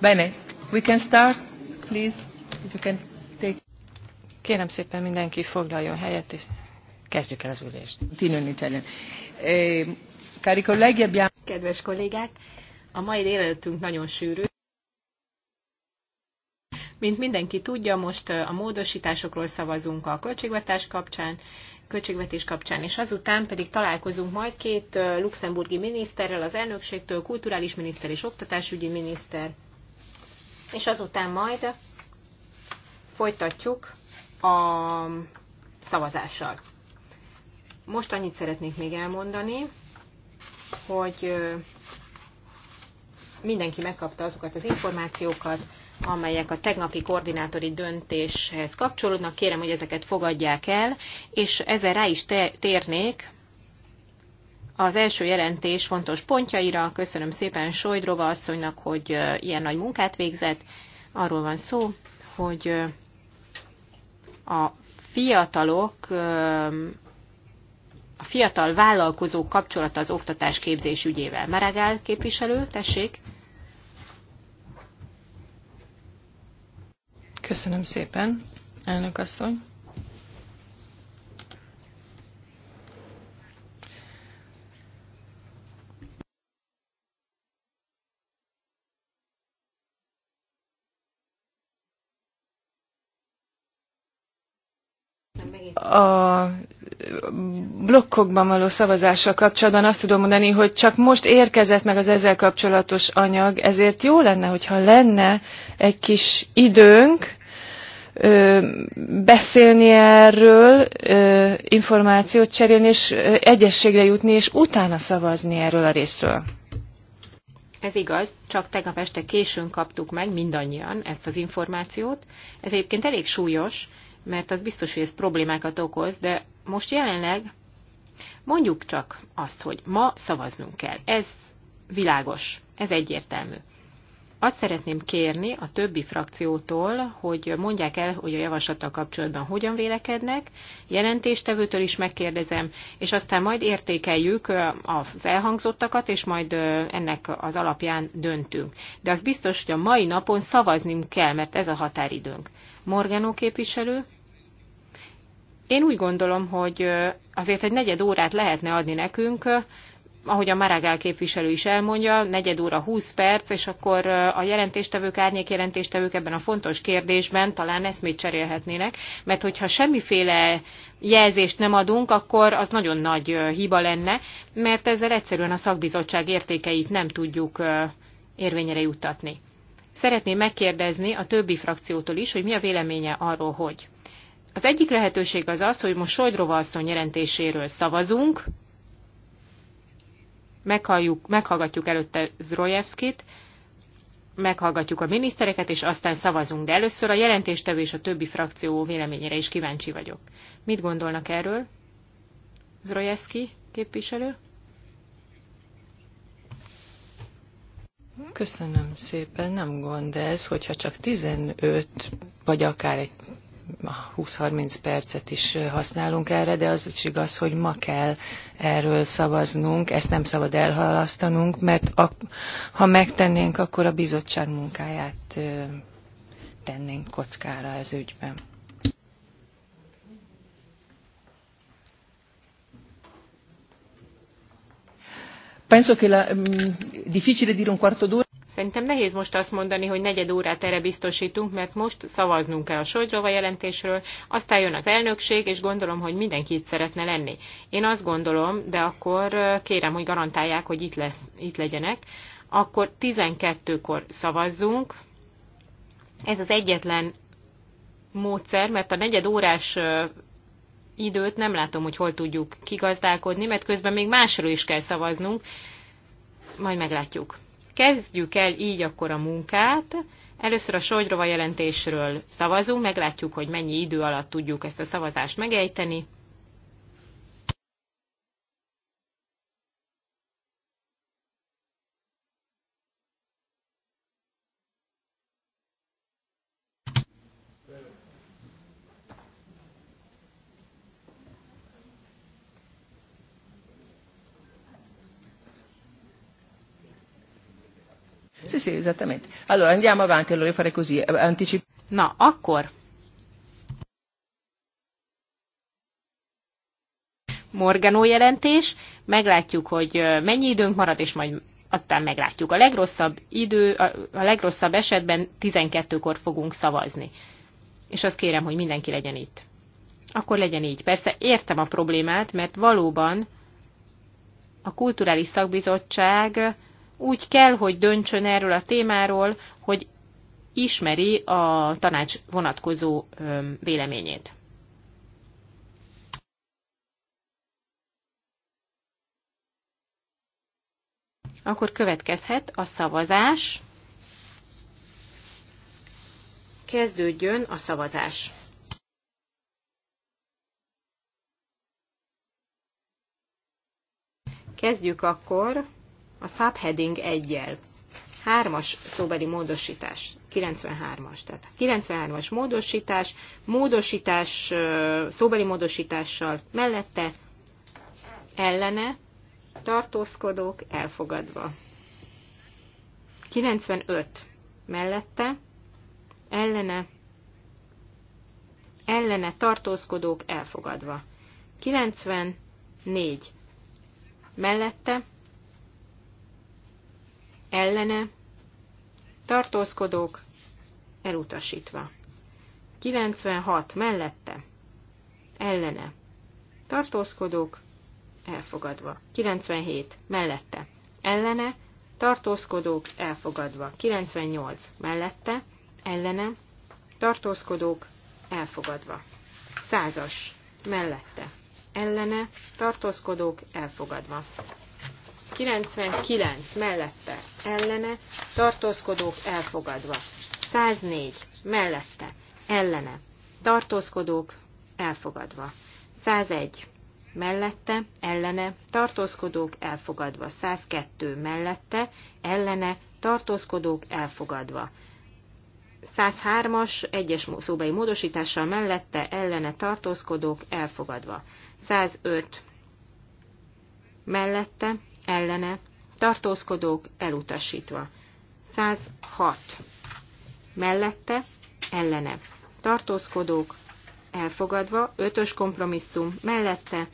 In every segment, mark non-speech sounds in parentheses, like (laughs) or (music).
Bene, we can start, please, if you can take... Kérem szépen mindenki foglaljon helyet, és kezdjük el az ülést. Eh, Kedves kollégák, a mai délelőttünk nagyon sűrű. Mint mindenki tudja, most eh, a módosításokról szavazunk a költségvetés kapcsán, költségvetés kapcsán, és azután pedig találkozunk majd két eh, luxemburgi miniszterrel, az elnökségtől, kulturális miniszter és oktatásügyi miniszter, és azután majd folytatjuk a szavazással. Most annyit szeretnék még elmondani, hogy mindenki megkapta azokat az információkat, amelyek a tegnapi koordinátori döntéshez kapcsolódnak. Kérem, hogy ezeket fogadják el, és ezzel rá is térnék az első jelentés fontos pontjaira. Köszönöm szépen Sojdrova asszonynak, hogy ilyen nagy munkát végzett. Arról van szó, hogy a fiatalok, a fiatal vállalkozók kapcsolata az oktatás képzés ügyével. Maragál képviselő, tessék. Köszönöm szépen, elnök asszony. a blokkokban való szavazással kapcsolatban azt tudom mondani, hogy csak most érkezett meg az ezzel kapcsolatos anyag, ezért jó lenne, hogyha lenne egy kis időnk ö, beszélni erről, ö, információt cserélni, és ö, egyességre jutni, és utána szavazni erről a részről. Ez igaz, csak tegnap este későn kaptuk meg mindannyian ezt az információt. Ez egyébként elég súlyos, mert az biztos, hogy ez problémákat okoz, de most jelenleg mondjuk csak azt, hogy ma szavaznunk kell. Ez világos, ez egyértelmű. Azt szeretném kérni a többi frakciótól, hogy mondják el, hogy a javaslattal kapcsolatban hogyan vélekednek, jelentéstevőtől is megkérdezem, és aztán majd értékeljük az elhangzottakat, és majd ennek az alapján döntünk. De az biztos, hogy a mai napon szavaznunk kell, mert ez a határidőnk. Morganó képviselő? Én úgy gondolom, hogy azért egy negyed órát lehetne adni nekünk, ahogy a Maragál képviselő is elmondja, negyed óra 20 perc, és akkor a jelentéstevők, árnyék jelentéstevők ebben a fontos kérdésben talán még cserélhetnének, mert hogyha semmiféle jelzést nem adunk, akkor az nagyon nagy hiba lenne, mert ezzel egyszerűen a szakbizottság értékeit nem tudjuk érvényre juttatni. Szeretném megkérdezni a többi frakciótól is, hogy mi a véleménye arról, hogy az egyik lehetőség az az, hogy most Sojdrova asszony jelentéséről szavazunk, meghalljuk, meghallgatjuk előtte Zrojevskit, meghallgatjuk a minisztereket, és aztán szavazunk. De először a jelentéstevő és a többi frakció véleményére is kíváncsi vagyok. Mit gondolnak erről? Zrojevski képviselő? Köszönöm szépen, nem gond ez, hogyha csak 15 vagy akár egy 20-30 percet is használunk erre, de az is igaz, hogy ma kell erről szavaznunk, ezt nem szabad elhalasztanunk, mert a, ha megtennénk, akkor a bizottság munkáját tennénk kockára ez ügyben. Penso che la, mh, mm, difficile dire un quarto d'ora. Szerintem nehéz most azt mondani, hogy negyed órát erre biztosítunk, mert most szavaznunk kell a Sojdrova jelentésről, aztán jön az elnökség, és gondolom, hogy mindenki itt szeretne lenni. Én azt gondolom, de akkor kérem, hogy garantálják, hogy itt, lesz, itt legyenek. Akkor 12-kor szavazzunk. Ez az egyetlen módszer, mert a negyed órás időt nem látom, hogy hol tudjuk kigazdálkodni, mert közben még másról is kell szavaznunk, majd meglátjuk. Kezdjük el így akkor a munkát. Először a Sojrova jelentésről szavazunk, meglátjuk, hogy mennyi idő alatt tudjuk ezt a szavazást megejteni. esattamente. Allora andiamo avanti, allora farei così, eh, anticipo. Na, akkor Morganó jelentés, meglátjuk, hogy eh, mennyi időnk marad, és majd aztán meglátjuk. A legrosszabb idő, a legrosszabb esetben 12-kor fogunk szavazni. És azt kérem, hogy mindenki legyen itt. Akkor legyen így. Persze értem a problémát, mert valóban a Kulturális Szakbizottság úgy kell, hogy döntsön erről a témáról, hogy ismeri a tanács vonatkozó véleményét. Akkor következhet a szavazás. Kezdődjön a szavazás. Kezdjük akkor a subheading 1-jel. 3-as szóbeli módosítás, 93-as, tehát 93-as módosítás, módosítás, szóbeli módosítással mellette, ellene, tartózkodók elfogadva. 95 mellette, ellene, ellene tartózkodók elfogadva. 94 mellette, ellene, tartózkodók, elutasítva. 96 mellette, ellene, tartózkodók, elfogadva. 97 mellette, ellene, tartózkodók, elfogadva. 98 mellette, ellene, tartózkodók, elfogadva. Százas mellette, ellene, tartózkodók, elfogadva. 99 mellette ellene, tartózkodók elfogadva. 104 mellette ellene, tartózkodók elfogadva. 101 mellette, ellene, tartózkodók elfogadva. 102 mellette, ellene, tartózkodók elfogadva. 103-as egyes szóbeli módosítással mellette, ellene tartózkodók elfogadva. 105 mellette, ellene, tartózkodók elutasítva. 106 mellette, ellene, tartózkodók elfogadva, 5 kompromisszum mellette,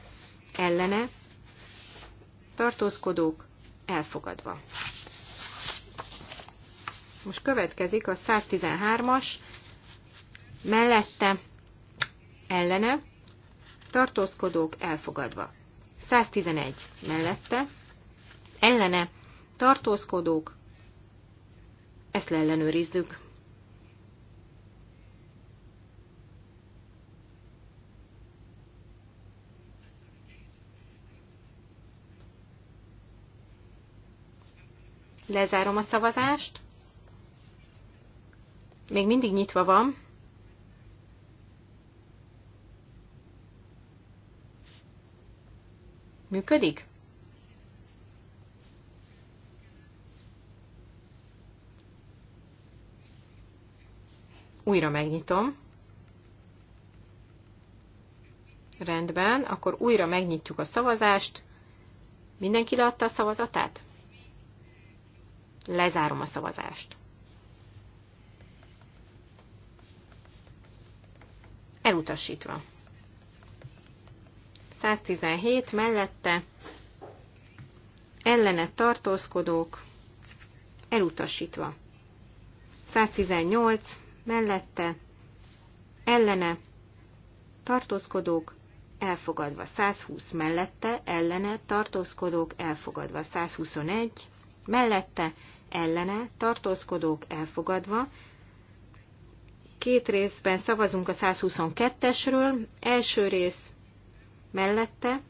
ellene, tartózkodók elfogadva. Most következik a 113-as, mellette, ellene, tartózkodók elfogadva. 111 mellette, ellene tartózkodók, ezt leellenőrizzük. Lezárom a szavazást. Még mindig nyitva van. Működik? Újra megnyitom. Rendben, akkor újra megnyitjuk a szavazást. Mindenki leadta a szavazatát? Lezárom a szavazást. Elutasítva. 117 mellette ellene tartózkodók elutasítva. 118 mellette, ellene, tartózkodók, elfogadva 120 mellette, ellene, tartózkodók, elfogadva 121, mellette, ellene, tartózkodók, elfogadva. Két részben szavazunk a 122-esről, első rész mellette,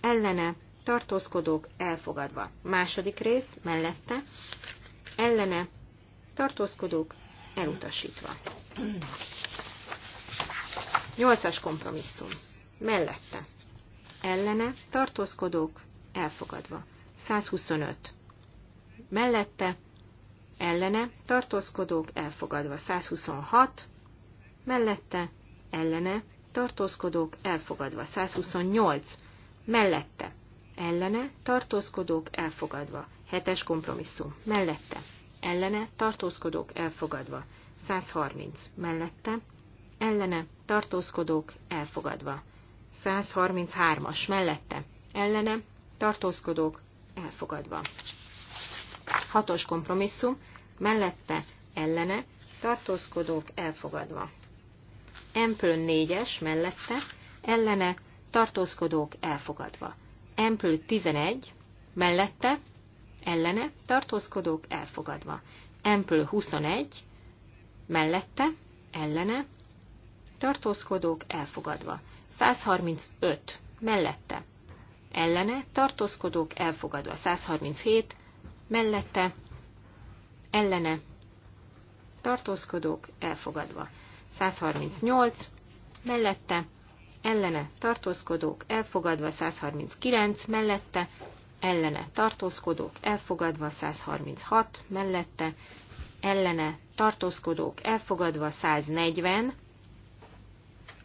ellene, tartózkodók, elfogadva. Második rész mellette, ellene, tartózkodók, elutasítva. 8 kompromisszum. Mellette. Ellene tartózkodók elfogadva. 125. Mellette. Ellene tartózkodók elfogadva. 126. Mellette. Ellene tartózkodók elfogadva. 128. Mellette. Ellene tartózkodók elfogadva. 7 kompromisszum. Mellette ellene tartózkodók elfogadva. 130 mellette, ellene tartózkodók elfogadva. 133-as mellette, ellene tartózkodók elfogadva. 6-os kompromisszum mellette, ellene tartózkodók elfogadva. Emplő 4-es mellette, ellene tartózkodók elfogadva. Emplő 11 mellette, ellene, tartózkodók elfogadva. Empl 21, mellette, ellene, tartózkodók elfogadva. 135, mellette, ellene, tartózkodók elfogadva. 137, mellette, ellene, tartózkodók elfogadva. 138, mellette, ellene tartózkodók elfogadva 139, mellette ellene tartózkodók elfogadva 136, mellette ellene tartózkodók elfogadva 140,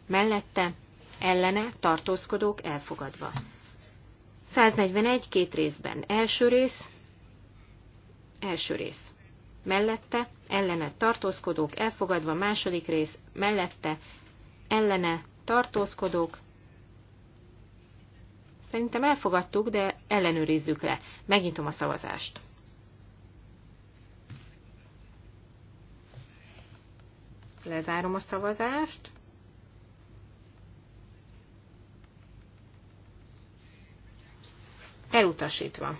mellette ellene tartózkodók elfogadva. 141 két részben. Első rész, első rész. Mellette ellene tartózkodók elfogadva, második rész, mellette ellene tartózkodók Szerintem elfogadtuk, de ellenőrizzük le. Megnyitom a szavazást. Lezárom a szavazást. Elutasítva.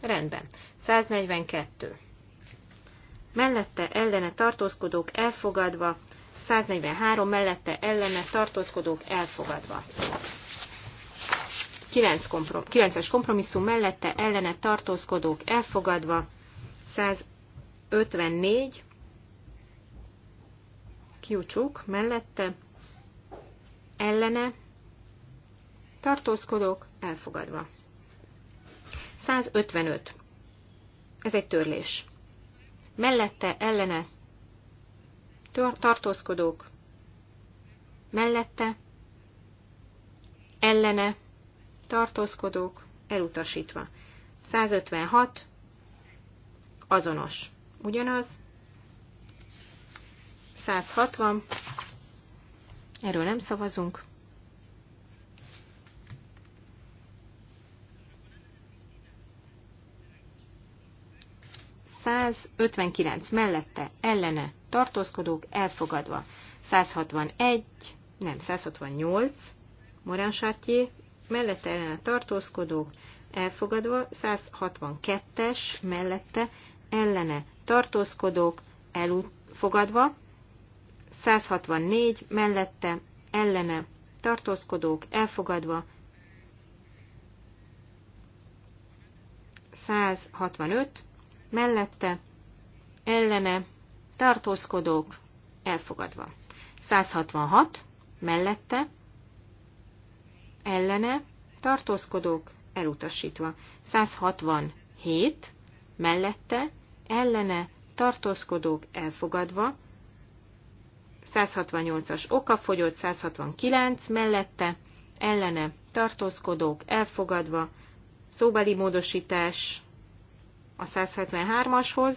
Rendben. 142. Mellette ellene tartózkodók elfogadva. 143 mellette ellene tartózkodók elfogadva. 9 komprom, 9-es kompromisszum mellette ellene tartózkodók elfogadva, 154 kiúcsuk mellette ellene tartózkodók elfogadva. 155. Ez egy törlés. Mellette ellene tartózkodók mellette ellene tartózkodók, elutasítva. 156, azonos, ugyanaz. 160, erről nem szavazunk. ...159 mellette, ellene, tartózkodók, elfogadva. 161, nem, 168, Morán Sartier mellette ellene tartózkodók elfogadva, 162-es mellette ellene tartózkodók elfogadva, 164 mellette ellene tartózkodók elfogadva, 165 mellette ellene tartózkodók elfogadva, 166 mellette ellene, tartózkodók elutasítva. 167 mellette, ellene, tartózkodók elfogadva. 168-as okafogyott, 169 mellette, ellene, tartózkodók elfogadva. Szóbeli módosítás a 173-ashoz,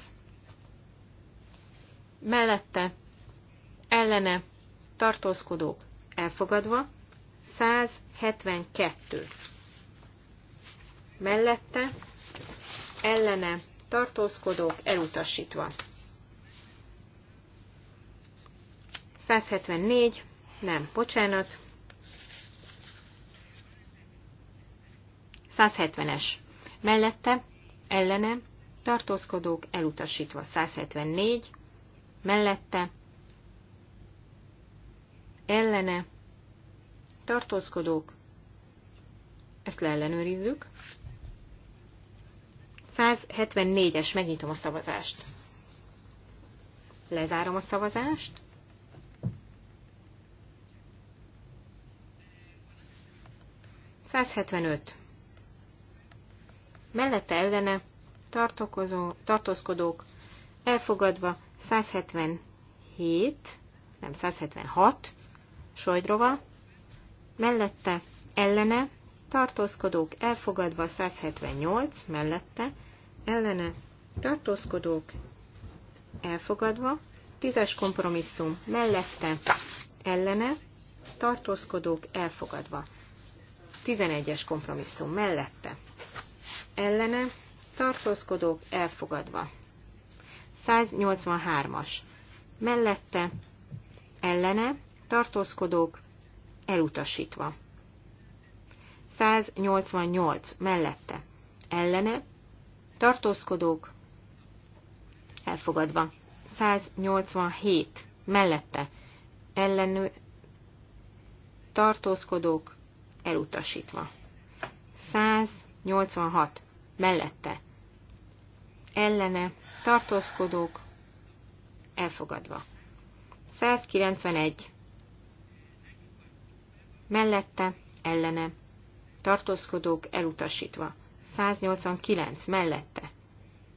mellette, ellene, tartózkodók elfogadva, 172 mellette, ellene tartózkodók elutasítva. 174, nem, bocsánat. 170-es. Mellette, ellene, tartózkodók elutasítva. 174, mellette, ellene, tartózkodók, ezt leellenőrizzük. 174-es, megnyitom a szavazást. Lezárom a szavazást. Százhetvenöt. Mellette ellene tartózkodók elfogadva 177, nem 176, Sojdrova, mellette, ellene, tartózkodók elfogadva 178, mellette, ellene, tartózkodók elfogadva, 10-es kompromisszum mellette, ellene, tartózkodók elfogadva, 11-es kompromisszum mellette, ellene, tartózkodók elfogadva, 183-as mellette, ellene, tartózkodók elutasítva. 188 mellette ellene tartózkodók elfogadva. 187 mellette ellenő tartózkodók elutasítva. 186 mellette ellene tartózkodók elfogadva. 191 mellette, ellene, tartózkodók elutasítva. 189 mellette,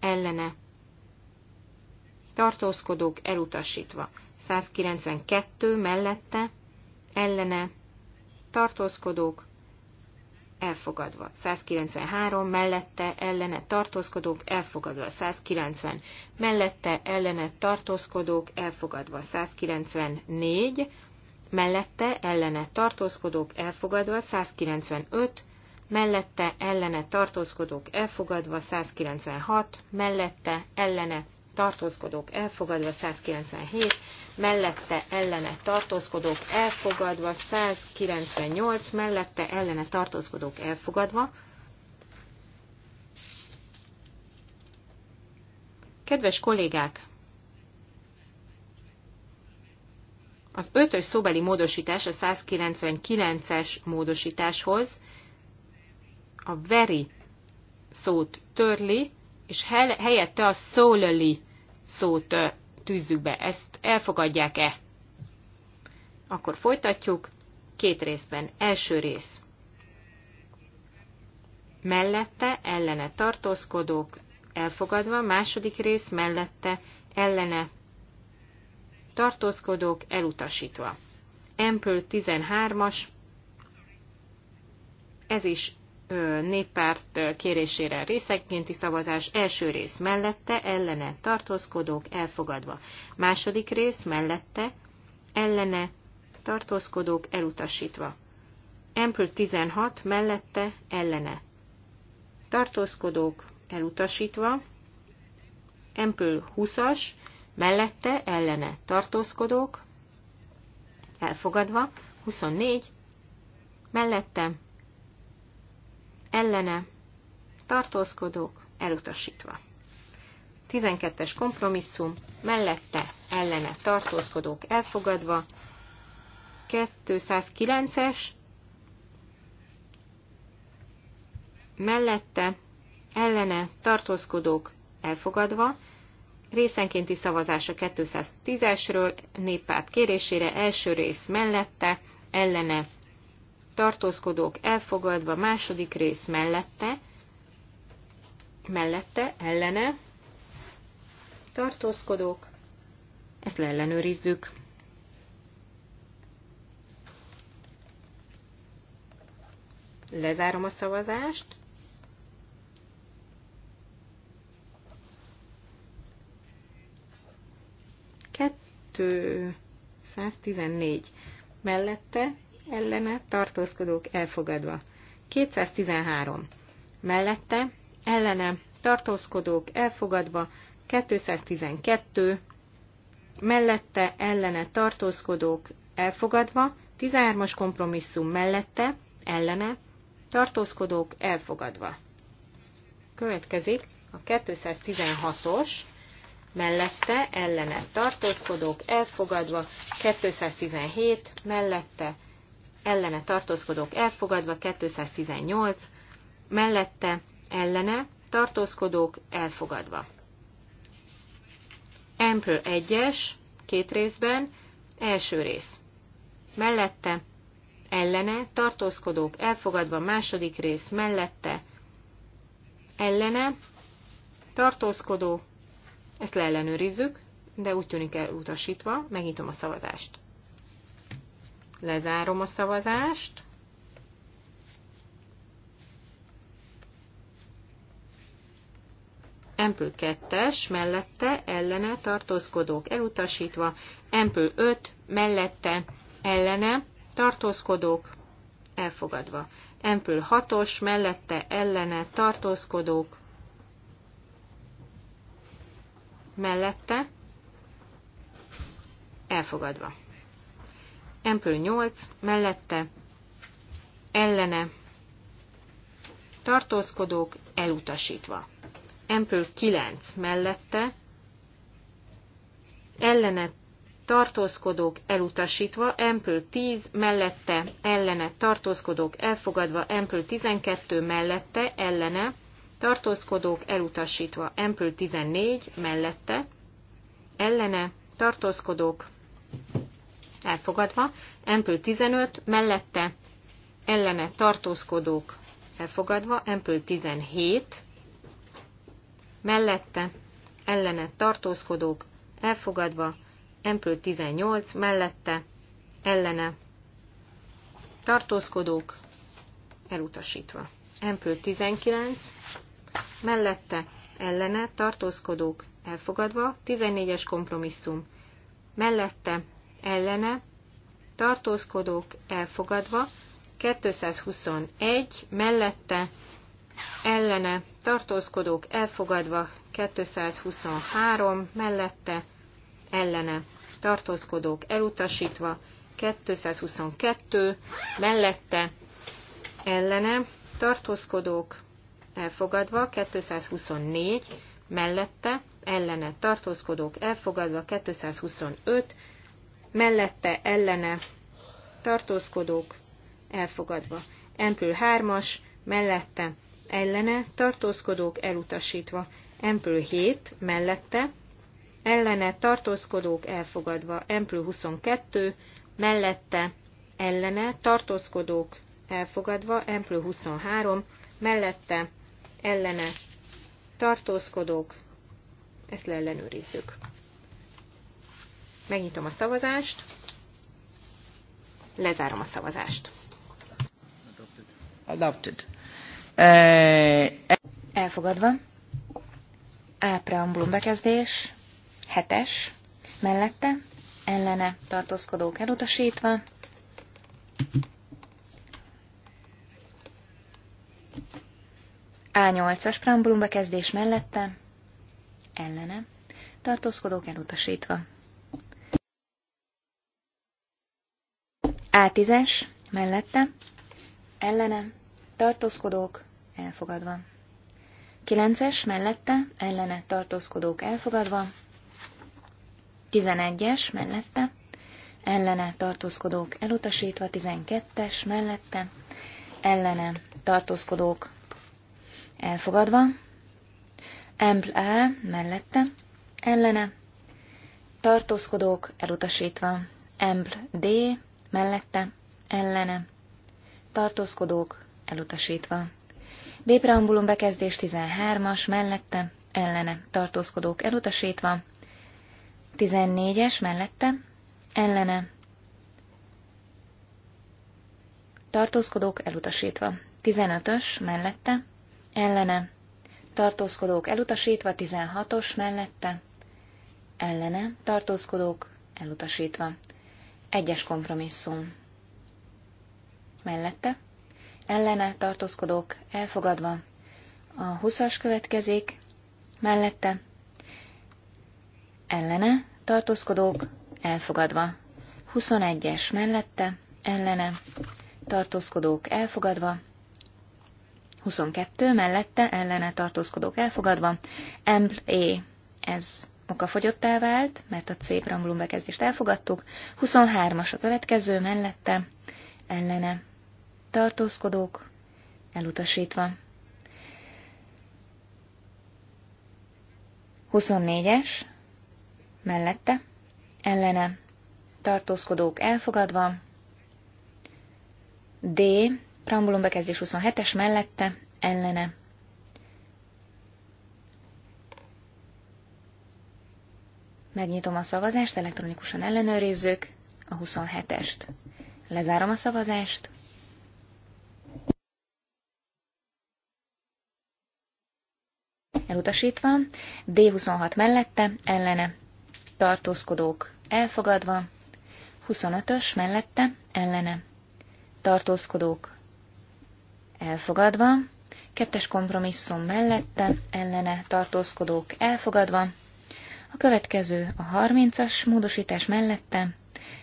ellene, tartózkodók elutasítva. 192 mellette, ellene, tartózkodók elfogadva. 193 mellette, ellene, tartózkodók elfogadva. 190 mellette, ellene, tartózkodók elfogadva. 194 mellette ellene tartózkodók elfogadva 195, mellette ellene tartózkodók elfogadva 196, mellette ellene tartózkodók elfogadva 197, mellette ellene tartózkodók elfogadva 198, mellette ellene tartózkodók elfogadva. Kedves kollégák, Az ötös szóbeli módosítás a 199-es módosításhoz a veri szót törli, és helyette a solely szót tűzzük be. Ezt elfogadják-e? Akkor folytatjuk. Két részben. Első rész. Mellette, ellene tartózkodók, elfogadva. Második rész, mellette, ellene tartózkodók elutasítva. Empől 13-as, ez is néppárt kérésére részekkénti szavazás első rész mellette, ellene tartózkodók elfogadva. Második rész mellette, ellene tartózkodók elutasítva. Empül 16 mellette, ellene tartózkodók elutasítva. Empül 20-as mellette ellene tartózkodók, elfogadva, 24, mellette ellene tartózkodók, elutasítva. 12-es kompromisszum, mellette ellene tartózkodók elfogadva, 209-es, mellette ellene tartózkodók elfogadva, részenkénti szavazás a 210-esről néppárt kérésére első rész mellette, ellene tartózkodók elfogadva második rész mellette, mellette, ellene tartózkodók, ezt leellenőrizzük. Lezárom a szavazást. 114 mellette ellene tartózkodók elfogadva. 213 mellette ellene tartózkodók elfogadva. 212 mellette ellene tartózkodók elfogadva. 13-as kompromisszum mellette ellene tartózkodók elfogadva. Következik a 216-os mellette, ellene tartózkodók elfogadva, 217 mellette, ellene tartózkodók elfogadva, 218 mellette, ellene tartózkodók elfogadva. Ample 1-es, két részben, első rész. Mellette, ellene, tartózkodók elfogadva, második rész, mellette, ellene, tartózkodók ezt leellenőrizzük, de úgy tűnik elutasítva. Megnyitom a szavazást. Lezárom a szavazást. Empül 2-es, mellette, ellene, tartózkodók elutasítva, Empül 5, mellette, ellene, tartózkodók elfogadva, Empül 6-os, mellette, ellene, tartózkodók mellette elfogadva. Empől 8 mellette ellene tartózkodók elutasítva. Empől 9 mellette ellene tartózkodók elutasítva, Empől 10 mellette ellene tartózkodók elfogadva, Empől 12 mellette ellene tartózkodók elutasítva. Empül 14 mellette, ellene, tartózkodók elfogadva. Empül 15 mellette, ellene, tartózkodók elfogadva. Empül 17 mellette, ellene, tartózkodók elfogadva. Empül 18 mellette, ellene, tartózkodók elutasítva. Empül 19 mellette ellene tartózkodók elfogadva, 14-es kompromisszum mellette ellene tartózkodók elfogadva, 221 mellette ellene tartózkodók elfogadva, 223 mellette ellene tartózkodók elutasítva, 222 mellette ellene tartózkodók elfogadva, 224 mellette, ellene tartózkodók elfogadva, 225 mellette, ellene tartózkodók elfogadva, Empül 3-as mellette, ellene tartózkodók elutasítva, Empül 7 mellette, ellene tartózkodók elfogadva, Empül 22 mellette, ellene tartózkodók elfogadva, Empül 23 mellette, ellene tartózkodók, ezt leellenőrizzük. Megnyitom a szavazást, lezárom a szavazást. Adopted. Uh, Elfogadva. A preambulum bekezdés, hetes, mellette, ellene tartózkodók elutasítva, A8-as bekezdés mellette, ellene, tartózkodók elutasítva. A10-es mellette, ellene, tartózkodók elfogadva. 9-es mellette, ellene, tartózkodók elfogadva. 11-es mellette, ellene tartózkodók elutasítva, 12-es mellette, ellene tartózkodók elfogadva, Empl A mellette, ellene, tartózkodók elutasítva, Empl D mellette, ellene, tartózkodók elutasítva. B preambulum bekezdés 13-as mellette, ellene, tartózkodók elutasítva, 14-es mellette, ellene, tartózkodók elutasítva, 15-ös mellette, ellene, tartózkodók elutasítva, 16-os mellette, ellene, tartózkodók elutasítva, egyes kompromisszum mellette, ellene, tartózkodók elfogadva, a 20-as következik, mellette, ellene, tartózkodók elfogadva, 21-es mellette, ellene, tartózkodók elfogadva, 22 mellette ellene tartózkodók elfogadva, Empl E, ez okafogyottá vált, mert a C preambulum bekezdést elfogadtuk, 23-as a következő mellette ellene tartózkodók elutasítva. 24-es mellette ellene tartózkodók elfogadva, D Preambulum bekezdés 27-es mellette, ellene. Megnyitom a szavazást, elektronikusan ellenőrizzük a 27-est. Lezárom a szavazást. Elutasítva, D26 mellette, ellene, tartózkodók elfogadva, 25-ös mellette, ellene, tartózkodók elfogadva, kettes kompromisszum mellette, ellene tartózkodók elfogadva, a következő a 30-as módosítás mellette,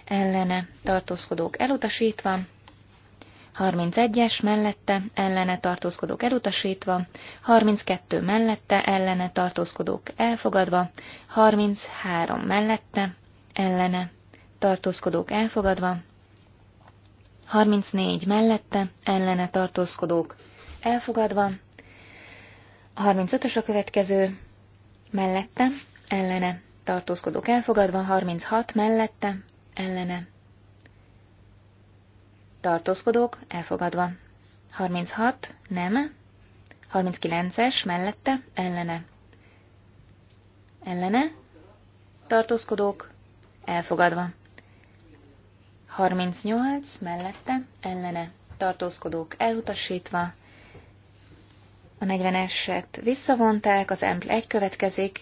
ellene tartózkodók elutasítva, 31-es mellette, ellene tartózkodók elutasítva, 32 mellette, ellene tartózkodók elfogadva, 33 mellette, ellene tartózkodók elfogadva, 34 mellette, ellene tartózkodók elfogadva, a 35-ös a következő, mellette, ellene tartózkodók elfogadva, 36 mellette, ellene tartózkodók elfogadva, 36 nem, 39-es mellette, ellene ellene tartózkodók elfogadva. 38 mellette ellene tartózkodók elutasítva, a 40-eset visszavonták, az EMPL 1 következik,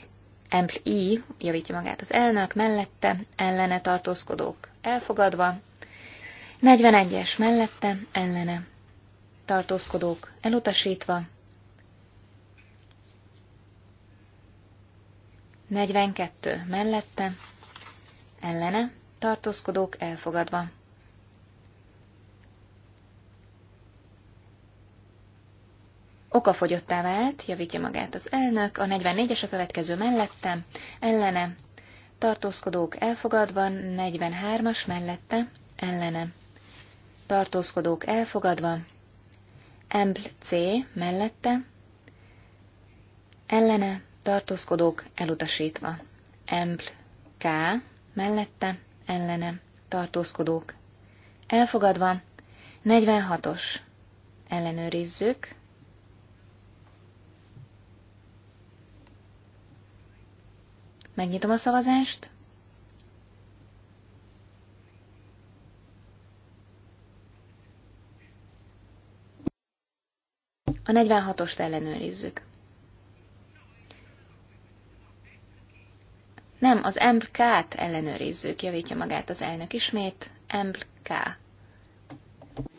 EMPL I, javítja magát az elnök, mellette ellene tartózkodók elfogadva, 41-es mellette ellene tartózkodók elutasítva, 42 mellette ellene tartózkodók elfogadva. Okafogyottá vált, javítja magát az elnök, a 44-es a következő mellette, ellene, tartózkodók elfogadva, 43-as mellette, ellene, tartózkodók elfogadva, Empl C mellette, ellene, tartózkodók elutasítva, Empl K mellette, ellene, tartózkodók. Elfogadva, 46-os, ellenőrizzük. Megnyitom a szavazást. A 46-ost ellenőrizzük. Nem, az MK-t ellenőrizzük, javítja magát az elnök ismét. MK.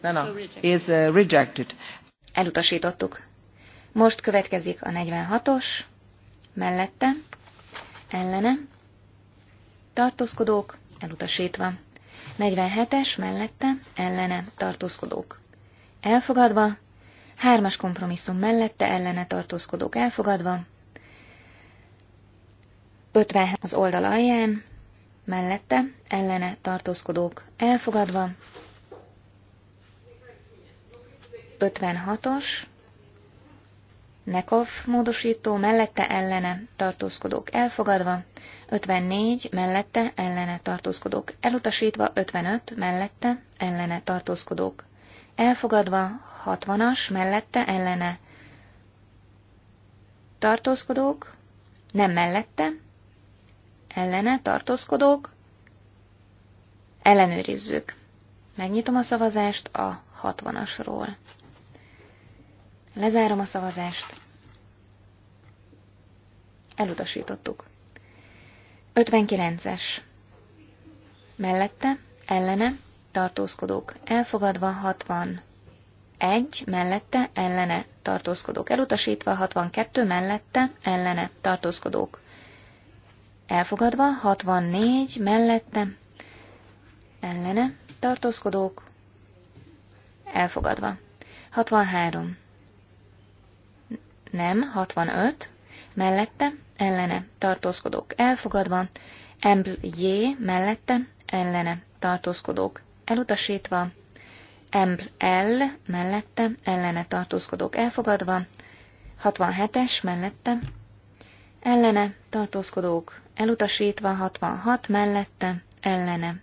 No, no, is uh, rejected. Elutasítottuk. Most következik a 46-os, mellette, ellene, tartózkodók, elutasítva. 47-es, mellette, ellene, tartózkodók. Elfogadva, hármas kompromisszum mellette, ellene, tartózkodók elfogadva, 50 az oldal alján, mellette ellene tartózkodók elfogadva, 56-os, Nekov módosító, mellette ellene tartózkodók elfogadva, 54 mellette ellene tartózkodók elutasítva, 55 mellette ellene tartózkodók elfogadva, 60-as mellette ellene tartózkodók, nem mellette, ellene tartózkodók, ellenőrizzük. Megnyitom a szavazást a 60-asról. Lezárom a szavazást. Elutasítottuk. 59-es. Mellette, ellene, tartózkodók elfogadva 60. Mellette, ellene, tartózkodók elutasítva 62. Mellette, ellene, tartózkodók Elfogadva 64 mellette ellene tartózkodók. Elfogadva 63. Nem, 65. Mellette ellene tartózkodók. Elfogadva Embl J mellette ellene tartózkodók. Elutasítva Embl L mellette ellene tartózkodók. Elfogadva 67-es mellette ellene tartózkodók elutasítva 66 mellette, ellene,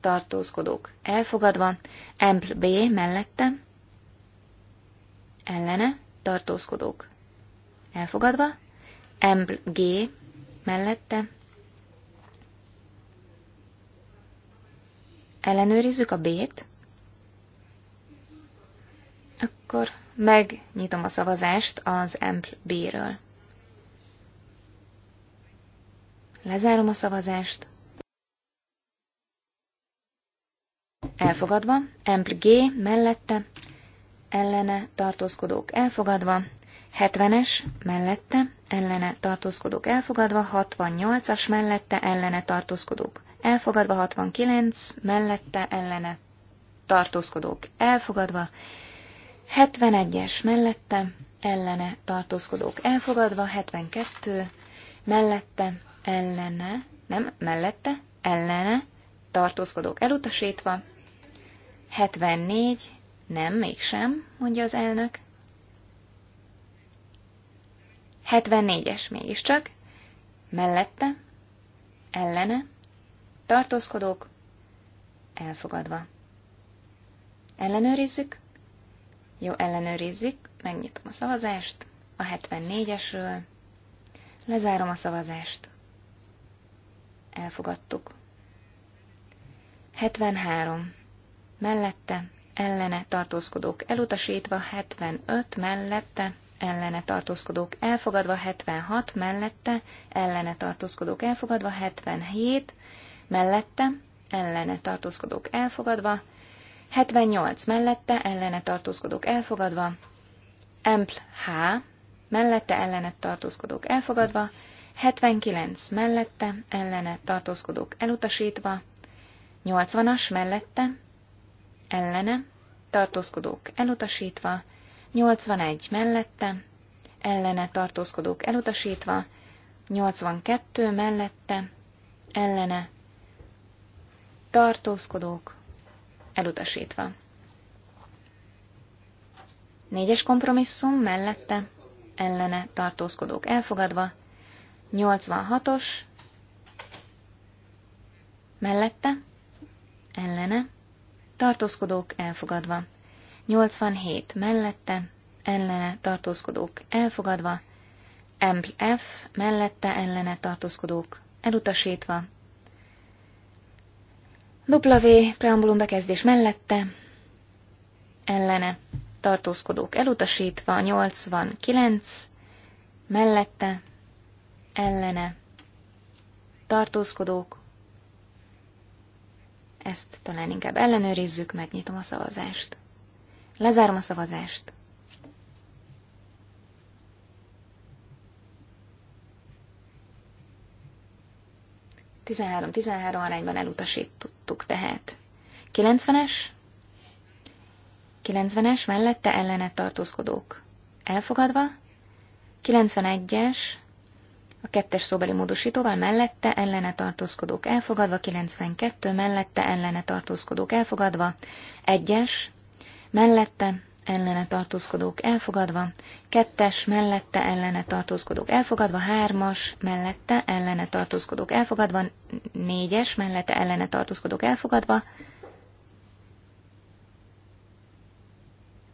tartózkodók elfogadva, empl B mellette, ellene, tartózkodók elfogadva, empl G mellette, ellenőrizzük a B-t, akkor megnyitom a szavazást az empl B-ről. Lezárom a szavazást. Elfogadva. Empl G mellette. Ellene tartózkodók elfogadva. 70-es mellette, ellene tartózkodók elfogadva, 68-as mellette, ellene tartózkodók elfogadva, 69 mellette, ellene tartózkodók elfogadva, 71-es mellette, ellene tartózkodók elfogadva, 72 mellette, ellene, nem, mellette, ellene, tartózkodók elutasítva, 74, nem, mégsem, mondja az elnök. 74-es mégiscsak, mellette, ellene, tartózkodók, elfogadva. Ellenőrizzük? Jó, ellenőrizzük, megnyitom a szavazást, a 74-esről, lezárom a szavazást elfogadtuk. 73. Mellette, ellene tartózkodók elutasítva, 75 mellette, ellene tartózkodók elfogadva, 76 mellette, ellene tartózkodók elfogadva, 77 mellette, ellene tartózkodók elfogadva, 78 mellette, ellene tartózkodók elfogadva, Empl H mellette, ellene tartózkodók elfogadva, 79 mellette, ellene tartózkodók elutasítva, 80-as mellette, ellene tartózkodók elutasítva, 81 mellette, ellene tartózkodók elutasítva, 82 mellette, ellene tartózkodók elutasítva. Négyes kompromisszum mellette, ellene tartózkodók elfogadva, 86-os, mellette, ellene, tartózkodók elfogadva. 87 mellette, ellene, tartózkodók elfogadva. F. mellette, ellene, tartózkodók elutasítva. W preambulum bekezdés mellette, ellene, tartózkodók elutasítva, 89, mellette, ellene tartózkodók, ezt talán inkább ellenőrizzük, megnyitom a szavazást. Lezárom a szavazást. Tizenhárom, tizenhárom arányban elutasítottuk tehát. 90-es? 90-es mellette ellene tartózkodók. Elfogadva? 91-es a kettes szóbeli módosítóval mellette ellene tartózkodók elfogadva, 92 mellette ellene tartózkodók elfogadva, 1-es mellette ellene tartózkodók elfogadva, 2-es mellette ellene tartózkodók elfogadva, 3-as mellette ellene tartózkodók elfogadva, 4-es mellette ellene tartózkodók elfogadva,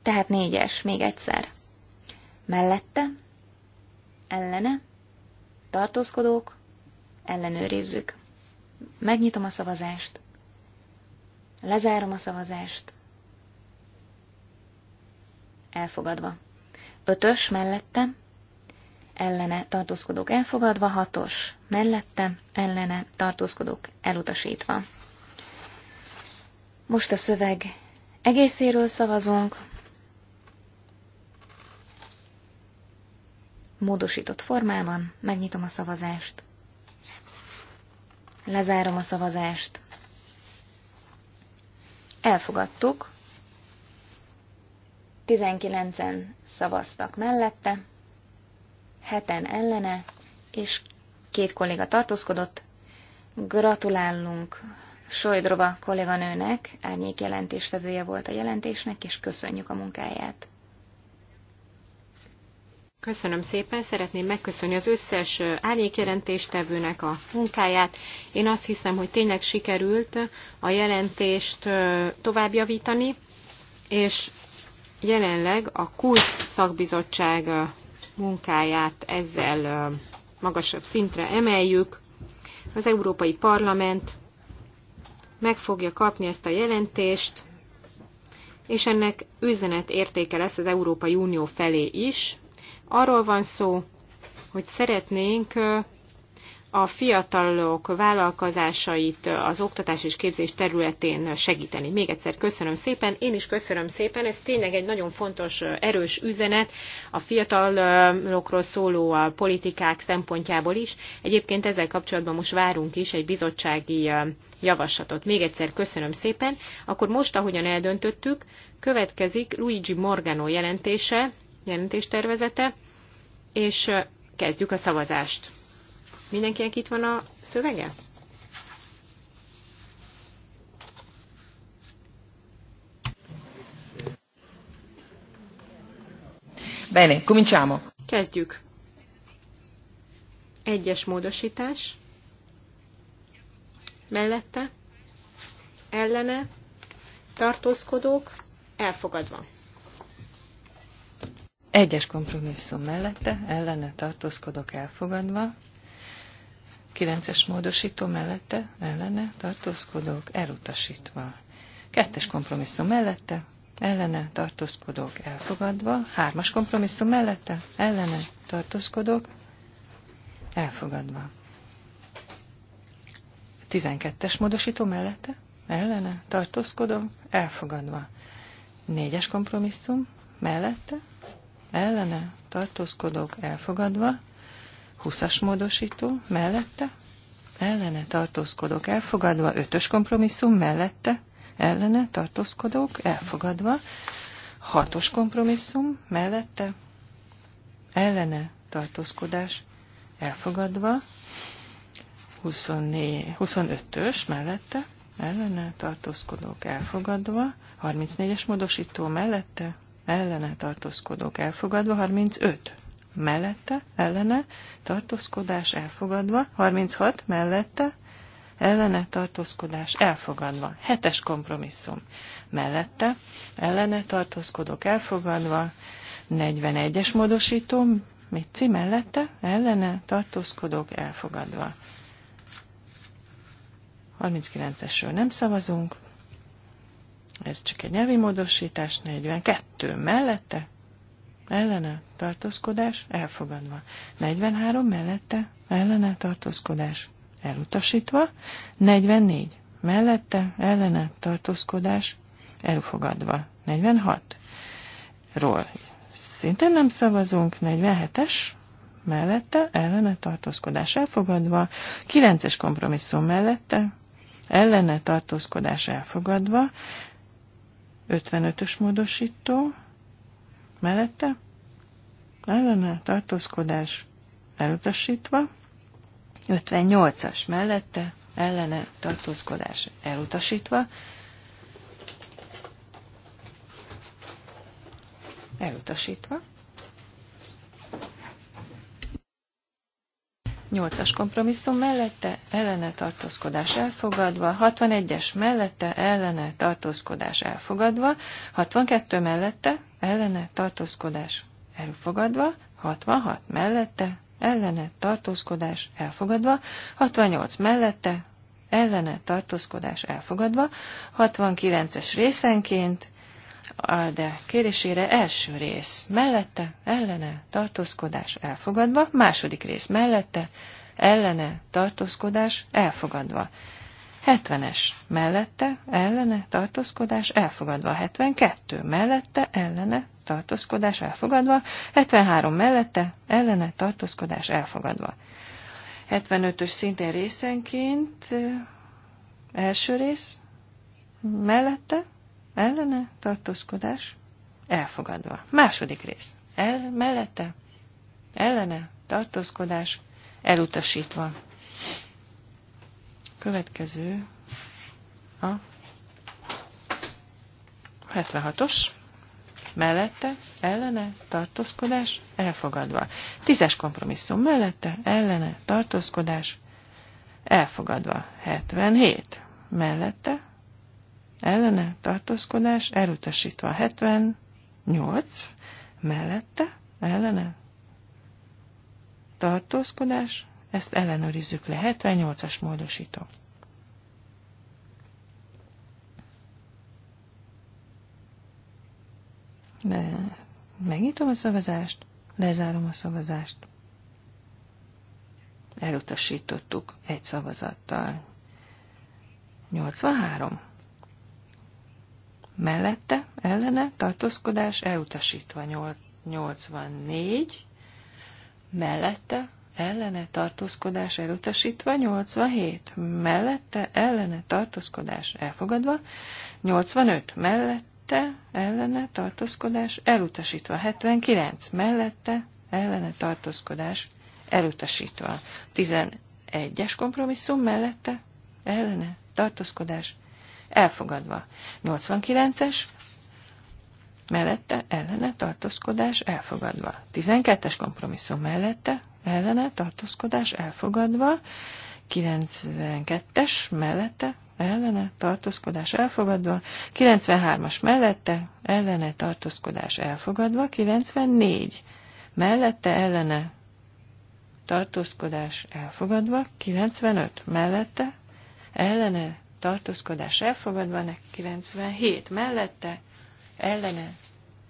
tehát 4-es még egyszer. Mellette, ellene, tartózkodók, ellenőrizzük. Megnyitom a szavazást, lezárom a szavazást, elfogadva. Ötös mellette, ellene tartózkodók elfogadva, hatos mellette, ellene tartózkodók elutasítva. Most a szöveg egészéről szavazunk, módosított formában. Megnyitom a szavazást. Lezárom a szavazást. Elfogadtuk. 19-en szavaztak mellette, 7-en ellene, és két kolléga tartózkodott. Gratulálunk Sojdrova kolléganőnek, árnyék jelentéstevője volt a jelentésnek, és köszönjük a munkáját. Köszönöm szépen, szeretném megköszönni az összes árnyékjelentéstevőnek a munkáját. Én azt hiszem, hogy tényleg sikerült a jelentést továbbjavítani, és jelenleg a KULT szakbizottság munkáját ezzel magasabb szintre emeljük. Az Európai Parlament meg fogja kapni ezt a jelentést, és ennek üzenet értéke lesz az Európai Unió felé is, Arról van szó, hogy szeretnénk a fiatalok vállalkozásait az oktatás és képzés területén segíteni. Még egyszer köszönöm szépen, én is köszönöm szépen, ez tényleg egy nagyon fontos, erős üzenet a fiatalokról szóló a politikák szempontjából is. Egyébként ezzel kapcsolatban most várunk is egy bizottsági javaslatot. Még egyszer köszönöm szépen. Akkor most, ahogyan eldöntöttük, következik Luigi Morgano jelentése, jelentéstervezete, és kezdjük a szavazást. Mindenkinek itt van a szövege? Bene, cominciamo. Kezdjük. Egyes módosítás. Mellette. Ellene. Tartózkodók. Elfogadva. Egyes kompromisszum mellette, ellene tartózkodok elfogadva. Kilences módosító mellette, ellene tartózkodok elutasítva. Kettes kompromisszum mellette, ellene tartózkodok elfogadva. Hármas kompromisszum mellette, ellene tartózkodok elfogadva. 12-es módosító mellette, ellene tartózkodok elfogadva. Négyes kompromisszum mellette, ellene tartózkodok elfogadva, 20 módosító mellette, ellene tartózkodok elfogadva, 5-ös kompromisszum mellette, ellene tartózkodok elfogadva, 6 kompromisszum mellette, ellene tartózkodás elfogadva, 25-ös mellette, ellene tartózkodók elfogadva, 34-es módosító mellette, ellene tartózkodók elfogadva, 35 mellette, ellene tartózkodás elfogadva, 36 mellette, ellene tartózkodás elfogadva, 7-es kompromisszum mellette, ellene tartózkodók elfogadva, 41-es módosító, Mitci mellette, ellene tartózkodók elfogadva. 39-esről nem szavazunk, ez csak egy nyelvi módosítás, 42 mellette, ellene tartózkodás, elfogadva. 43 mellette, ellene tartózkodás, elutasítva. 44 mellette, ellene tartózkodás, elfogadva. 46 ról szintén nem szavazunk, 47-es mellette, ellene tartózkodás elfogadva, 9-es kompromisszum mellette, ellene tartózkodás elfogadva, 55-ös módosító, mellette, ellene, tartózkodás elutasítva, 58-as mellette, ellene, tartózkodás elutasítva, elutasítva, 8-as kompromisszum mellette ellene tartózkodás elfogadva, 61-es mellette ellene tartózkodás elfogadva, 62 mellette ellene tartózkodás elfogadva, 66 mellette ellene tartózkodás elfogadva, 68 mellette ellene tartózkodás elfogadva, 69-es részenként de kérésére első rész mellette, ellene, tartózkodás elfogadva, második rész mellette, ellene, tartózkodás elfogadva. 70-es mellette, ellene, tartózkodás elfogadva. 72 mellette, ellene, tartózkodás elfogadva. 73 mellette, ellene, tartózkodás elfogadva. 75-ös szintén részenként első rész mellette, ellene tartózkodás elfogadva. Második rész. El, mellette, ellene tartózkodás elutasítva. Következő a 76-os, mellette, ellene, tartózkodás, elfogadva. Tízes kompromisszum mellette, ellene, tartózkodás, elfogadva. 77, mellette, ellene tartózkodás elutasítva 78 mellette ellene tartózkodás, ezt ellenőrizzük le 78-as módosító. De megnyitom a szavazást, lezárom a szavazást. Elutasítottuk egy szavazattal. 83 mellette, ellene, tartózkodás elutasítva 84, mellette, ellene, tartózkodás elutasítva 87, mellette, ellene, tartózkodás elfogadva 85, mellette, ellene, tartózkodás elutasítva 79, mellette, ellene, tartózkodás elutasítva 11-es kompromisszum mellette, ellene, tartózkodás elutasítva elfogadva. 89-es mellette ellene tartózkodás elfogadva. 12-es kompromisszum mellette ellene tartózkodás elfogadva. 92-es mellette ellene tartózkodás elfogadva, 93-as mellette ellene tartózkodás elfogadva, 94 mellette ellene tartózkodás elfogadva, 95 mellette ellene tartózkodás elfogadva, 97 mellette, ellene,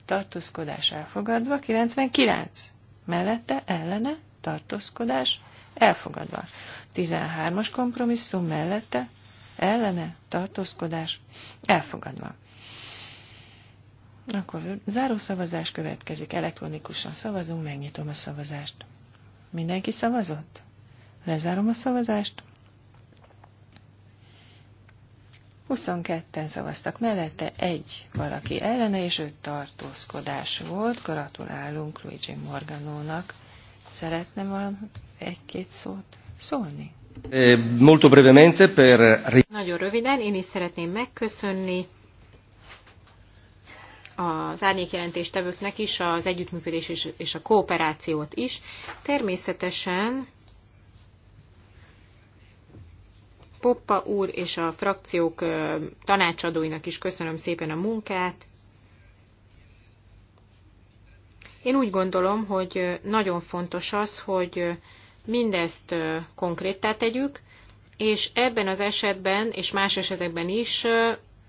tartózkodás elfogadva, 99 mellette, ellene, tartózkodás elfogadva. 13-as kompromisszum mellette, ellene, tartózkodás elfogadva. Akkor záró szavazás következik, elektronikusan szavazunk, megnyitom a szavazást. Mindenki szavazott? Lezárom a szavazást. 22-en szavaztak mellette, egy valaki ellene, és öt tartózkodás volt. Gratulálunk Luigi Morganónak. Szeretne valami egy-két szót szólni? Eh, molto brevemente per... Nagyon röviden, én is szeretném megköszönni az árnyékjelentéstevőknek is az együttműködés és a kooperációt is. Természetesen Poppa úr és a frakciók tanácsadóinak is köszönöm szépen a munkát. Én úgy gondolom, hogy nagyon fontos az, hogy mindezt konkréttá tegyük, és ebben az esetben és más esetekben is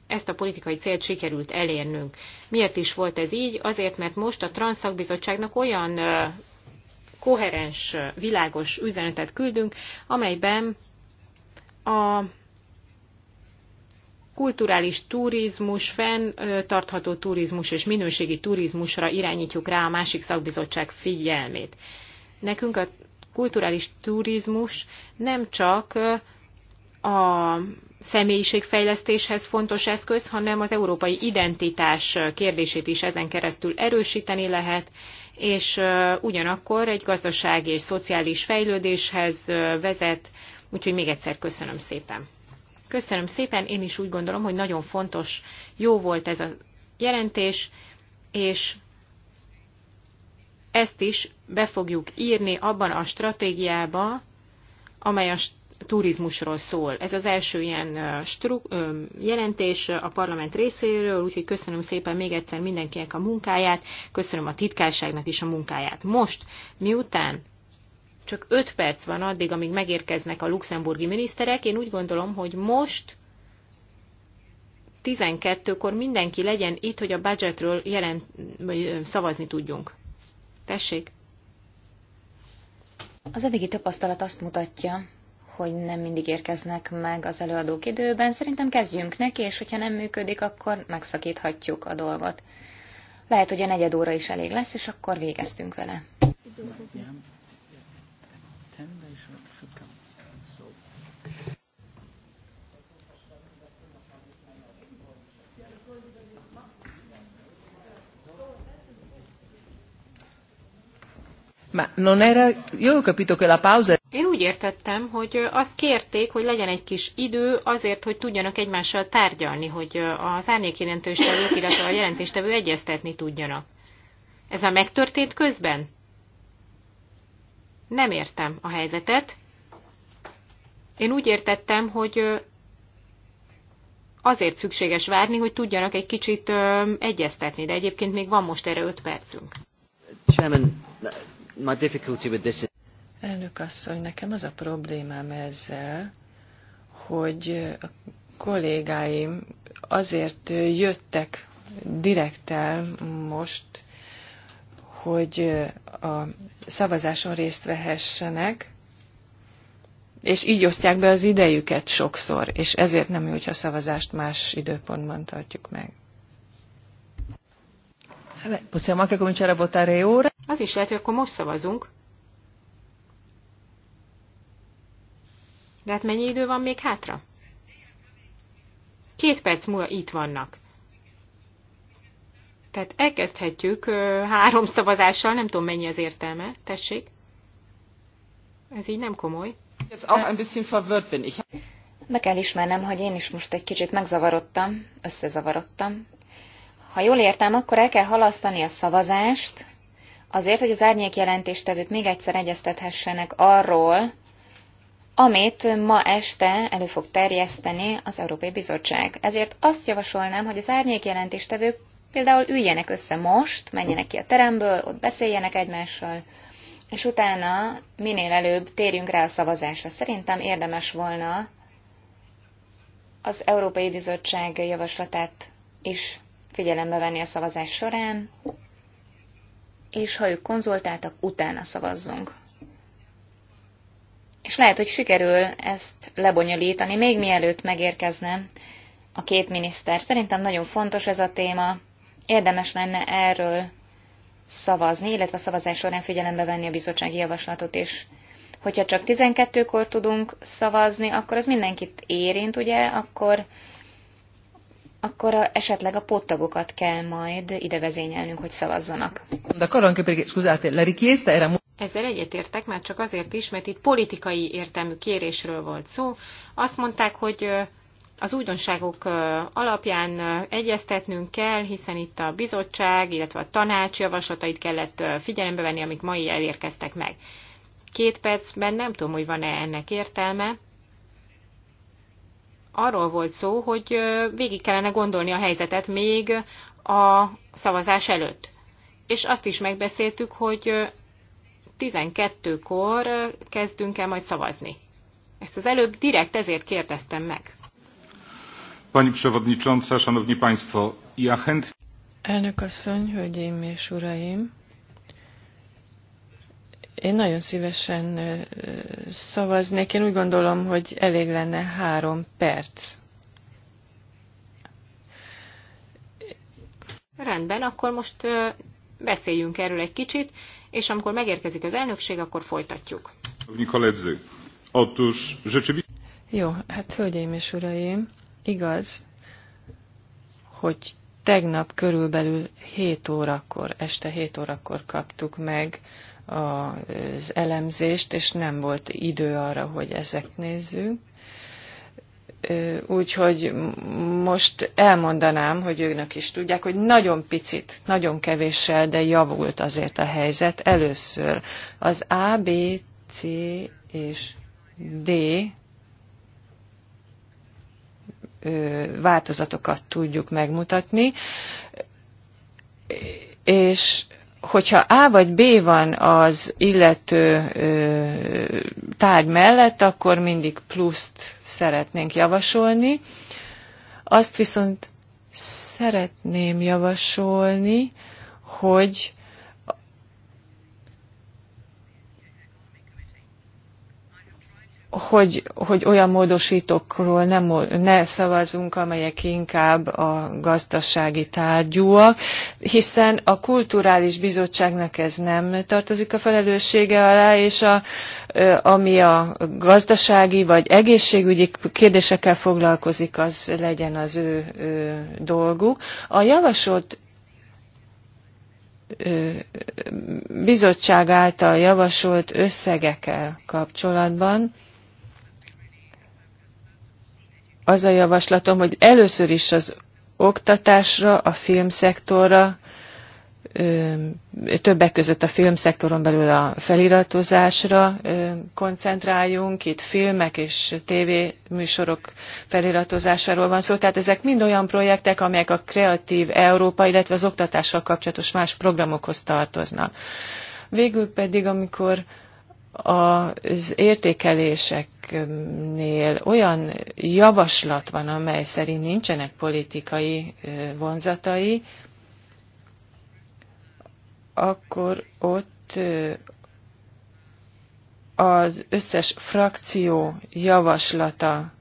ezt a politikai célt sikerült elérnünk. Miért is volt ez így? Azért, mert most a Transzakbizottságnak olyan koherens, világos üzenetet küldünk, amelyben a kulturális turizmus, fenntartható turizmus és minőségi turizmusra irányítjuk rá a másik szakbizottság figyelmét. Nekünk a kulturális turizmus nem csak a személyiségfejlesztéshez fontos eszköz, hanem az európai identitás kérdését is ezen keresztül erősíteni lehet, és ugyanakkor egy gazdasági és szociális fejlődéshez vezet, Úgyhogy még egyszer köszönöm szépen. Köszönöm szépen, én is úgy gondolom, hogy nagyon fontos, jó volt ez a jelentés, és ezt is be fogjuk írni abban a stratégiába, amely a turizmusról szól. Ez az első ilyen jelentés a parlament részéről, úgyhogy köszönöm szépen még egyszer mindenkinek a munkáját, köszönöm a titkárságnak is a munkáját. Most, miután csak öt perc van addig, amíg megérkeznek a luxemburgi miniszterek. Én úgy gondolom, hogy most 12-kor mindenki legyen itt, hogy a budgetről jelent, szavazni tudjunk. Tessék! Az eddigi tapasztalat azt mutatja, hogy nem mindig érkeznek meg az előadók időben. Szerintem kezdjünk neki, és hogyha nem működik, akkor megszakíthatjuk a dolgot. Lehet, hogy a negyed óra is elég lesz, és akkor végeztünk vele. Yeah. non era... Io ho capito che la pausa... Én úgy értettem, hogy azt kérték, hogy legyen egy kis idő azért, hogy tudjanak egymással tárgyalni, hogy az árnyékjelentőstevők, illetve a jelentéstevő egyeztetni tudjanak. Ez már megtörtént közben? Nem értem a helyzetet. Én úgy értettem, hogy azért szükséges várni, hogy tudjanak egy kicsit egyeztetni, de egyébként még van most erre öt percünk. Chairman, my difficulty with this is... Elnök asszony, nekem az a problémám ezzel, hogy a kollégáim azért jöttek direktel most, hogy a szavazáson részt vehessenek, és így osztják be az idejüket sokszor, és ezért nem jó, hogyha a szavazást más időpontban tartjuk meg. Possiamo anche cominciare a votare ora. Az is lehet, hogy akkor most szavazunk. De hát mennyi idő van még hátra? Két perc múlva itt vannak. Tehát elkezdhetjük három szavazással, nem tudom mennyi az értelme. Tessék. Ez így nem komoly. Be kell ismernem, hogy én is most egy kicsit megzavarodtam, összezavarodtam. Ha jól értem, akkor el kell halasztani a szavazást, azért, hogy az árnyék jelentéstevők még egyszer egyeztethessenek arról, amit ma este elő fog terjeszteni az Európai Bizottság. Ezért azt javasolnám, hogy az árnyék jelentéstevők például üljenek össze most, menjenek ki a teremből, ott beszéljenek egymással, és utána minél előbb térjünk rá a szavazásra. Szerintem érdemes volna az Európai Bizottság javaslatát is figyelembe venni a szavazás során, és ha ők konzultáltak, utána szavazzunk. És lehet, hogy sikerül ezt lebonyolítani, még mielőtt megérkezne a két miniszter. Szerintem nagyon fontos ez a téma, érdemes lenne erről szavazni, illetve a szavazás során figyelembe venni a bizottsági javaslatot is. Hogyha csak 12-kor tudunk szavazni, akkor az mindenkit érint, ugye, akkor akkor a, esetleg a pottagokat kell majd ide vezényelnünk, hogy szavazzanak. De karanke perché, scusate, la richiesta era ezzel egyetértek, már csak azért is, mert itt politikai értelmű kérésről volt szó. Azt mondták, hogy az újdonságok alapján egyeztetnünk kell, hiszen itt a bizottság, illetve a tanács javaslatait kellett figyelembe venni, amik mai elérkeztek meg. Két percben nem tudom, hogy van-e ennek értelme arról volt szó, hogy végig kellene gondolni a helyzetet még a szavazás előtt. És azt is megbeszéltük, hogy 12-kor kezdünk el majd szavazni. Ezt az előbb direkt ezért kérdeztem meg. Pani Przewodnicząca, Szanowni Państwo, ja chętnie... Elnök asszony, hölgyeim és uraim, én nagyon szívesen szavaznék. Én úgy gondolom, hogy elég lenne három perc. Rendben, akkor most beszéljünk erről egy kicsit, és amikor megérkezik az elnökség, akkor folytatjuk. Jó, hát hölgyeim és uraim, igaz, hogy tegnap körülbelül 7 órakor, este 7 órakor kaptuk meg az elemzést, és nem volt idő arra, hogy ezek nézzünk. Úgyhogy most elmondanám, hogy őknek is tudják, hogy nagyon picit, nagyon kevéssel, de javult azért a helyzet. Először az A, B, C és D változatokat tudjuk megmutatni, és hogyha A vagy B van az illető ö, tárgy mellett, akkor mindig pluszt szeretnénk javasolni. Azt viszont szeretném javasolni, hogy hogy, hogy olyan módosítókról nem, ne szavazunk, amelyek inkább a gazdasági tárgyúak, hiszen a kulturális bizottságnak ez nem tartozik a felelőssége alá, és a, ami a gazdasági vagy egészségügyi kérdésekkel foglalkozik, az legyen az ő, ő dolguk. A javasolt bizottság által javasolt összegekkel kapcsolatban az a javaslatom, hogy először is az oktatásra, a filmszektorra, többek között a filmszektoron belül a feliratozásra koncentráljunk, itt filmek és tévéműsorok feliratozásáról van szó. Tehát ezek mind olyan projektek, amelyek a Kreatív Európa, illetve az oktatással kapcsolatos más programokhoz tartoznak. Végül pedig, amikor az értékeléseknél olyan javaslat van, amely szerint nincsenek politikai vonzatai, akkor ott az összes frakció javaslata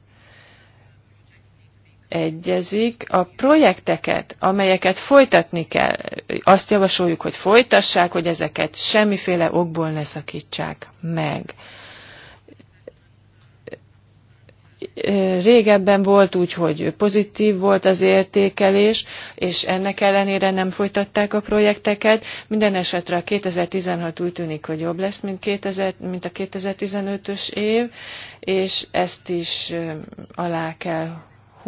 egyezik. A projekteket, amelyeket folytatni kell, azt javasoljuk, hogy folytassák, hogy ezeket semmiféle okból ne szakítsák meg. Régebben volt úgy, hogy pozitív volt az értékelés, és ennek ellenére nem folytatták a projekteket. Minden esetre a 2016 úgy tűnik, hogy jobb lesz, mint, 2000, mint a 2015-ös év, és ezt is alá kell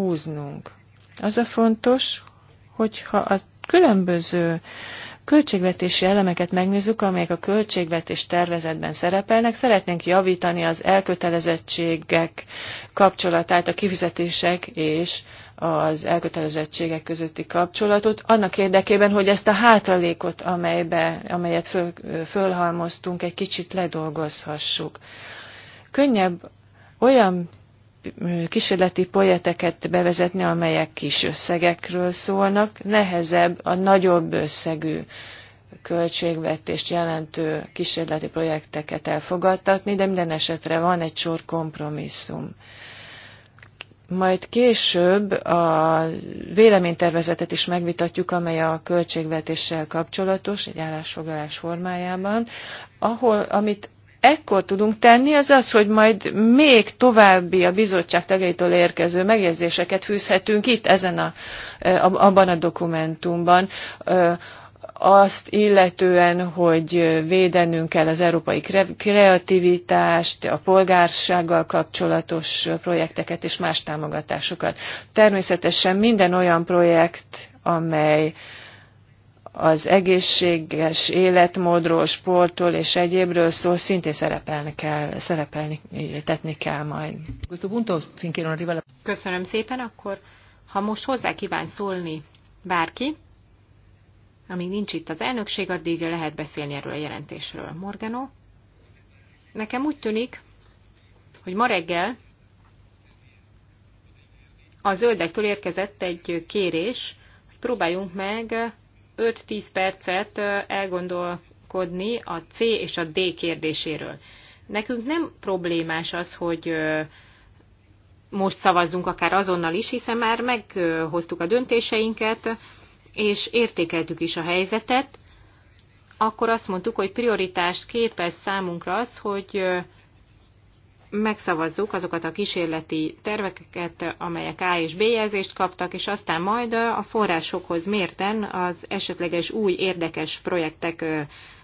húznunk. Az a fontos, hogyha a különböző költségvetési elemeket megnézzük, amelyek a költségvetés tervezetben szerepelnek, szeretnénk javítani az elkötelezettségek kapcsolatát, a kifizetések és az elkötelezettségek közötti kapcsolatot, annak érdekében, hogy ezt a hátralékot, amelybe, amelyet föl, fölhalmoztunk, egy kicsit ledolgozhassuk. Könnyebb olyan kísérleti projekteket bevezetni, amelyek kis összegekről szólnak. Nehezebb a nagyobb összegű költségvetést jelentő kísérleti projekteket elfogadtatni, de minden esetre van egy sor kompromisszum. Majd később a véleménytervezetet is megvitatjuk, amely a költségvetéssel kapcsolatos, egy állásfoglalás formájában, ahol, amit ekkor tudunk tenni, az az, hogy majd még további a bizottság tagjaitól érkező megjegyzéseket fűzhetünk itt ezen a, eh, abban a dokumentumban eh, azt illetően, hogy védenünk kell az európai kreativitást, a polgársággal kapcsolatos projekteket és más támogatásokat. Természetesen minden olyan projekt, amely az egészséges életmódról, sportról és egyébről szó szintén szerepelni kell, szerepelni, tetni kell majd. Köszönöm szépen, akkor ha most hozzá kíván szólni bárki, amíg nincs itt az elnökség, addig lehet beszélni erről a jelentésről. Morgano? Nekem úgy tűnik, hogy ma reggel a zöldektől érkezett egy kérés, hogy próbáljunk meg 5-10 percet elgondolkodni a C és a D kérdéséről. Nekünk nem problémás az, hogy most szavazzunk akár azonnal is, hiszen már meghoztuk a döntéseinket, és értékeltük is a helyzetet, akkor azt mondtuk, hogy prioritást képez számunkra az, hogy megszavazzuk azokat a kísérleti terveket, amelyek A és B jelzést kaptak, és aztán majd a forrásokhoz mérten az esetleges új érdekes projektek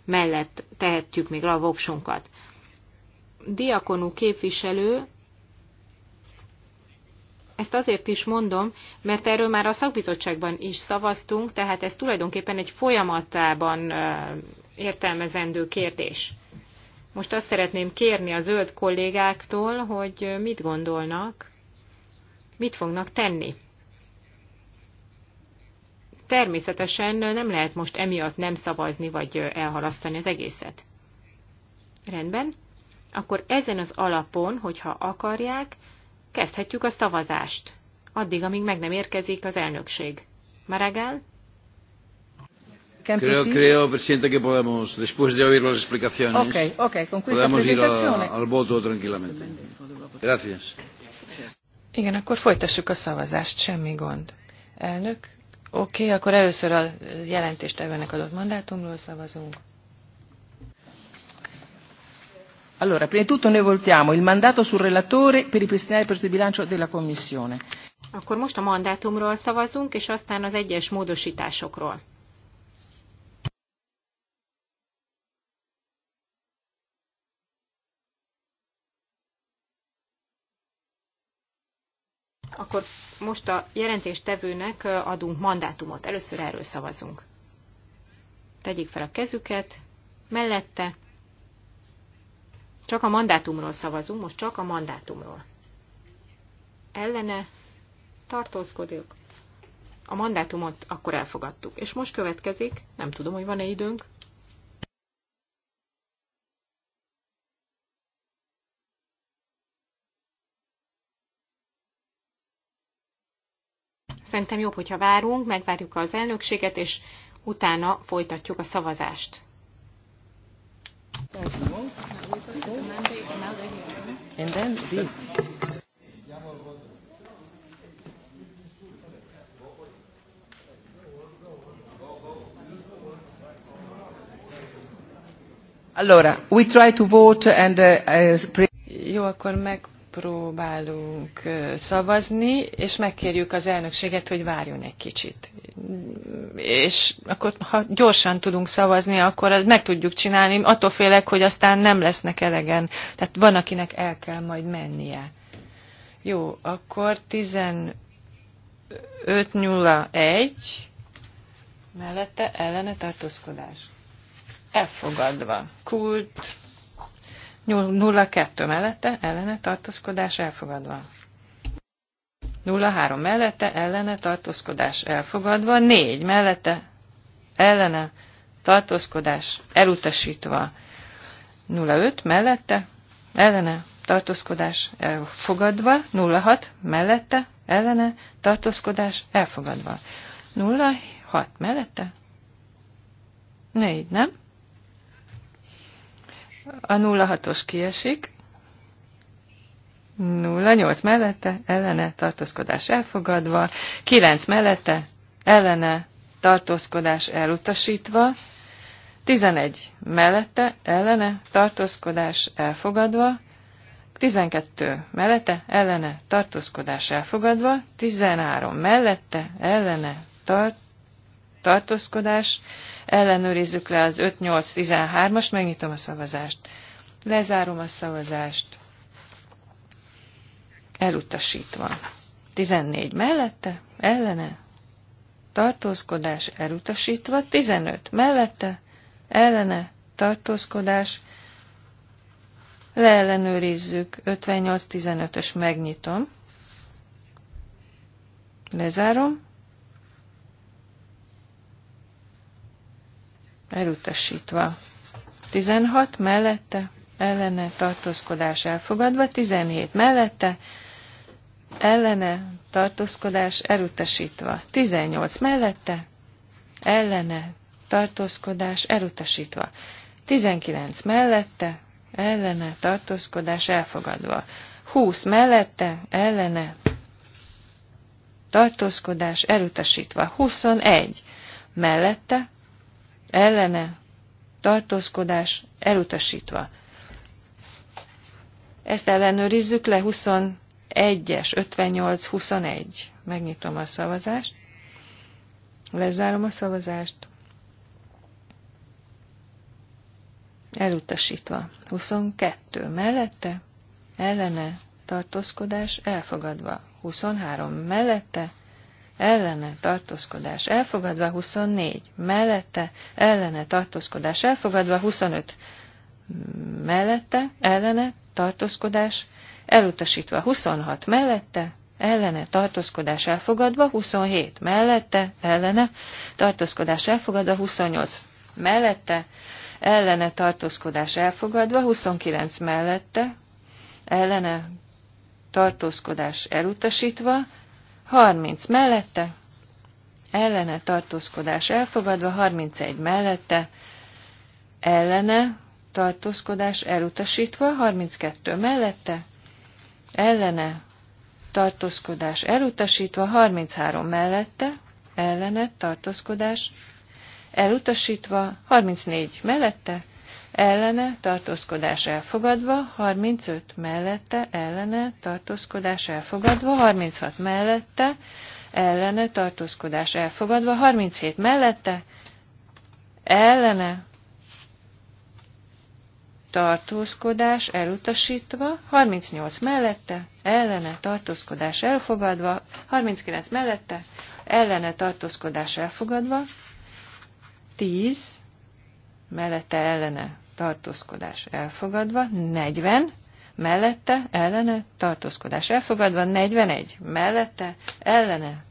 mellett tehetjük még a voksunkat. Diakonú képviselő, ezt azért is mondom, mert erről már a szakbizottságban is szavaztunk, tehát ez tulajdonképpen egy folyamatában értelmezendő kérdés. Most azt szeretném kérni a zöld kollégáktól, hogy mit gondolnak, mit fognak tenni. Természetesen nem lehet most emiatt nem szavazni, vagy elhalasztani az egészet. Rendben? Akkor ezen az alapon, hogyha akarják, kezdhetjük a szavazást. Addig, amíg meg nem érkezik az elnökség. Maragall? creo, proceed? creo, Presidente, que podemos, después de oír las explicaciones, okay, okay. Con podemos ir a, al voto tranquilamente. Gracias. Igen, akkor folytassuk a szavazást, semmi gond. Elnök, oké, okay, akkor először a jelentést ebbenek adott mandátumról szavazunk. Allora, prima di tutto noi voltiamo il mandato sul relatore per ripristinare il progetto di bilancio della Commissione. Akkor most a mandátumról szavazunk, és aztán az egyes módosításokról. akkor most a jelentéstevőnek adunk mandátumot. Először erről szavazunk. Tegyék fel a kezüket, mellette. Csak a mandátumról szavazunk, most csak a mandátumról. Ellene tartózkodjuk. A mandátumot akkor elfogadtuk. És most következik, nem tudom, hogy van-e időnk, szerintem jobb, hogyha várunk, megvárjuk az elnökséget, és utána folytatjuk a szavazást. And then this. Allora, we try to vote and uh, as... Jó, akkor meg próbálunk szavazni, és megkérjük az elnökséget, hogy várjon egy kicsit. És akkor, ha gyorsan tudunk szavazni, akkor ezt meg tudjuk csinálni. Attól félek, hogy aztán nem lesznek elegen. Tehát van, akinek el kell majd mennie. Jó, akkor 15.01 mellette ellene tartózkodás. Elfogadva. Kult 0-2 mellette ellene tartózkodás elfogadva. 0-3 mellette ellene tartózkodás elfogadva. 4 mellette ellene tartózkodás elutasítva. 0-5 mellette ellene tartózkodás elfogadva. 0-6 mellette ellene tartózkodás elfogadva. 0-6 mellette? 4, nem? 0-7. A 06-os kiesik. 08 mellette, ellene, tartózkodás elfogadva. 9 mellette, ellene, tartózkodás elutasítva. 11 mellette, ellene, tartózkodás elfogadva. 12 mellette, ellene, tartózkodás elfogadva. 13 mellette, ellene, tart, tartózkodás elfogadva ellenőrizzük le az 5 8 13 Most megnyitom a szavazást. Lezárom a szavazást. Elutasítva. 14 mellette, ellene, tartózkodás elutasítva, 15 mellette, ellene, tartózkodás, leellenőrizzük, 58-15-ös megnyitom, lezárom, elutasítva. 16 mellette, ellene tartózkodás elfogadva, 17 mellette, ellene tartózkodás elutasítva, 18 mellette, ellene tartózkodás elutasítva, 19 mellette, ellene tartózkodás elfogadva, 20 mellette, ellene tartózkodás elutasítva, 21 mellette, ellene tartózkodás elutasítva. Ezt ellenőrizzük le 21-es, 58-21. Megnyitom a szavazást. Lezárom a szavazást. Elutasítva. 22 mellette, ellene, tartózkodás elfogadva. 23 mellette, ellene tartózkodás elfogadva 24, mellette ellene tartózkodás elfogadva 25, mellette ellene tartózkodás elutasítva 26, mellette ellene tartózkodás elfogadva 27, mellette ellene tartózkodás elfogadva 28, mellette ellene tartózkodás elfogadva 29, mellette ellene tartózkodás elutasítva 30 mellette, ellene tartózkodás elfogadva, 31 mellette, ellene tartózkodás elutasítva, 32 mellette, ellene tartózkodás elutasítva, 33 mellette, ellene tartózkodás elutasítva, 34 mellette, ellene tartózkodás elfogadva, 35 mellette ellene tartózkodás elfogadva, 36 mellette ellene tartózkodás elfogadva, 37 mellette ellene tartózkodás elutasítva, 38 mellette, ellene tartózkodás elfogadva, 39 mellette, ellene tartózkodás elfogadva, 10 mellette ellene tartózkodás elfogadva, 40, mellette, ellene, tartózkodás elfogadva, 41, mellette, ellene,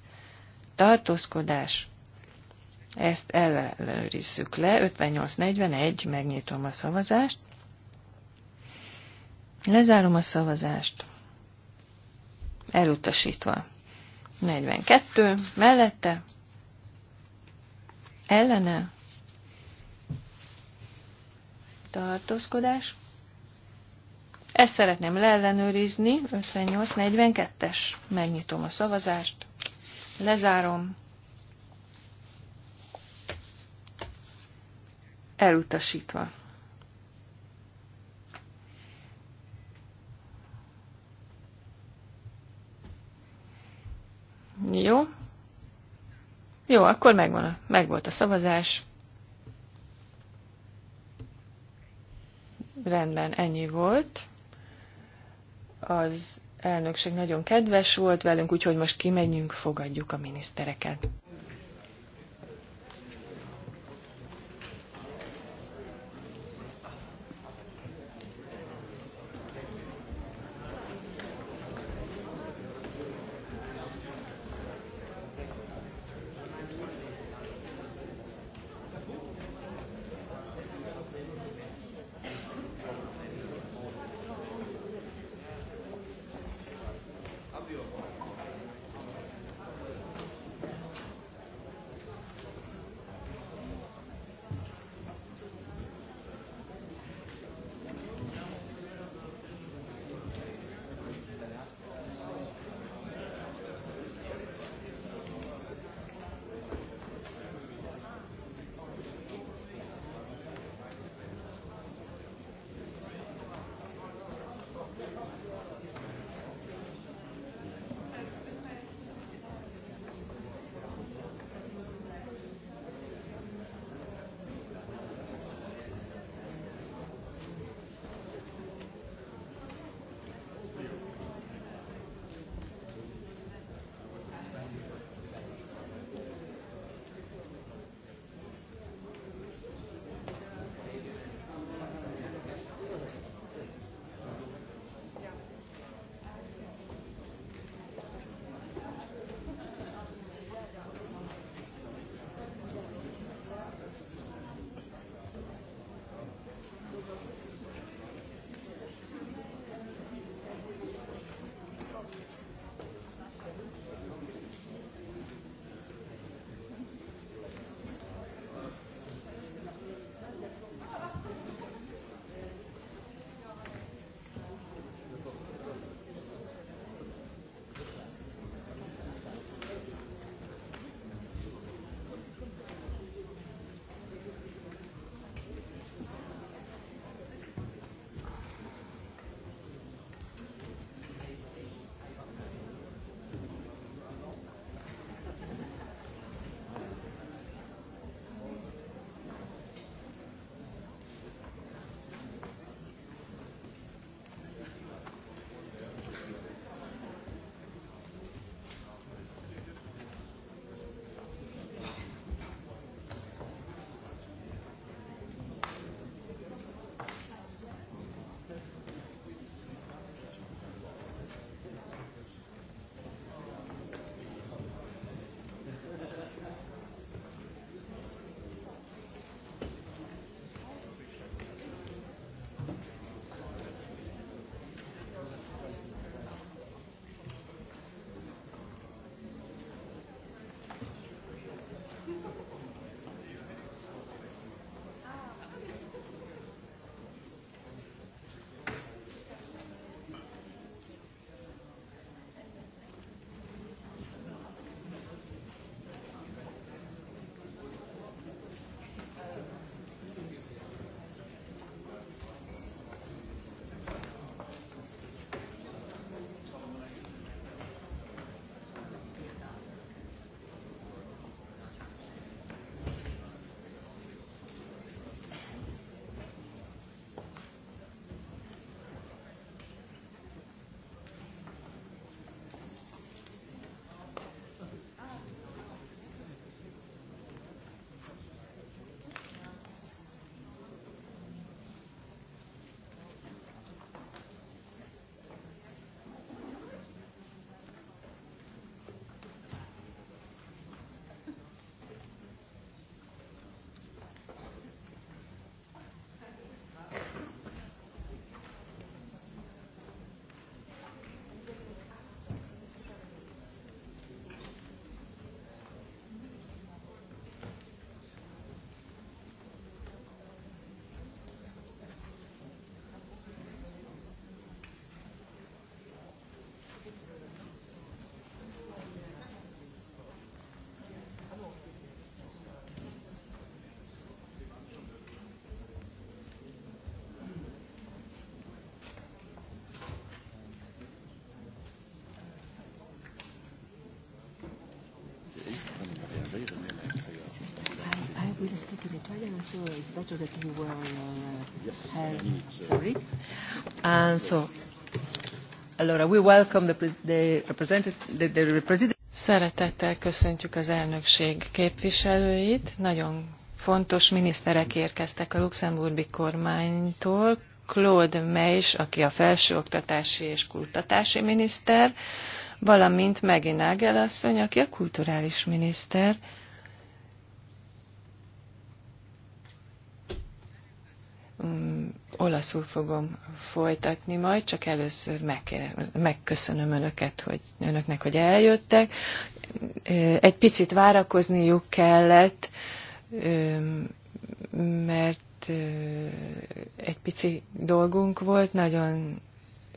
tartózkodás. Ezt ellenőrizzük le, 58-41, megnyitom a szavazást, lezárom a szavazást, elutasítva. 42, mellette, ellene, tartózkodás. Ezt szeretném leellenőrizni, 58-42-es. Megnyitom a szavazást, lezárom. Elutasítva. Jó. Jó, akkor megvan, megvolt a szavazás. Rendben, ennyi volt. Az elnökség nagyon kedves volt velünk, úgyhogy most kimegyünk, fogadjuk a minisztereket. Italian, so it's better that you uh, uh, Sorry. And so, allora, we welcome the, the representative, the, the Szeretettel köszöntjük az elnökség képviselőit. Nagyon fontos miniszterek érkeztek a luxemburgi kormánytól. Claude Meis, aki a felsőoktatási és kutatási miniszter, valamint Megin Ágel asszony, aki a kulturális miniszter. olaszul fogom folytatni majd, csak először megköszönöm önöket, hogy, önöknek, hogy eljöttek. Egy picit várakozniuk kellett, mert egy pici dolgunk volt, nagyon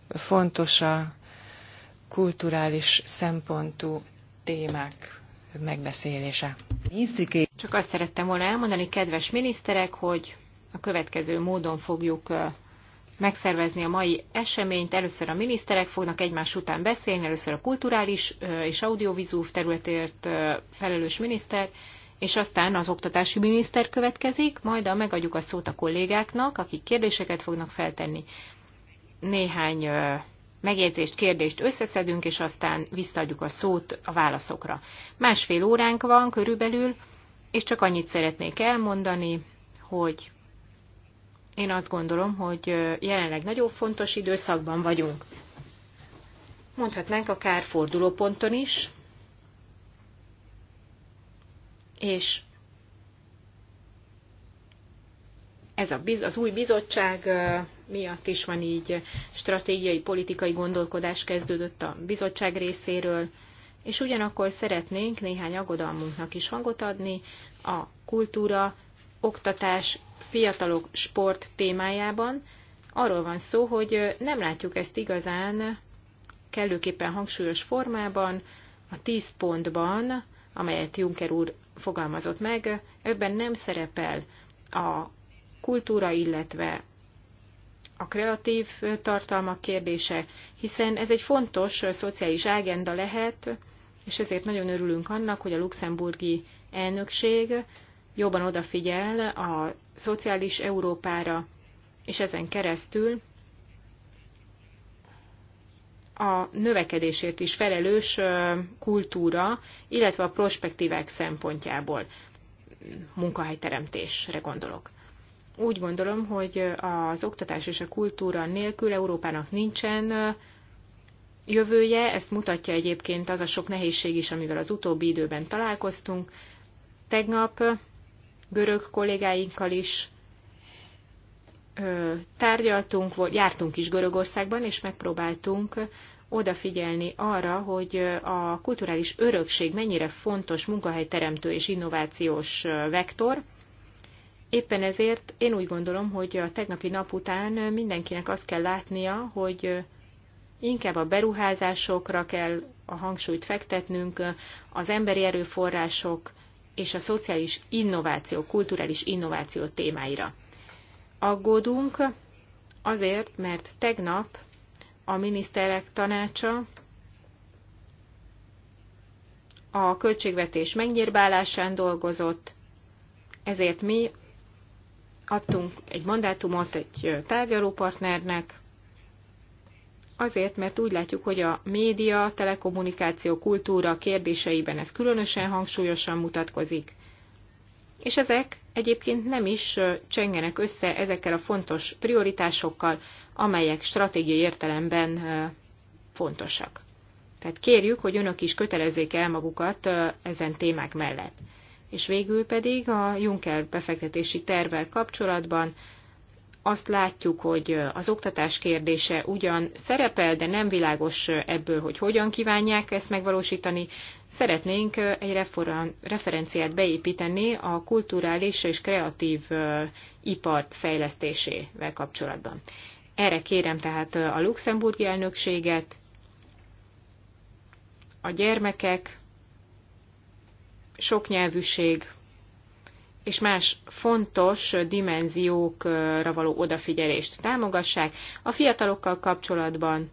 fontos a kulturális szempontú témák megbeszélése. Csak azt szerettem volna elmondani, kedves miniszterek, hogy a következő módon fogjuk megszervezni a mai eseményt. Először a miniszterek fognak egymás után beszélni, először a kulturális és audiovizúv területért felelős miniszter, és aztán az oktatási miniszter következik, majd a megadjuk a szót a kollégáknak, akik kérdéseket fognak feltenni. Néhány megjegyzést, kérdést összeszedünk, és aztán visszaadjuk a szót a válaszokra. Másfél óránk van körülbelül, és csak annyit szeretnék elmondani, hogy én azt gondolom, hogy jelenleg nagyon fontos időszakban vagyunk. Mondhatnánk akár fordulóponton is, és ez a biz, az új bizottság miatt is van így stratégiai, politikai gondolkodás kezdődött a bizottság részéről, és ugyanakkor szeretnénk néhány aggodalmunknak is hangot adni a kultúra, oktatás fiatalok sport témájában. Arról van szó, hogy nem látjuk ezt igazán kellőképpen hangsúlyos formában, a tíz pontban, amelyet Juncker úr fogalmazott meg, ebben nem szerepel a kultúra, illetve a kreatív tartalmak kérdése, hiszen ez egy fontos szociális ágenda lehet, és ezért nagyon örülünk annak, hogy a luxemburgi elnökség jobban odafigyel a szociális Európára, és ezen keresztül a növekedésért is felelős kultúra, illetve a prospektívák szempontjából munkahelyteremtésre gondolok. Úgy gondolom, hogy az oktatás és a kultúra nélkül Európának nincsen jövője, ezt mutatja egyébként az a sok nehézség is, amivel az utóbbi időben találkoztunk. Tegnap görög kollégáinkkal is tárgyaltunk, vagy jártunk is Görögországban, és megpróbáltunk odafigyelni arra, hogy a kulturális örökség mennyire fontos munkahelyteremtő és innovációs vektor. Éppen ezért én úgy gondolom, hogy a tegnapi nap után mindenkinek azt kell látnia, hogy inkább a beruházásokra kell a hangsúlyt fektetnünk, az emberi erőforrások és a szociális innováció, kulturális innováció témáira. Aggódunk azért, mert tegnap a miniszterek tanácsa a költségvetés megnyírbálásán dolgozott, ezért mi adtunk egy mandátumot egy tárgyalópartnernek, azért, mert úgy látjuk, hogy a média, telekommunikáció, kultúra kérdéseiben ez különösen hangsúlyosan mutatkozik. És ezek egyébként nem is csengenek össze ezekkel a fontos prioritásokkal, amelyek stratégiai értelemben fontosak. Tehát kérjük, hogy önök is kötelezzék el magukat ezen témák mellett. És végül pedig a Juncker befektetési tervvel kapcsolatban azt látjuk, hogy az oktatás kérdése ugyan szerepel, de nem világos ebből, hogy hogyan kívánják ezt megvalósítani. Szeretnénk egy referenciát beépíteni a kulturális és kreatív ipar fejlesztésével kapcsolatban. Erre kérem tehát a luxemburgi elnökséget, a gyermekek, soknyelvűség, és más fontos dimenziókra való odafigyelést támogassák. A fiatalokkal kapcsolatban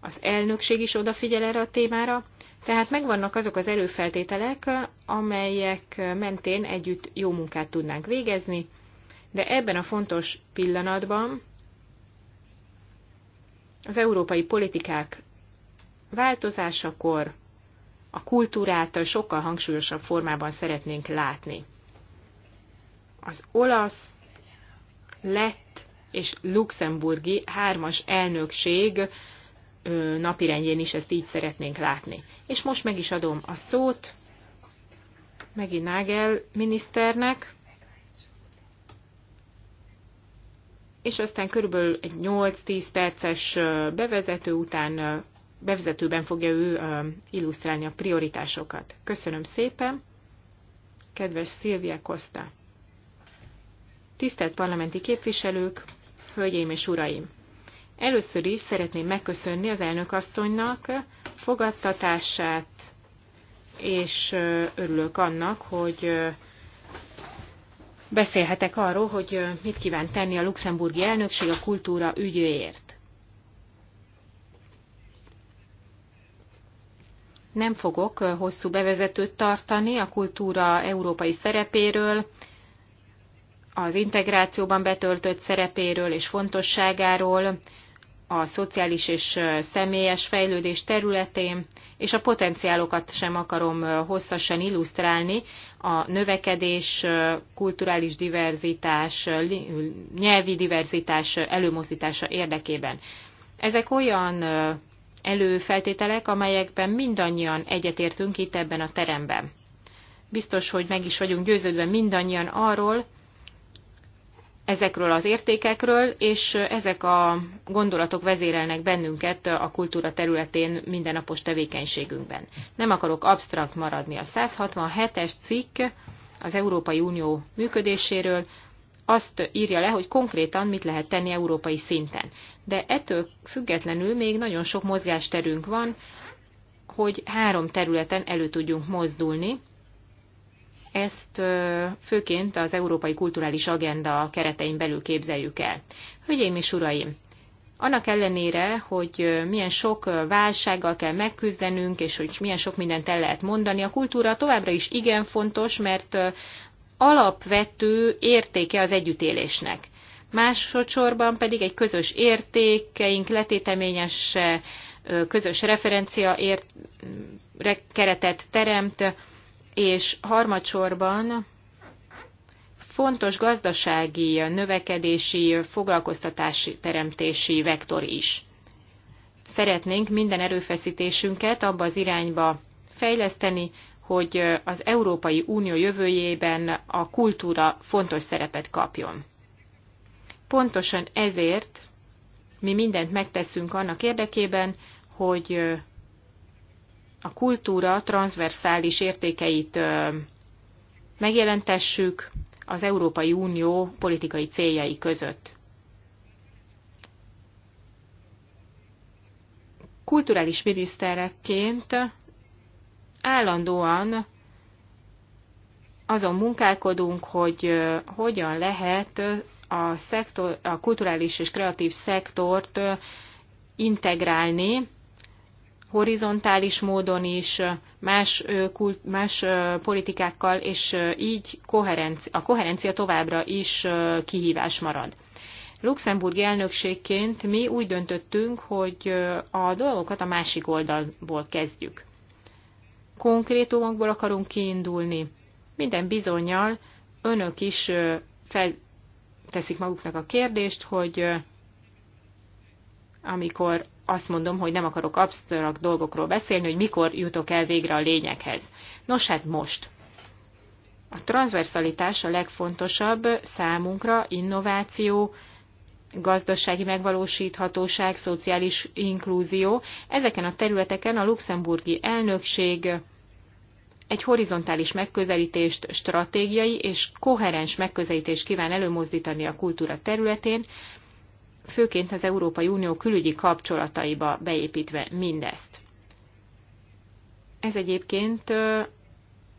az elnökség is odafigyel erre a témára, tehát megvannak azok az előfeltételek, amelyek mentén együtt jó munkát tudnánk végezni, de ebben a fontos pillanatban az európai politikák változásakor a kultúrát sokkal hangsúlyosabb formában szeretnénk látni az olasz, lett és luxemburgi hármas elnökség napirendjén is ezt így szeretnénk látni. És most meg is adom a szót megint Nagel miniszternek, és aztán körülbelül egy 8-10 perces bevezető után bevezetőben fogja ő illusztrálni a prioritásokat. Köszönöm szépen, kedves Szilvia Costa! Tisztelt parlamenti képviselők, hölgyeim és uraim! Először is szeretném megköszönni az elnök asszonynak fogadtatását, és örülök annak, hogy beszélhetek arról, hogy mit kíván tenni a luxemburgi elnökség a kultúra ügyéért. Nem fogok hosszú bevezetőt tartani a kultúra európai szerepéről, az integrációban betöltött szerepéről és fontosságáról, a szociális és személyes fejlődés területén, és a potenciálokat sem akarom hosszasan illusztrálni, a növekedés, kulturális diverzitás, nyelvi diverzitás előmozdítása érdekében. Ezek olyan előfeltételek, amelyekben mindannyian egyetértünk itt ebben a teremben. Biztos, hogy meg is vagyunk győződve mindannyian arról, ezekről az értékekről, és ezek a gondolatok vezérelnek bennünket a kultúra területén mindennapos tevékenységünkben. Nem akarok absztrakt maradni. A 167-es cikk az Európai Unió működéséről azt írja le, hogy konkrétan mit lehet tenni európai szinten. De ettől függetlenül még nagyon sok mozgásterünk van, hogy három területen elő tudjunk mozdulni, ezt főként az Európai Kulturális Agenda keretein belül képzeljük el. Hölgyeim és uraim, annak ellenére, hogy milyen sok válsággal kell megküzdenünk, és hogy milyen sok mindent el lehet mondani, a kultúra továbbra is igen fontos, mert alapvető értéke az együttélésnek. Másodszorban pedig egy közös értékeink letéteményes közös referencia ért, keretet teremt, és harmadsorban fontos gazdasági, növekedési, foglalkoztatási teremtési vektor is. Szeretnénk minden erőfeszítésünket abba az irányba fejleszteni, hogy az Európai Unió jövőjében a kultúra fontos szerepet kapjon. Pontosan ezért mi mindent megteszünk annak érdekében, hogy a kultúra transzverszális értékeit megjelentessük az Európai Unió politikai céljai között. Kulturális miniszterekként állandóan azon munkálkodunk, hogy hogyan lehet a, szektor, a kulturális és kreatív szektort integrálni horizontális módon is, más, kult, más politikákkal, és így koherenci, a koherencia továbbra is kihívás marad. Luxemburgi elnökségként mi úgy döntöttünk, hogy a dolgokat a másik oldalból kezdjük. Konkrétumokból akarunk kiindulni. Minden bizonyal önök is felteszik maguknak a kérdést, hogy amikor azt mondom, hogy nem akarok absztrakt dolgokról beszélni, hogy mikor jutok el végre a lényeghez. Nos, hát most. A transversalitás a legfontosabb számunkra, innováció, gazdasági megvalósíthatóság, szociális inklúzió. Ezeken a területeken a luxemburgi elnökség egy horizontális megközelítést, stratégiai és koherens megközelítést kíván előmozdítani a kultúra területén, főként az Európai Unió külügyi kapcsolataiba beépítve mindezt. Ez egyébként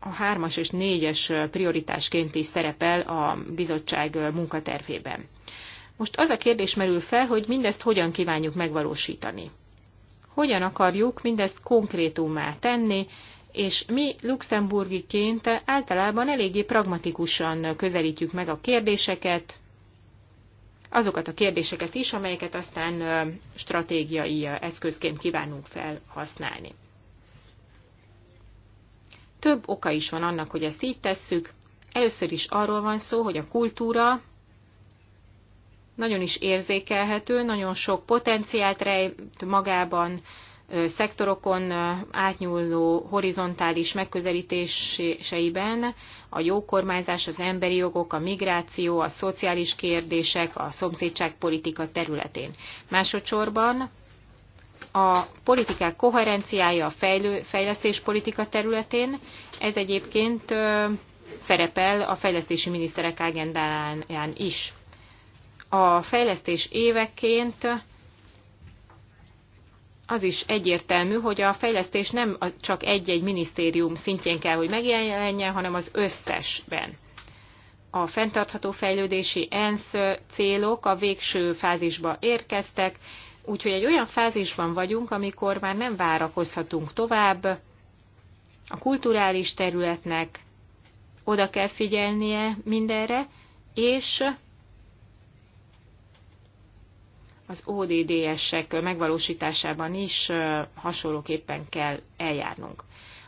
a hármas és négyes prioritásként is szerepel a bizottság munkatervében. Most az a kérdés merül fel, hogy mindezt hogyan kívánjuk megvalósítani. Hogyan akarjuk mindezt konkrétummá tenni, és mi luxemburgiként általában eléggé pragmatikusan közelítjük meg a kérdéseket, azokat a kérdéseket is, amelyeket aztán stratégiai eszközként kívánunk felhasználni. Több oka is van annak, hogy ezt így tesszük. Először is arról van szó, hogy a kultúra nagyon is érzékelhető, nagyon sok potenciált rejt magában, szektorokon átnyúló horizontális megközelítéseiben a jó kormányzás, az emberi jogok, a migráció, a szociális kérdések, a szomszédságpolitika területén. Másodszorban a politikák koherenciája a fejlő, fejlesztéspolitika területén, ez egyébként szerepel a fejlesztési miniszterek agendáján is. A fejlesztés éveként az is egyértelmű, hogy a fejlesztés nem csak egy-egy minisztérium szintjén kell, hogy megjelenjen, hanem az összesben. A fenntartható fejlődési ENSZ célok a végső fázisba érkeztek, úgyhogy egy olyan fázisban vagyunk, amikor már nem várakozhatunk tovább. A kulturális területnek oda kell figyelnie mindenre, és az ODDS-ek megvalósításában is hasonlóképpen kell eljárnunk.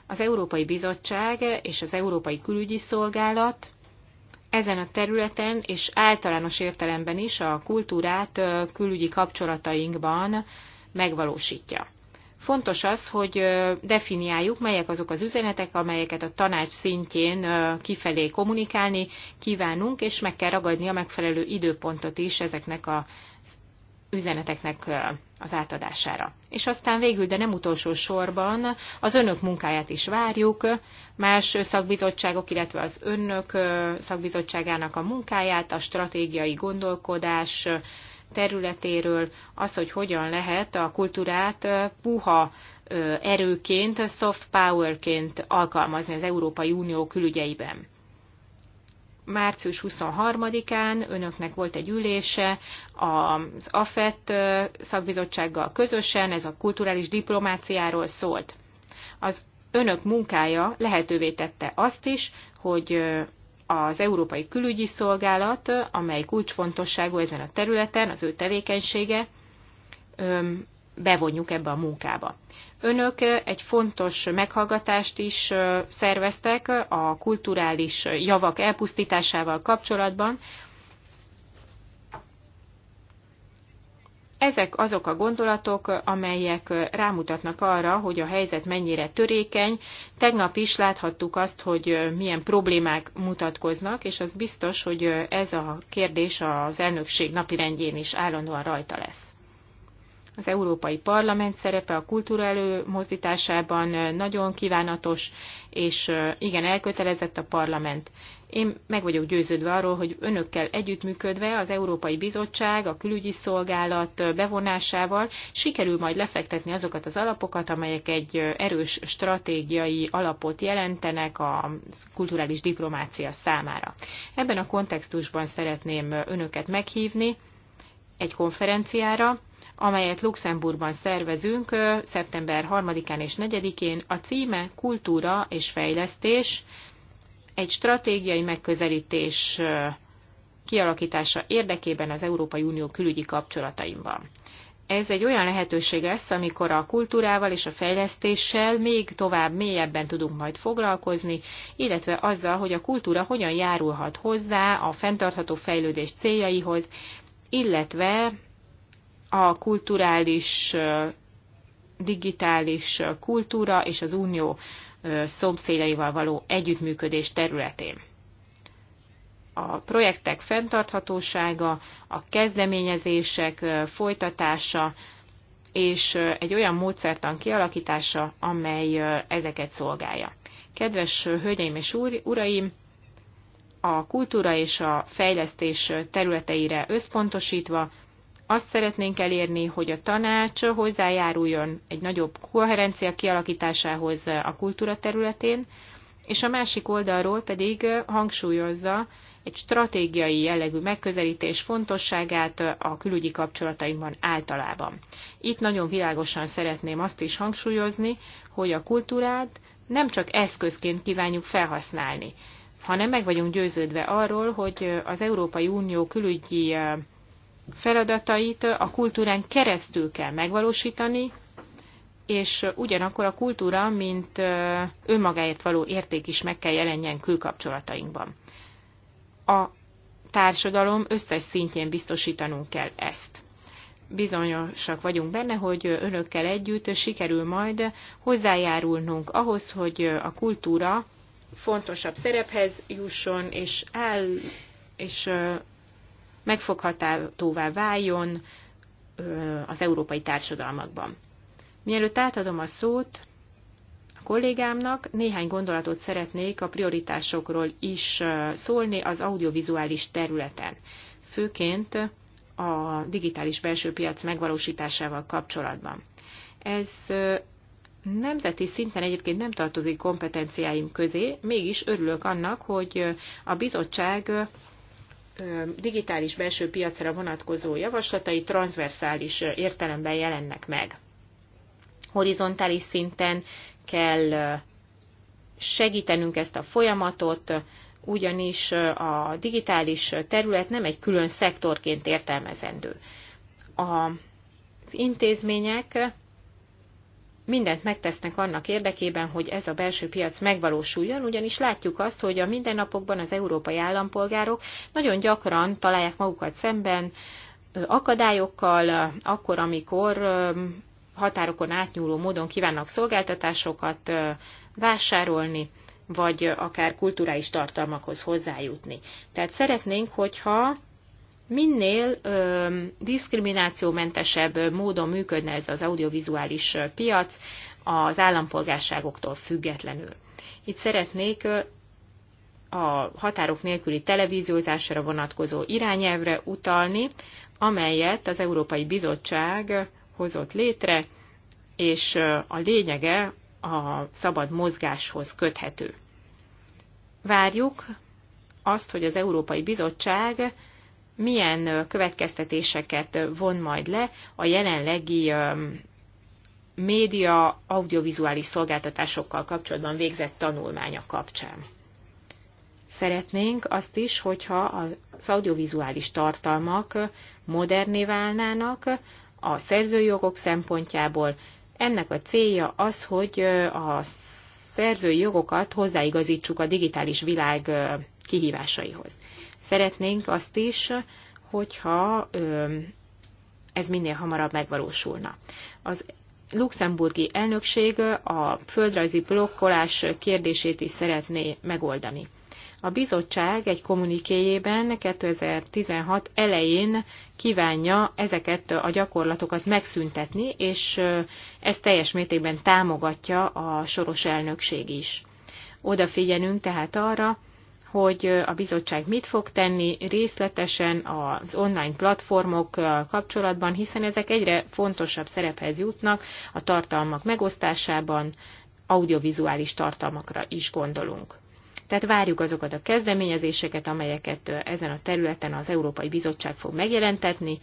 Az Európai Bizottság és az Európai Külügyi Szolgálat ezen a területen és általános értelemben is a kultúrát külügyi kapcsolatainkban megvalósítja. Fontos az, hogy definiáljuk, melyek azok az üzenetek, amelyeket a tanács szintjén kifelé kommunikálni kívánunk, és meg kell ragadni a megfelelő időpontot is ezeknek a üzeneteknek az átadására. És aztán végül, de nem utolsó sorban az önök munkáját is várjuk, más szakbizottságok, illetve az önök szakbizottságának a munkáját, a stratégiai gondolkodás területéről, az, hogy hogyan lehet a kultúrát puha erőként, soft powerként alkalmazni az Európai Unió külügyeiben március 23-án önöknek volt egy ülése az AFET szakbizottsággal közösen, ez a kulturális diplomáciáról szólt. Az önök munkája lehetővé tette azt is, hogy az Európai Külügyi Szolgálat, amely kulcsfontosságú ezen a területen, az ő tevékenysége, bevonjuk ebbe a munkába. Önök egy fontos meghallgatást is szerveztek a kulturális javak elpusztításával kapcsolatban. Ezek azok a gondolatok, amelyek rámutatnak arra, hogy a helyzet mennyire törékeny. Tegnap is láthattuk azt, hogy milyen problémák mutatkoznak, és az biztos, hogy ez a kérdés az elnökség napirendjén is állandóan rajta lesz. Az Európai Parlament szerepe a kultúra előmozdításában nagyon kívánatos, és igen, elkötelezett a parlament. Én meg vagyok győződve arról, hogy önökkel együttműködve az Európai Bizottság, a külügyi szolgálat bevonásával sikerül majd lefektetni azokat az alapokat, amelyek egy erős stratégiai alapot jelentenek a kulturális diplomácia számára. Ebben a kontextusban szeretném önöket meghívni egy konferenciára, amelyet Luxemburgban szervezünk szeptember 3-án és 4-én. A címe Kultúra és Fejlesztés, egy stratégiai megközelítés kialakítása érdekében az Európai Unió külügyi kapcsolataimban. Ez egy olyan lehetőség lesz, amikor a kultúrával és a fejlesztéssel még tovább mélyebben tudunk majd foglalkozni, illetve azzal, hogy a kultúra hogyan járulhat hozzá a fenntartható fejlődés céljaihoz, illetve a kulturális, digitális kultúra és az unió szomszédaival való együttműködés területén. A projektek fenntarthatósága, a kezdeményezések folytatása és egy olyan módszertan kialakítása, amely ezeket szolgálja. Kedves hölgyeim és uraim, a kultúra és a fejlesztés területeire összpontosítva azt szeretnénk elérni, hogy a tanács hozzájáruljon egy nagyobb koherencia kialakításához a kultúra területén, és a másik oldalról pedig hangsúlyozza egy stratégiai jellegű megközelítés fontosságát a külügyi kapcsolatainkban általában. Itt nagyon világosan szeretném azt is hangsúlyozni, hogy a kultúrát nem csak eszközként kívánjuk felhasználni, hanem meg vagyunk győződve arról, hogy az Európai Unió külügyi feladatait a kultúrán keresztül kell megvalósítani, és ugyanakkor a kultúra, mint önmagáért való érték is meg kell jelenjen külkapcsolatainkban. A társadalom összes szintjén biztosítanunk kell ezt. Bizonyosak vagyunk benne, hogy önökkel együtt sikerül majd hozzájárulnunk ahhoz, hogy a kultúra fontosabb szerephez jusson, és, el és megfoghatóvá váljon az európai társadalmakban. Mielőtt átadom a szót a kollégámnak, néhány gondolatot szeretnék a prioritásokról is szólni az audiovizuális területen, főként a digitális belső piac megvalósításával kapcsolatban. Ez nemzeti szinten egyébként nem tartozik kompetenciáim közé, mégis örülök annak, hogy a bizottság digitális belső piacra vonatkozó javaslatai transzverszális értelemben jelennek meg. Horizontális szinten kell segítenünk ezt a folyamatot, ugyanis a digitális terület nem egy külön szektorként értelmezendő. Az intézmények mindent megtesznek annak érdekében, hogy ez a belső piac megvalósuljon, ugyanis látjuk azt, hogy a mindennapokban az európai állampolgárok nagyon gyakran találják magukat szemben akadályokkal, akkor, amikor határokon átnyúló módon kívánnak szolgáltatásokat vásárolni, vagy akár kulturális tartalmakhoz hozzájutni. Tehát szeretnénk, hogyha minél ö, diszkriminációmentesebb módon működne ez az audiovizuális piac az állampolgárságoktól függetlenül. Itt szeretnék a határok nélküli televíziózásra vonatkozó irányelvre utalni, amelyet az Európai Bizottság hozott létre, és a lényege a szabad mozgáshoz köthető. Várjuk azt, hogy az Európai Bizottság milyen következtetéseket von majd le a jelenlegi média audiovizuális szolgáltatásokkal kapcsolatban végzett tanulmánya kapcsán. Szeretnénk azt is, hogyha az audiovizuális tartalmak moderné válnának a szerzőjogok szempontjából. Ennek a célja az, hogy a szerzői jogokat hozzáigazítsuk a digitális világ kihívásaihoz. Szeretnénk azt is, hogyha ez minél hamarabb megvalósulna. Az luxemburgi elnökség a földrajzi blokkolás kérdését is szeretné megoldani. A bizottság egy kommunikéjében 2016 elején kívánja ezeket a gyakorlatokat megszüntetni, és ezt teljes mértékben támogatja a soros elnökség is. Odafigyelünk tehát arra, hogy a bizottság mit fog tenni részletesen az online platformok kapcsolatban, hiszen ezek egyre fontosabb szerephez jutnak a tartalmak megosztásában, audiovizuális tartalmakra is gondolunk. Tehát várjuk azokat a kezdeményezéseket, amelyeket ezen a területen az Európai Bizottság fog megjelentetni,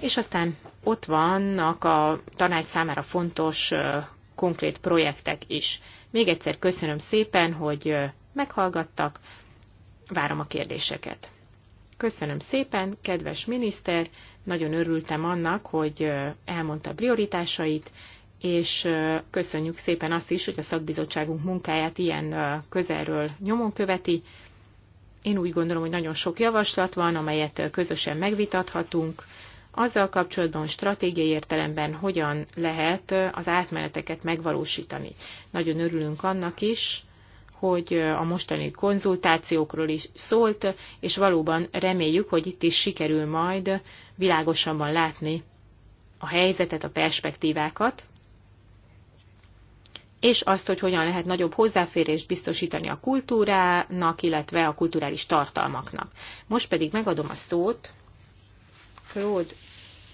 és aztán ott vannak a tanács számára fontos konkrét projektek is. Még egyszer köszönöm szépen, hogy meghallgattak, várom a kérdéseket. Köszönöm szépen, kedves miniszter, nagyon örültem annak, hogy elmondta prioritásait, és köszönjük szépen azt is, hogy a szakbizottságunk munkáját ilyen közelről nyomon követi. Én úgy gondolom, hogy nagyon sok javaslat van, amelyet közösen megvitathatunk. Azzal kapcsolatban stratégiai értelemben hogyan lehet az átmeneteket megvalósítani. Nagyon örülünk annak is, hogy a mostani konzultációkról is szólt, és valóban reméljük, hogy itt is sikerül majd világosabban látni a helyzetet, a perspektívákat, és azt, hogy hogyan lehet nagyobb hozzáférést biztosítani a kultúrának, illetve a kulturális tartalmaknak. Most pedig megadom a szót Claude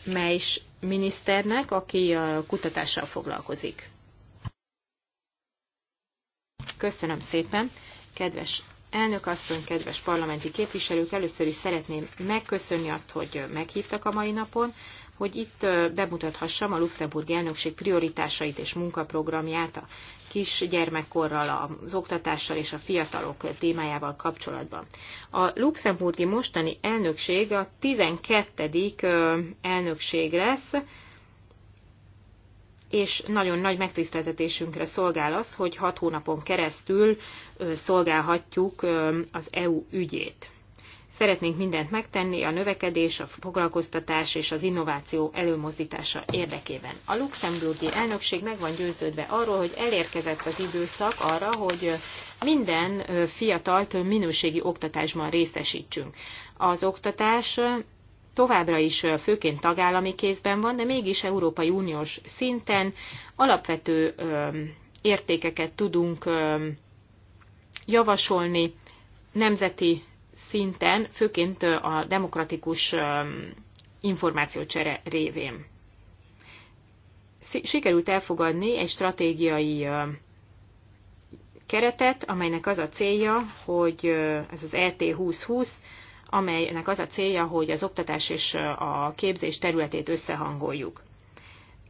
Meis miniszternek, aki kutatással foglalkozik. Köszönöm szépen, kedves elnök asszony, kedves parlamenti képviselők, először is szeretném megköszönni azt, hogy meghívtak a mai napon, hogy itt bemutathassam a luxemburgi elnökség prioritásait és munkaprogramját a kisgyermekkorral, az oktatással és a fiatalok témájával kapcsolatban. A luxemburgi mostani elnökség a 12. elnökség lesz, és nagyon nagy megtiszteltetésünkre szolgál az, hogy hat hónapon keresztül szolgálhatjuk az EU ügyét. Szeretnénk mindent megtenni a növekedés, a foglalkoztatás és az innováció előmozdítása érdekében. A luxemburgi elnökség meg van győződve arról, hogy elérkezett az időszak arra, hogy minden fiatalt minőségi oktatásban részesítsünk. Az oktatás továbbra is főként tagállami kézben van, de mégis Európai Uniós szinten alapvető értékeket tudunk javasolni nemzeti szinten, főként a demokratikus információcsere révén. Sikerült elfogadni egy stratégiai keretet, amelynek az a célja, hogy ez az ET 2020 amelynek az a célja, hogy az oktatás és a képzés területét összehangoljuk.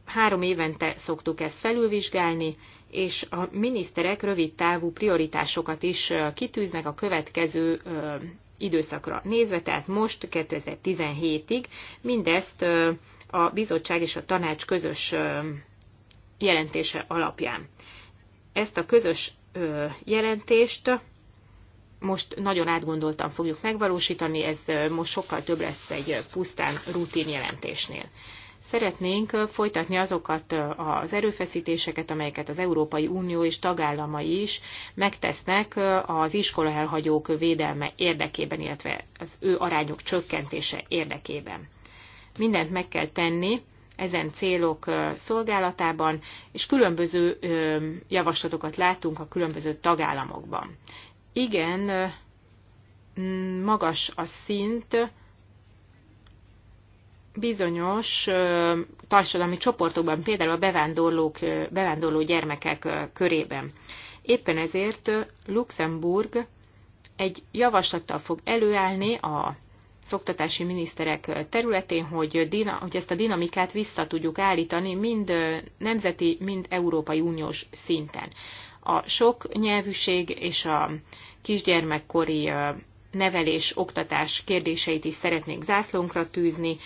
Három évente szoktuk ezt felülvizsgálni, és a miniszterek rövid távú prioritásokat is kitűznek a következő időszakra nézve, tehát most 2017-ig mindezt a bizottság és a tanács közös jelentése alapján. Ezt a közös jelentést most nagyon átgondoltan fogjuk megvalósítani, ez most sokkal több lesz egy pusztán rutin jelentésnél. Szeretnénk folytatni azokat az erőfeszítéseket, amelyeket az Európai Unió és tagállamai is megtesznek az iskola elhagyók védelme érdekében, illetve az ő arányok csökkentése érdekében. Mindent meg kell tenni ezen célok szolgálatában, és különböző javaslatokat látunk a különböző tagállamokban igen magas a szint bizonyos társadalmi csoportokban, például a bevándorlók, bevándorló gyermekek körében. Éppen ezért Luxemburg egy javaslattal fog előállni a szoktatási miniszterek területén, hogy, dina, hogy ezt a dinamikát vissza tudjuk állítani mind nemzeti, mind Európai Uniós szinten a sok nyelvűség és a kisgyermekkori nevelés, oktatás kérdéseit is szeretnénk zászlónkra tűzni,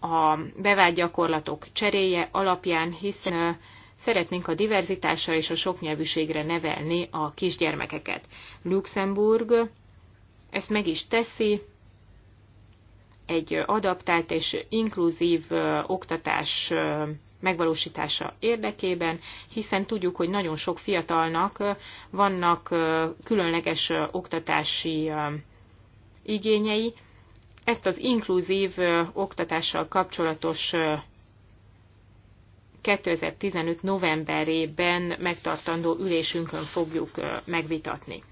a bevált gyakorlatok cseréje alapján, hiszen szeretnénk a diverzitásra és a soknyelvűségre nevelni a kisgyermekeket. Luxemburg ezt meg is teszi, egy adaptált és inkluzív oktatás megvalósítása érdekében, hiszen tudjuk, hogy nagyon sok fiatalnak vannak különleges oktatási igényei. Ezt az inkluzív oktatással kapcsolatos 2015. novemberében megtartandó ülésünkön fogjuk megvitatni.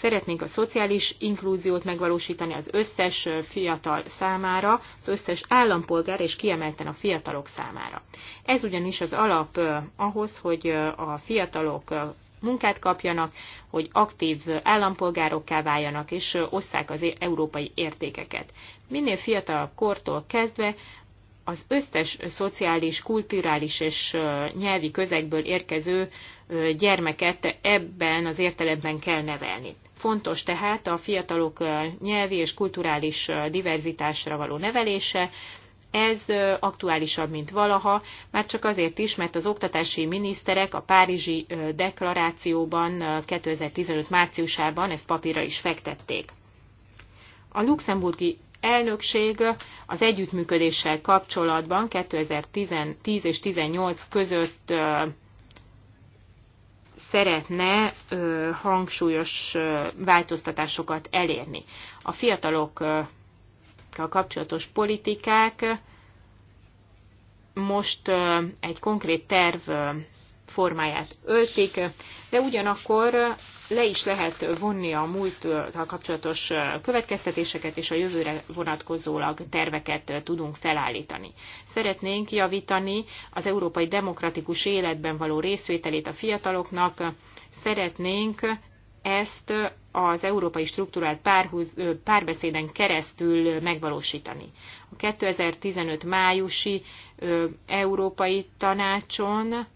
Szeretnénk a szociális inklúziót megvalósítani az összes fiatal számára, az összes állampolgár és kiemelten a fiatalok számára. Ez ugyanis az alap ahhoz, hogy a fiatalok munkát kapjanak, hogy aktív állampolgárokká váljanak, és osszák az európai értékeket. Minél fiatalabb kortól kezdve az összes szociális, kulturális és nyelvi közegből érkező gyermeket ebben az értelemben kell nevelni. Fontos tehát a fiatalok nyelvi és kulturális diverzitásra való nevelése, ez aktuálisabb, mint valaha, már csak azért is, mert az oktatási miniszterek a Párizsi deklarációban 2015 márciusában ezt papírra is fektették. A luxemburgi elnökség az együttműködéssel kapcsolatban 2010 és 18 között szeretne ö, hangsúlyos ö, változtatásokat elérni. A fiatalokkal kapcsolatos politikák most ö, egy konkrét terv ö, formáját ölték, de ugyanakkor le is lehet vonni a múlttal kapcsolatos következtetéseket, és a jövőre vonatkozólag terveket tudunk felállítani. Szeretnénk javítani az európai demokratikus életben való részvételét a fiataloknak, szeretnénk ezt az európai struktúrált párhuz, párbeszéden keresztül megvalósítani. A 2015 májusi európai tanácson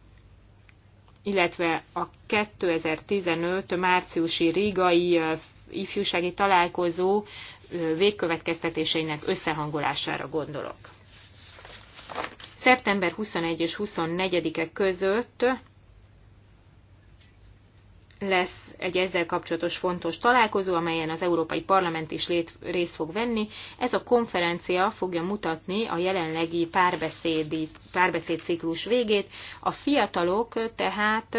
illetve a 2015 márciusi rigai ifjúsági találkozó végkövetkeztetéseinek összehangolására gondolok. Szeptember 21 és 24-e között lesz egy ezzel kapcsolatos fontos találkozó, amelyen az Európai Parlament is lét, részt fog venni. Ez a konferencia fogja mutatni a jelenlegi párbeszédi, párbeszéd ciklus végét. A fiatalok tehát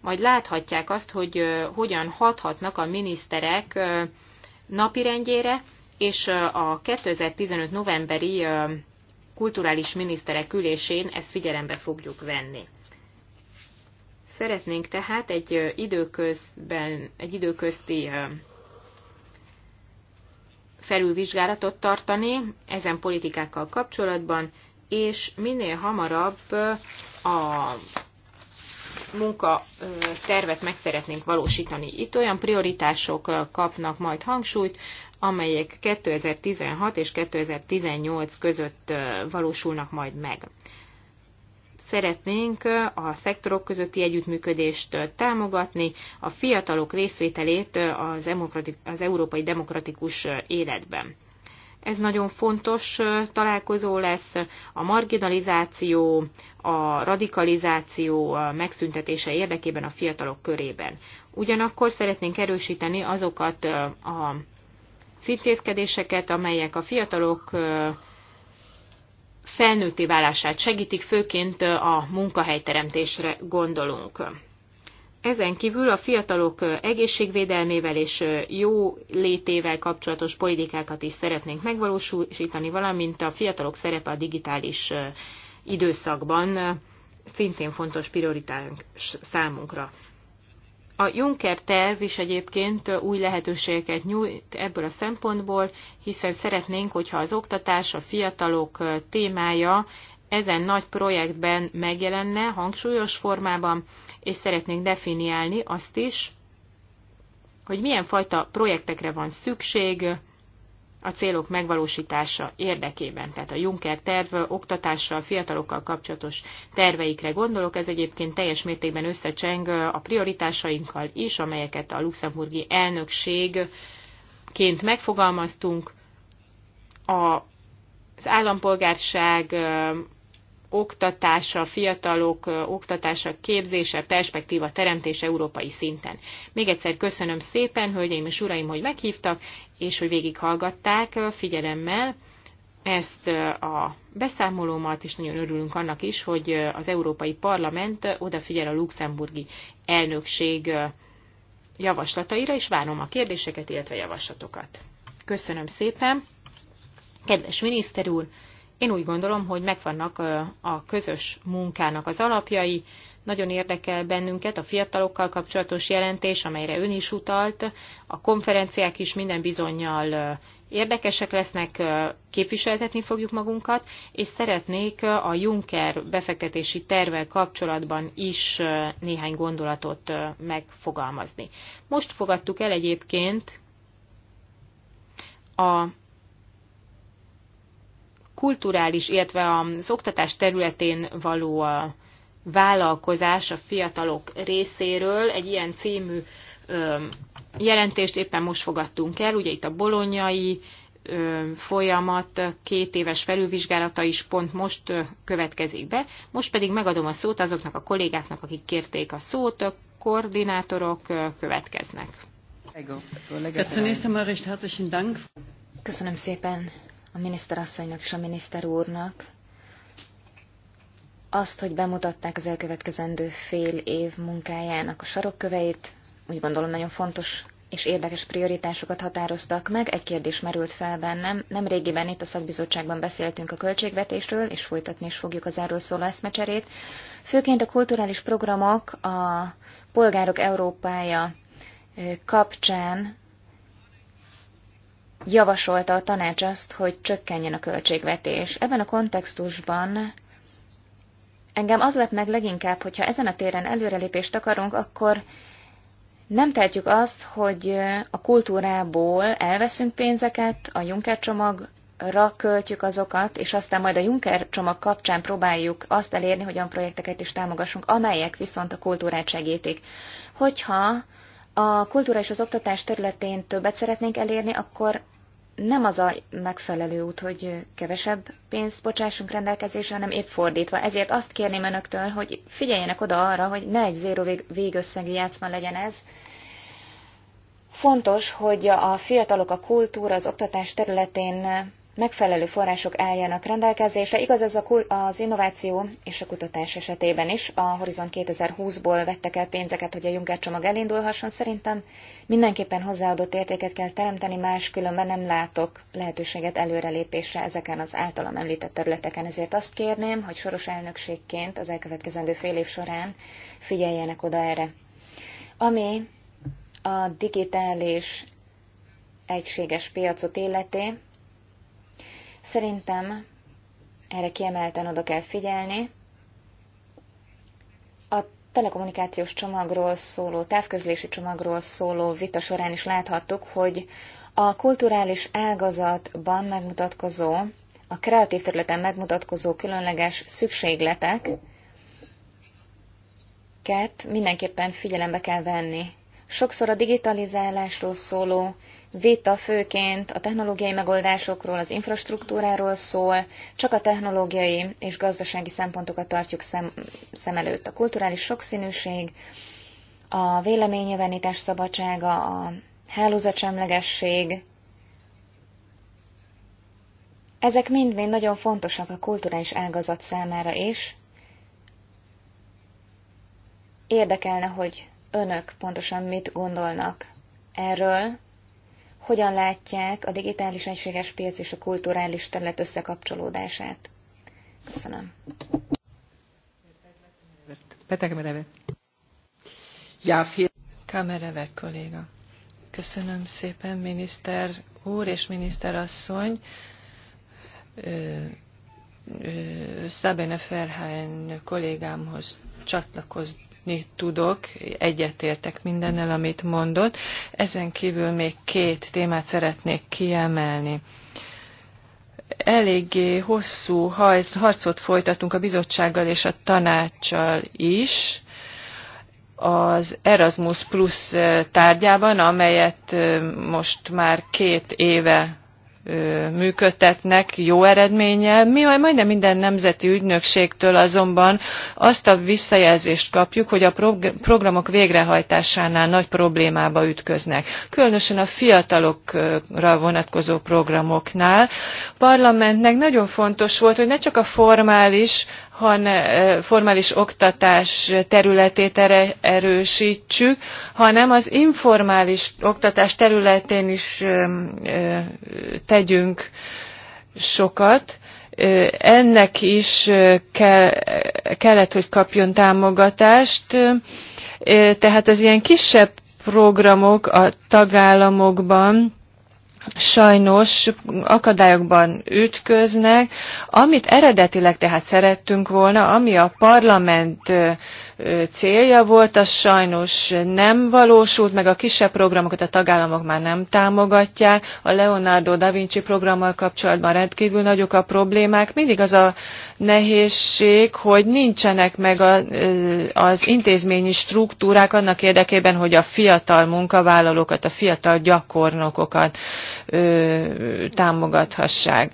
majd láthatják azt, hogy hogyan hathatnak a miniszterek napirendjére, és a 2015 novemberi kulturális miniszterek ülésén ezt figyelembe fogjuk venni. Szeretnénk tehát egy, időközben, egy időközti felülvizsgálatot tartani ezen politikákkal kapcsolatban, és minél hamarabb a munka tervet meg szeretnénk valósítani. Itt olyan prioritások kapnak majd hangsúlyt, amelyek 2016 és 2018 között valósulnak majd meg. Szeretnénk a szektorok közötti együttműködést támogatni, a fiatalok részvételét az, az európai demokratikus életben. Ez nagyon fontos találkozó lesz. A marginalizáció, a radikalizáció megszüntetése érdekében a fiatalok körében. Ugyanakkor szeretnénk erősíteni azokat a szintézkedéseket, amelyek a fiatalok Felnőtti válását segítik, főként a munkahelyteremtésre gondolunk. Ezen kívül a fiatalok egészségvédelmével és jó létével kapcsolatos politikákat is szeretnénk megvalósítani, valamint a fiatalok szerepe a digitális időszakban szintén fontos prioritánk számunkra. A Juncker terv is egyébként új lehetőségeket nyújt ebből a szempontból, hiszen szeretnénk, hogyha az oktatás, a fiatalok témája ezen nagy projektben megjelenne hangsúlyos formában, és szeretnénk definiálni azt is, hogy milyen fajta projektekre van szükség, a célok megvalósítása érdekében. Tehát a Juncker terv oktatással, fiatalokkal kapcsolatos terveikre gondolok. Ez egyébként teljes mértékben összecseng a prioritásainkkal is, amelyeket a luxemburgi elnökségként megfogalmaztunk. A az állampolgárság, oktatása, fiatalok oktatása, képzése, perspektíva teremtése európai szinten. Még egyszer köszönöm szépen, hölgyeim és uraim, hogy meghívtak, és hogy végighallgatták figyelemmel ezt a beszámolómat, és nagyon örülünk annak is, hogy az Európai Parlament odafigyel a luxemburgi elnökség javaslataira, és várom a kérdéseket, illetve javaslatokat. Köszönöm szépen! Kedves miniszter úr, én úgy gondolom, hogy megvannak a közös munkának az alapjai. Nagyon érdekel bennünket a fiatalokkal kapcsolatos jelentés, amelyre ön is utalt. A konferenciák is minden bizonyal érdekesek lesznek, képviseltetni fogjuk magunkat, és szeretnék a Juncker befektetési tervel kapcsolatban is néhány gondolatot megfogalmazni. Most fogadtuk el egyébként a kulturális, illetve az oktatás területén való a vállalkozás a fiatalok részéről egy ilyen című jelentést éppen most fogadtunk el, ugye itt a bolonyai folyamat két éves felülvizsgálata is pont most következik be. Most pedig megadom a szót azoknak a kollégáknak, akik kérték a szót, a koordinátorok következnek. Köszönöm szépen a miniszterasszonynak és a miniszter úrnak azt, hogy bemutatták az elkövetkezendő fél év munkájának a sarokköveit, úgy gondolom nagyon fontos és érdekes prioritásokat határoztak meg. Egy kérdés merült fel bennem. régiben itt a szakbizottságban beszéltünk a költségvetésről, és folytatni is fogjuk az erről szóló eszmecserét. Főként a kulturális programok a Polgárok Európája kapcsán javasolta a tanács azt, hogy csökkenjen a költségvetés. Ebben a kontextusban engem az lep meg leginkább, hogyha ezen a téren előrelépést akarunk, akkor nem tehetjük azt, hogy a kultúrából elveszünk pénzeket, a Juncker csomagra költjük azokat, és aztán majd a Juncker csomag kapcsán próbáljuk azt elérni, hogy olyan projekteket is támogassunk, amelyek viszont a kultúrát segítik. Hogyha a kultúra és az oktatás területén többet szeretnénk elérni, akkor nem az a megfelelő út, hogy kevesebb pénzt bocsássunk rendelkezésre, hanem épp fordítva. Ezért azt kérném önöktől, hogy figyeljenek oda arra, hogy ne egy zéró vég, végösszegű játszma legyen ez. Fontos, hogy a fiatalok a kultúra, az oktatás területén megfelelő források álljanak rendelkezésre. Igaz ez az innováció és a kutatás esetében is. A Horizon 2020-ból vettek el pénzeket, hogy a Juncker csomag elindulhasson. Szerintem mindenképpen hozzáadott értéket kell teremteni, különben nem látok lehetőséget előrelépésre ezeken az általam említett területeken. Ezért azt kérném, hogy soros elnökségként az elkövetkezendő fél év során figyeljenek oda erre. Ami a digitális egységes piacot illeti, Szerintem erre kiemelten oda kell figyelni. A telekommunikációs csomagról szóló, távközlési csomagról szóló vita során is láthattuk, hogy a kulturális ágazatban megmutatkozó, a kreatív területen megmutatkozó különleges szükségletek, mindenképpen figyelembe kell venni. Sokszor a digitalizálásról szóló vita főként a technológiai megoldásokról, az infrastruktúráról szól, csak a technológiai és gazdasági szempontokat tartjuk szem, szem előtt. A kulturális sokszínűség, a véleményjelenítés szabadsága, a hálózatsemlegesség, ezek mind-mind nagyon fontosak a kulturális ágazat számára is. Érdekelne, hogy önök pontosan mit gondolnak erről, hogyan látják a digitális egységes piac és a kulturális terület összekapcsolódását. Köszönöm. Peter Kamerevet. Ja, Kamerevet kolléga. Köszönöm szépen, miniszter úr és miniszter asszony. Szabene Ferhány kollégámhoz csatlakoz, támogatni tudok, egyetértek mindennel, amit mondott. Ezen kívül még két témát szeretnék kiemelni eléggé hosszú harcot folytatunk a bizottsággal és a tanácssal is az Erasmus Plus tárgyában, amelyet most már két éve működtetnek jó eredménnyel. Mi majdnem minden nemzeti ügynökségtől azonban azt a visszajelzést kapjuk, hogy a programok végrehajtásánál nagy problémába ütköznek. Különösen a fiatalokra vonatkozó programoknál. Parlamentnek nagyon fontos volt, hogy ne csak a formális, han formális oktatás területét erre erősítsük, hanem az informális oktatás területén is tegyünk sokat. Ennek is kell, kellett, hogy kapjon támogatást, tehát az ilyen kisebb programok a tagállamokban, sajnos akadályokban ütköznek. Amit eredetileg tehát szerettünk volna, ami a parlament célja volt, az sajnos nem valósult, meg a kisebb programokat a tagállamok már nem támogatják. A Leonardo da Vinci programmal kapcsolatban rendkívül nagyok a problémák. Mindig az a nehézség, hogy nincsenek meg a, az intézményi struktúrák annak érdekében, hogy a fiatal munkavállalókat, a fiatal gyakornokokat ö, támogathassák.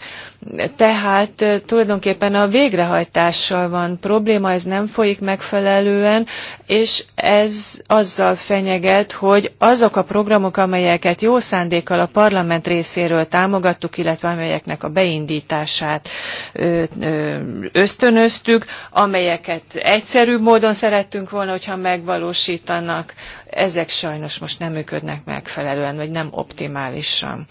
Tehát tulajdonképpen a végrehajtással van probléma, ez nem folyik megfelelően, és ez azzal fenyeget, hogy azok a programok, amelyeket jó szándékkal a parlament részéről támogattuk, illetve amelyeknek a beindítását ö, ö, ösztönöztük, amelyeket egyszerűbb módon szerettünk volna, hogyha megvalósítanak. Ezek sajnos most nem működnek megfelelően, vagy nem optimálisan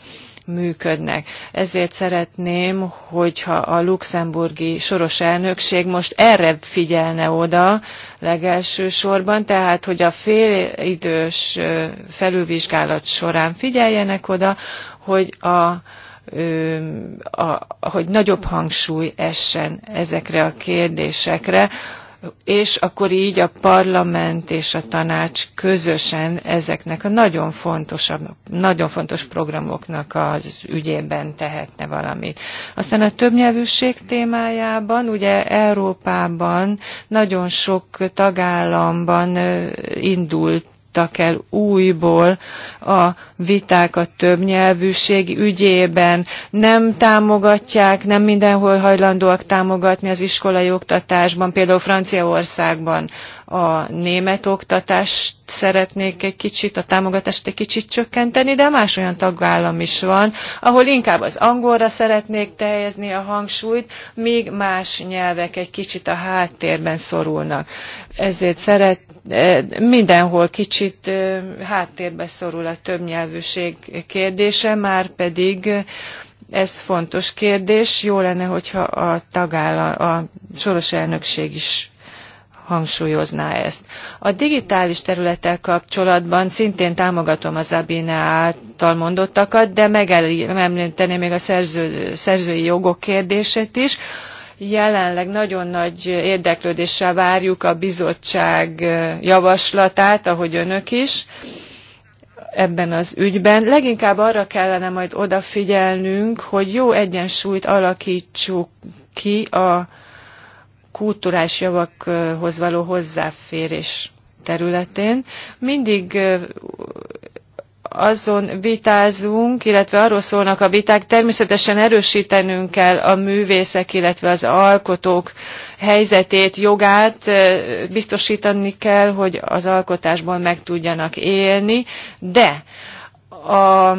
működnek. Ezért szeretném, hogyha a luxemburgi soros elnökség most erre figyelne oda legelső sorban, tehát hogy a félidős felülvizsgálat során figyeljenek oda, hogy a a, hogy nagyobb hangsúly essen ezekre a kérdésekre, és akkor így a parlament és a tanács közösen ezeknek a nagyon, fontosabb, nagyon fontos programoknak az ügyében tehetne valamit. Aztán a többnyelvűség témájában, ugye Európában nagyon sok tagállamban indult indítottak el újból a vitákat többnyelvűség ügyében. Nem támogatják, nem mindenhol hajlandóak támogatni az iskolai oktatásban, például Franciaországban a német oktatást szeretnék egy kicsit, a támogatást egy kicsit csökkenteni, de más olyan tagállam is van, ahol inkább az angolra szeretnék teljezni a hangsúlyt, míg más nyelvek egy kicsit a háttérben szorulnak. Ezért szeret, eh, mindenhol kicsit eh, háttérbe szorul a többnyelvűség kérdése, már pedig ez fontos kérdés. Jó lenne, hogyha a tagállam, a soros elnökség is hangsúlyozná ezt. A digitális területtel kapcsolatban szintén támogatom az Abine által mondottakat, de megemlíteném még a szerző, szerzői jogok kérdését is. Jelenleg nagyon nagy érdeklődéssel várjuk a bizottság javaslatát, ahogy önök is ebben az ügyben. Leginkább arra kellene majd odafigyelnünk, hogy jó egyensúlyt alakítsuk ki a kulturális javakhoz való hozzáférés területén. Mindig azon vitázunk, illetve arról szólnak a viták, természetesen erősítenünk kell a művészek, illetve az alkotók helyzetét, jogát, biztosítani kell, hogy az alkotásból meg tudjanak élni, de a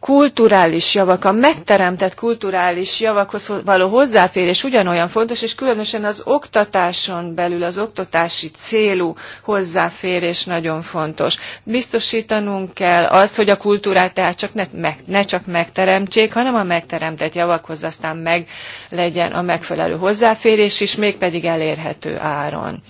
kulturális javak, a megteremtett kulturális javakhoz való hozzáférés ugyanolyan fontos, és különösen az oktatáson belül az oktatási célú hozzáférés nagyon fontos. Biztosítanunk kell azt, hogy a kultúrát tehát csak ne, meg, ne csak megteremtsék, hanem a megteremtett javakhoz aztán meg legyen a megfelelő hozzáférés is, mégpedig elérhető áron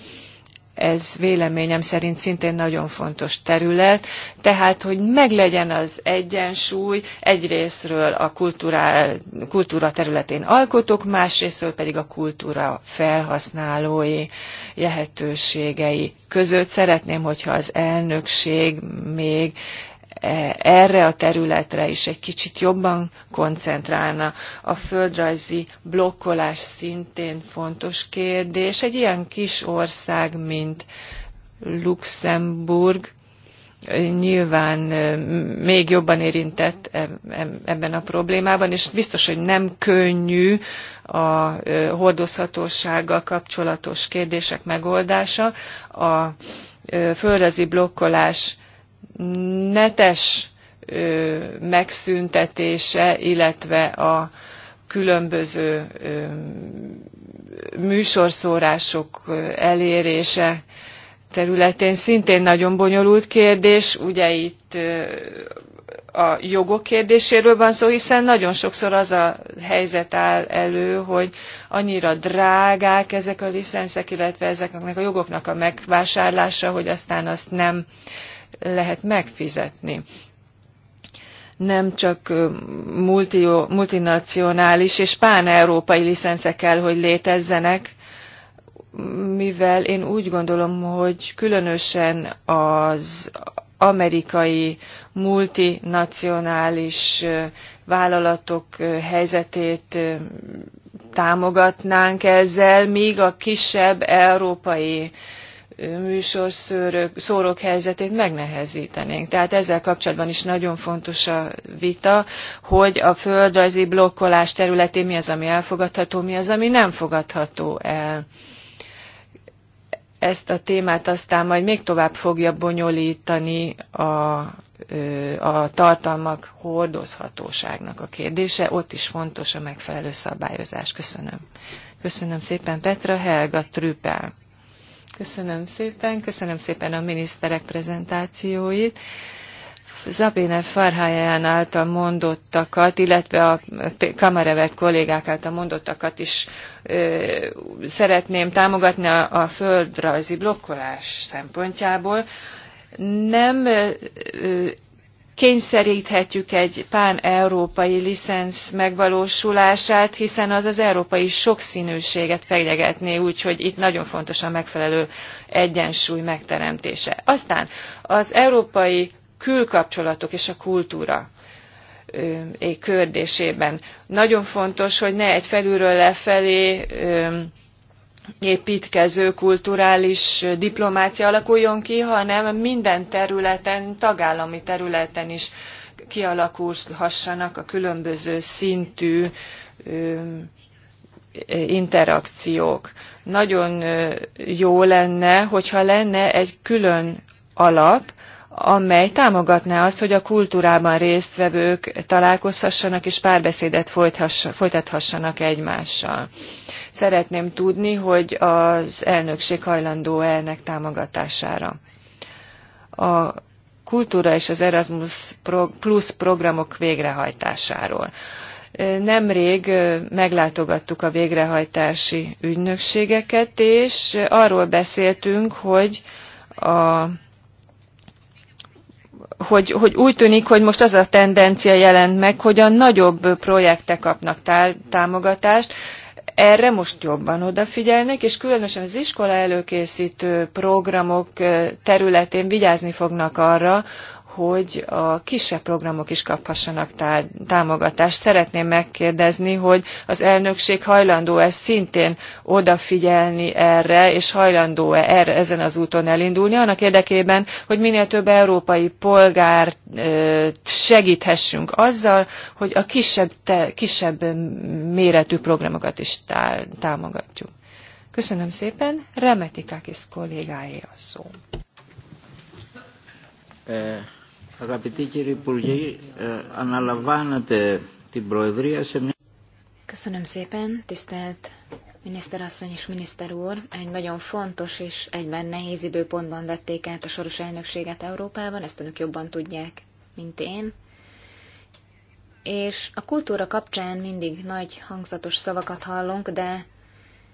ez véleményem szerint szintén nagyon fontos terület, tehát hogy meglegyen az egyensúly egyrésztről a kultúra, kultúra területén alkotók, másrésztről pedig a kultúra felhasználói lehetőségei között. Szeretném, hogyha az elnökség még E, erre a területre is egy kicsit jobban koncentrálna. A földrajzi blokkolás szintén fontos kérdés. Egy ilyen kis ország, mint Luxemburg, nyilván e, még jobban érintett e, ebben a problémában, és biztos, hogy nem könnyű a hordozhatósággal kapcsolatos kérdések megoldása. A földrajzi blokkolás netes megszüntetése, illetve a különböző műsorszórások elérése területén szintén nagyon bonyolult kérdés. Ugye itt a jogok kérdéséről van szó, hiszen nagyon sokszor az a helyzet áll elő, hogy annyira drágák ezek a licenszek, illetve ezeknek a jogoknak a megvásárlása, hogy aztán azt nem lehet megfizetni nem csak multi, multinacionális és pán-európai licenszek kell, hogy létezzenek, mivel én úgy gondolom, hogy különösen az amerikai multinacionális vállalatok helyzetét támogatnánk ezzel, míg a kisebb európai műsorszórók helyzetét megnehezítenénk. Tehát ezzel kapcsolatban is nagyon fontos a vita, hogy a földrajzi blokkolás területén mi az, ami elfogadható, mi az, ami nem fogadható el ezt a témát aztán majd még tovább fogja bonyolítani a, a tartalmak hordozhatóságnak a kérdése. Ott is fontos a megfelelő szabályozás. Köszönöm. Köszönöm szépen Petra Helga Trüppel. Köszönöm szépen, köszönöm szépen a miniszterek prezentációit. Zabine Farháján által mondottakat, illetve a Kamarevet kollégák által mondottakat is ö, szeretném támogatni a, a földrajzi blokkolás szempontjából. Nem ö, kényszeríthetjük egy pán-európai licensz megvalósulását, hiszen az az európai sokszínűséget fenyegetné, úgyhogy itt nagyon fontos a megfelelő egyensúly megteremtése. Aztán az európai külkapcsolatok és a kultúra kérdésében. Nagyon fontos, hogy ne egy felülről lefelé építkező kulturális diplomácia alakuljon ki, hanem minden területen, tagállami területen is kialakulhassanak a különböző szintű interakciók. Nagyon jó lenne, hogyha lenne egy külön alap, amely támogatná azt, hogy a kultúrában résztvevők találkozhassanak és párbeszédet folytathassanak egymással. Szeretném tudni, hogy az elnökség hajlandó ennek támogatására. A kultúra és az Erasmus Plus programok végrehajtásáról. Nemrég meglátogattuk a végrehajtási ügynökségeket, és arról beszéltünk, hogy a hogy, hogy úgy tűnik, hogy most az a tendencia jelent meg, hogy a nagyobb projektek kapnak támogatást, erre most jobban odafigyelnek, és különösen az iskola előkészítő programok eh, területén vigyázni fognak arra, hogy a kisebb programok is kaphassanak támogatást. Szeretném megkérdezni, hogy az elnökség hajlandó-e szintén odafigyelni erre, és hajlandó-e erre, ezen az úton elindulni, annak érdekében, hogy minél több európai polgárt segíthessünk azzal, hogy a kisebb, te, kisebb méretű programokat is tá, támogatjuk. Köszönöm szépen, Remetikákis kollégáé a szó. Uh Αγαπητοί κύριοι Υπουργοί, αναλαμβάνετε την Προεδρία σε μια... Köszönöm szépen, tisztelt miniszterasszony és miniszter úr. Egy nagyon fontos és egyben nehéz időpontban vették át a soros elnökséget Európában, ezt önök jobban tudják, mint én. És a kultúra kapcsán mindig nagy hangzatos szavakat hallunk, de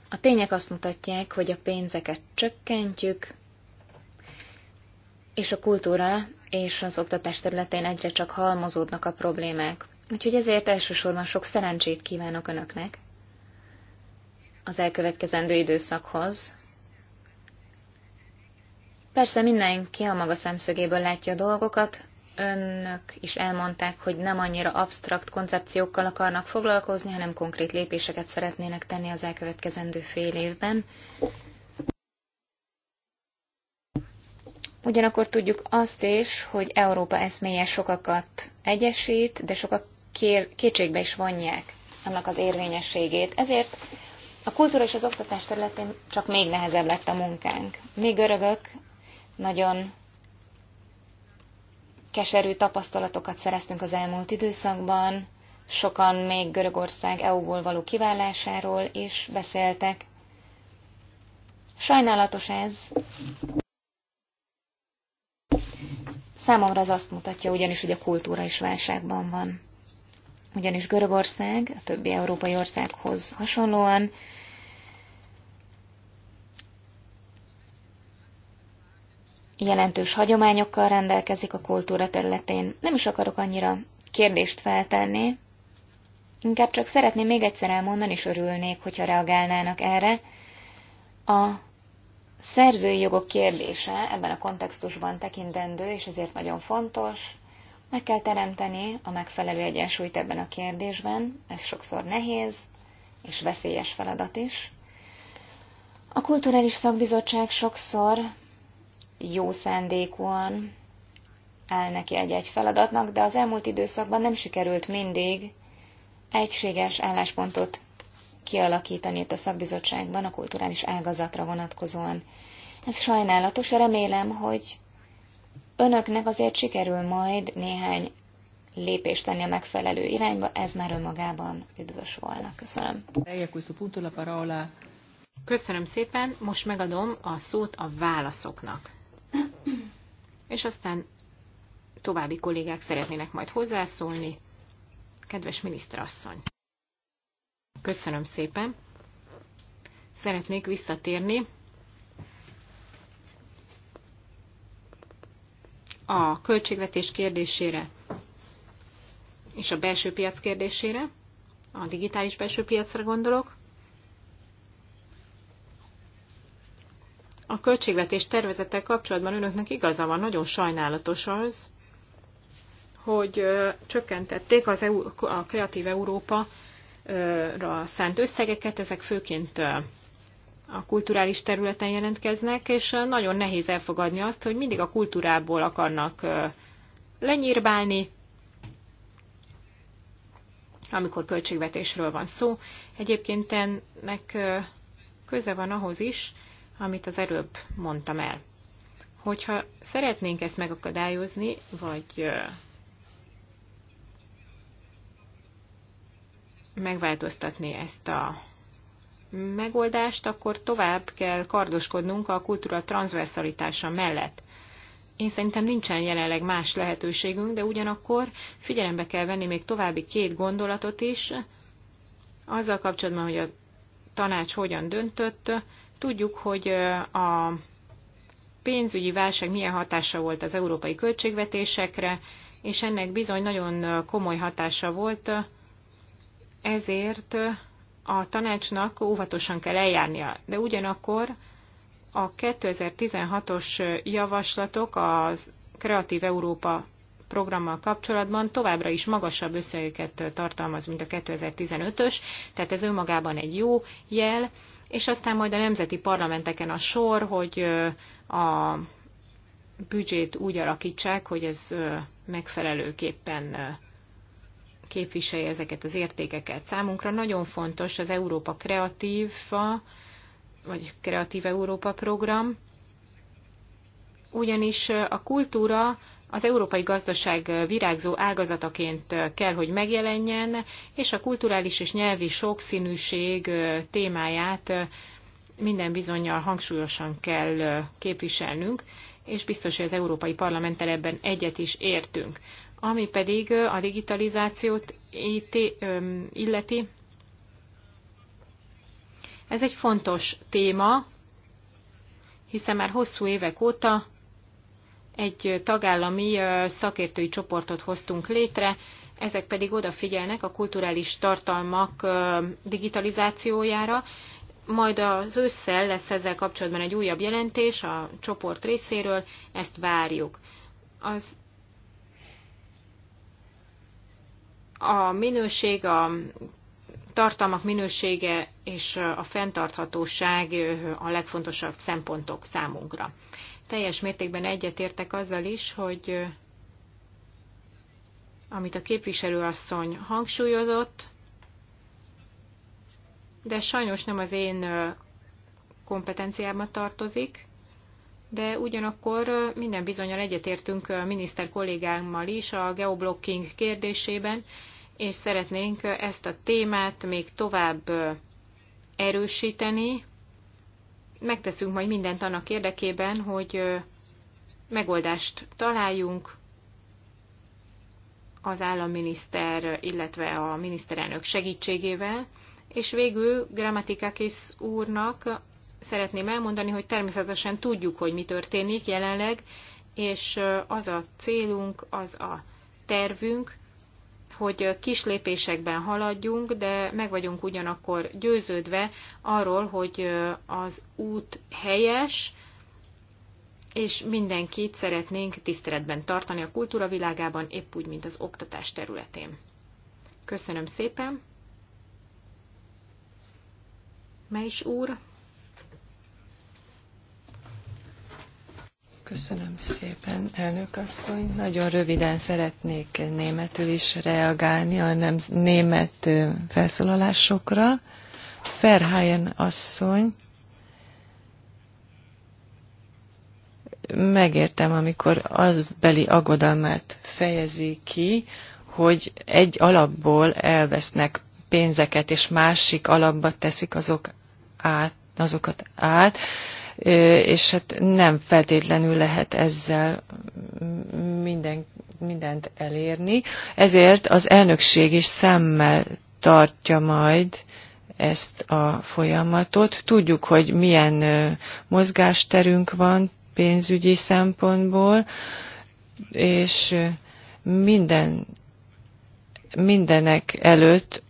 a tények azt mutatják, hogy a pénzeket csökkentjük, és a kultúra és az oktatás területén egyre csak halmozódnak a problémák. Úgyhogy ezért elsősorban sok szerencsét kívánok Önöknek az elkövetkezendő időszakhoz. Persze mindenki a maga szemszögéből látja a dolgokat, önök is elmondták, hogy nem annyira absztrakt koncepciókkal akarnak foglalkozni, hanem konkrét lépéseket szeretnének tenni az elkövetkezendő fél évben. Ugyanakkor tudjuk azt is, hogy Európa eszméje sokakat egyesít, de sokak kér, kétségbe is vonják annak az érvényességét. Ezért a kultúra és az oktatás területén csak még nehezebb lett a munkánk. Mi görögök nagyon keserű tapasztalatokat szereztünk az elmúlt időszakban, sokan még Görögország EU-ból való kiválásáról is beszéltek. Sajnálatos ez, Számomra ez azt mutatja ugyanis, hogy a kultúra is válságban van. Ugyanis Görögország a többi európai országhoz hasonlóan jelentős hagyományokkal rendelkezik a kultúra területén. Nem is akarok annyira kérdést feltenni, inkább csak szeretném még egyszer elmondani, és örülnék, hogyha reagálnának erre. A szerzői jogok kérdése ebben a kontextusban tekintendő, és ezért nagyon fontos. Meg kell teremteni a megfelelő egyensúlyt ebben a kérdésben, ez sokszor nehéz és veszélyes feladat is. A Kulturális Szakbizottság sokszor jó szándékúan áll neki egy-egy feladatnak, de az elmúlt időszakban nem sikerült mindig egységes álláspontot kialakítani itt a szakbizottságban a kulturális ágazatra vonatkozóan. Ez sajnálatos, remélem, hogy önöknek azért sikerül majd néhány lépést tenni a megfelelő irányba, ez már önmagában üdvös volna. Köszönöm. Köszönöm szépen, most megadom a szót a válaszoknak. És aztán további kollégák szeretnének majd hozzászólni. Kedves miniszterasszony! Köszönöm szépen. Szeretnék visszatérni a költségvetés kérdésére és a belső piac kérdésére, a digitális belső piacra gondolok. A költségvetés tervezettel kapcsolatban önöknek igaza van, nagyon sajnálatos az, hogy csökkentették az EU, a Kreatív Európa szánt összegeket, ezek főként a kulturális területen jelentkeznek, és nagyon nehéz elfogadni azt, hogy mindig a kultúrából akarnak lenyírbálni, amikor költségvetésről van szó. Egyébként ennek köze van ahhoz is, amit az előbb mondtam el. Hogyha szeretnénk ezt megakadályozni, vagy megváltoztatni ezt a megoldást, akkor tovább kell kardoskodnunk a kultúra transzversalitása mellett. Én szerintem nincsen jelenleg más lehetőségünk, de ugyanakkor figyelembe kell venni még további két gondolatot is, azzal kapcsolatban, hogy a tanács hogyan döntött. Tudjuk, hogy a pénzügyi válság milyen hatása volt az európai költségvetésekre, és ennek bizony nagyon komoly hatása volt ezért a tanácsnak óvatosan kell eljárnia. De ugyanakkor a 2016-os javaslatok az Kreatív Európa programmal kapcsolatban továbbra is magasabb összegeket tartalmaz, mint a 2015-ös, tehát ez önmagában egy jó jel, és aztán majd a nemzeti parlamenteken a sor, hogy a büdzsét úgy alakítsák, hogy ez megfelelőképpen képviselje ezeket az értékeket. Számunkra nagyon fontos az Európa Kreatíva, vagy Kreatív Európa program, ugyanis a kultúra az európai gazdaság virágzó ágazataként kell, hogy megjelenjen, és a kulturális és nyelvi sokszínűség témáját minden bizonyal hangsúlyosan kell képviselnünk, és biztos, hogy az Európai Parlamenttel ebben egyet is értünk. Ami pedig a digitalizációt illeti, ez egy fontos téma, hiszen már hosszú évek óta egy tagállami szakértői csoportot hoztunk létre, ezek pedig odafigyelnek a kulturális tartalmak digitalizációjára. Majd az ősszel lesz ezzel kapcsolatban egy újabb jelentés a csoport részéről, ezt várjuk. Az a minőség, a tartalmak minősége és a fenntarthatóság a legfontosabb szempontok számunkra. Teljes mértékben egyetértek azzal is, hogy amit a képviselőasszony hangsúlyozott, de sajnos nem az én kompetenciámat tartozik, de ugyanakkor minden bizonyal egyetértünk miniszter kollégámmal is a geoblocking kérdésében, és szeretnénk ezt a témát még tovább erősíteni. Megteszünk majd mindent annak érdekében, hogy megoldást találjunk az államminiszter, illetve a miniszterelnök segítségével, és végül Grammatikakis úrnak szeretném elmondani, hogy természetesen tudjuk, hogy mi történik jelenleg, és az a célunk, az a tervünk, hogy kis lépésekben haladjunk, de meg vagyunk ugyanakkor győződve arról, hogy az út helyes, és mindenkit szeretnénk tiszteletben tartani a kultúra világában, épp úgy, mint az oktatás területén. Köszönöm szépen! is úr! Köszönöm szépen, elnök asszony. Nagyon röviden szeretnék németül is reagálni a nem, német felszólalásokra. Ferhájen asszony, megértem, amikor az beli aggodalmát fejezi ki, hogy egy alapból elvesznek pénzeket, és másik alapba teszik azok át, azokat át és hát nem feltétlenül lehet ezzel minden, mindent elérni. Ezért az elnökség is szemmel tartja majd ezt a folyamatot. Tudjuk, hogy milyen mozgásterünk van pénzügyi szempontból, és minden mindenek előtt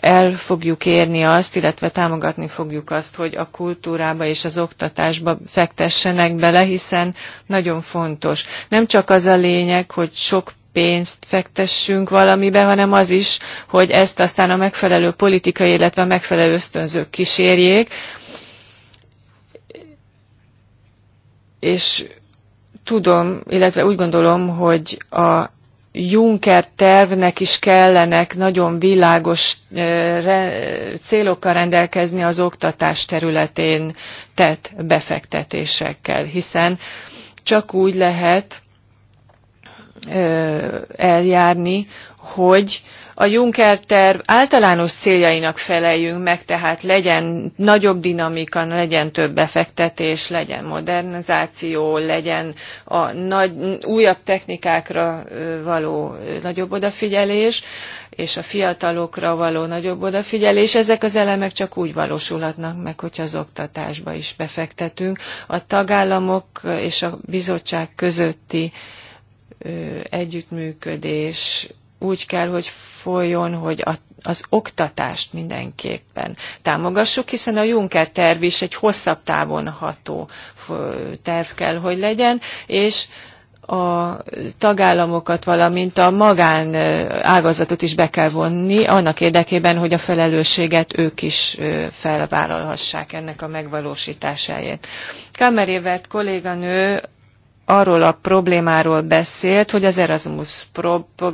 el fogjuk érni azt, illetve támogatni fogjuk azt, hogy a kultúrába és az oktatásba fektessenek bele, hiszen nagyon fontos. Nem csak az a lényeg, hogy sok pénzt fektessünk valamibe, hanem az is, hogy ezt aztán a megfelelő politikai, illetve a megfelelő ösztönzők kísérjék. És tudom, illetve úgy gondolom, hogy a Juncker tervnek is kellenek nagyon világos eh, célokkal rendelkezni az oktatás területén tett befektetésekkel, hiszen csak úgy lehet eh, eljárni, hogy a Juncker terv általános céljainak feleljünk meg, tehát legyen nagyobb dinamika, legyen több befektetés, legyen modernizáció, legyen a nagy, újabb technikákra való nagyobb odafigyelés, és a fiatalokra való nagyobb odafigyelés. Ezek az elemek csak úgy valósulhatnak meg, hogyha az oktatásba is befektetünk. A tagállamok és a bizottság közötti együttműködés úgy kell, hogy folyjon, hogy a, az oktatást mindenképpen támogassuk, hiszen a Juncker terv is egy hosszabb távon ható terv kell, hogy legyen, és a tagállamokat, valamint a magán ágazatot is be kell vonni, annak érdekében, hogy a felelősséget ők is felvállalhassák ennek a megvalósításáért. Kamerévert kolléganő arról a problémáról beszélt, hogy az Erasmus pro, pro,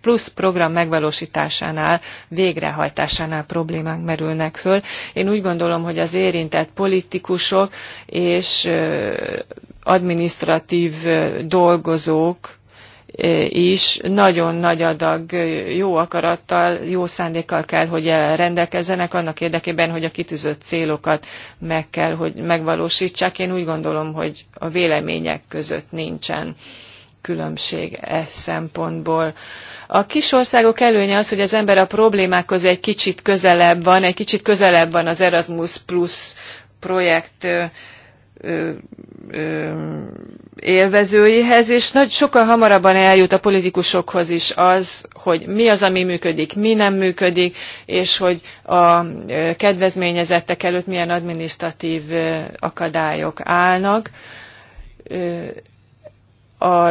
plusz program megvalósításánál, végrehajtásánál problémák merülnek föl. Én úgy gondolom, hogy az érintett politikusok és administratív dolgozók is nagyon nagy adag jó akarattal, jó szándékkal kell, hogy rendelkezzenek annak érdekében, hogy a kitűzött célokat meg kell, hogy megvalósítsák. Én úgy gondolom, hogy a vélemények között nincsen különbség e szempontból. A kis országok előnye az, hogy az ember a problémákhoz egy kicsit közelebb van, egy kicsit közelebb van az Erasmus Plus projekt ö, ö, ö, élvezőihez, és nagy, sokkal hamarabban eljut a politikusokhoz is az, hogy mi az, ami működik, mi nem működik, és hogy a kedvezményezettek előtt milyen adminisztratív akadályok állnak a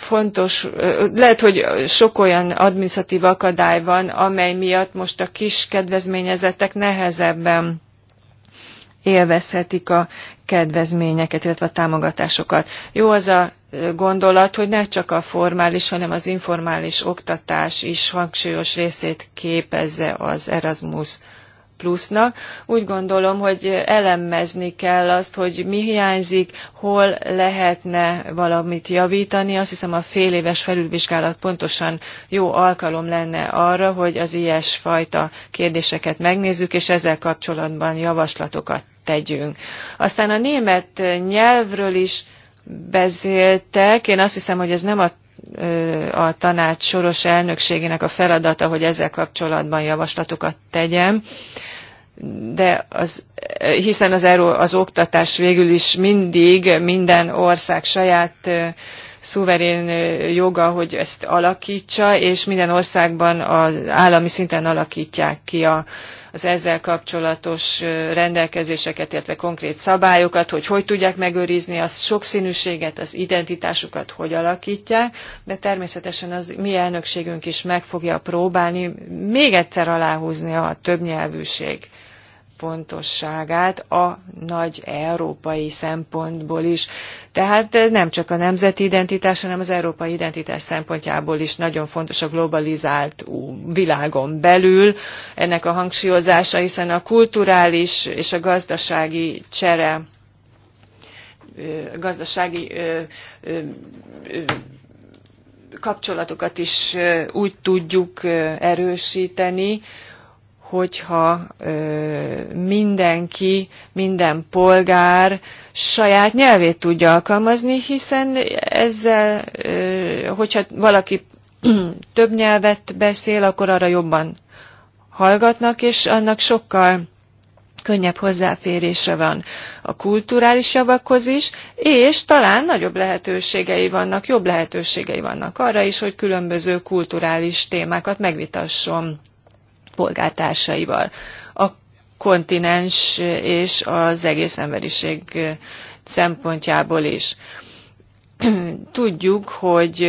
fontos, lehet, hogy sok olyan administratív akadály van, amely miatt most a kis kedvezményezettek nehezebben élvezhetik a kedvezményeket, illetve a támogatásokat. Jó az a gondolat, hogy ne csak a formális, hanem az informális oktatás is hangsúlyos részét képezze az Erasmus plusznak. Úgy gondolom, hogy elemezni kell azt, hogy mi hiányzik, hol lehetne valamit javítani. Azt hiszem a fél éves felülvizsgálat pontosan jó alkalom lenne arra, hogy az ilyesfajta kérdéseket megnézzük, és ezzel kapcsolatban javaslatokat tegyünk. Aztán a német nyelvről is beszéltek. Én azt hiszem, hogy ez nem a a tanács soros elnökségének a feladata, hogy ezzel kapcsolatban javaslatokat tegyem, de az, hiszen az, az oktatás végül is mindig minden ország saját szuverén joga, hogy ezt alakítsa, és minden országban az állami szinten alakítják ki a, az ezzel kapcsolatos rendelkezéseket, illetve konkrét szabályokat, hogy hogy tudják megőrizni a sokszínűséget, az identitásukat hogy alakítják, de természetesen az mi elnökségünk is meg fogja próbálni még egyszer aláhúzni a többnyelvűség fontosságát a nagy európai szempontból is. Tehát nem csak a nemzeti identitás, hanem az európai identitás szempontjából is nagyon fontos a globalizált világon belül ennek a hangsúlyozása, hiszen a kulturális és a gazdasági csere, gazdasági kapcsolatokat is úgy tudjuk erősíteni, hogyha mindenki, minden polgár saját nyelvét tudja alkalmazni, hiszen ezzel, hogyha valaki (clears throat) több nyelvet beszél, akkor arra jobban hallgatnak, és annak sokkal könnyebb hozzáférése van a kulturális javakhoz is, és talán nagyobb lehetőségei vannak, jobb lehetőségei vannak arra is, hogy különböző kulturális témákat megvitasson polgártársaival. A kontinens és az egész emberiség szempontjából is. Tudjuk, hogy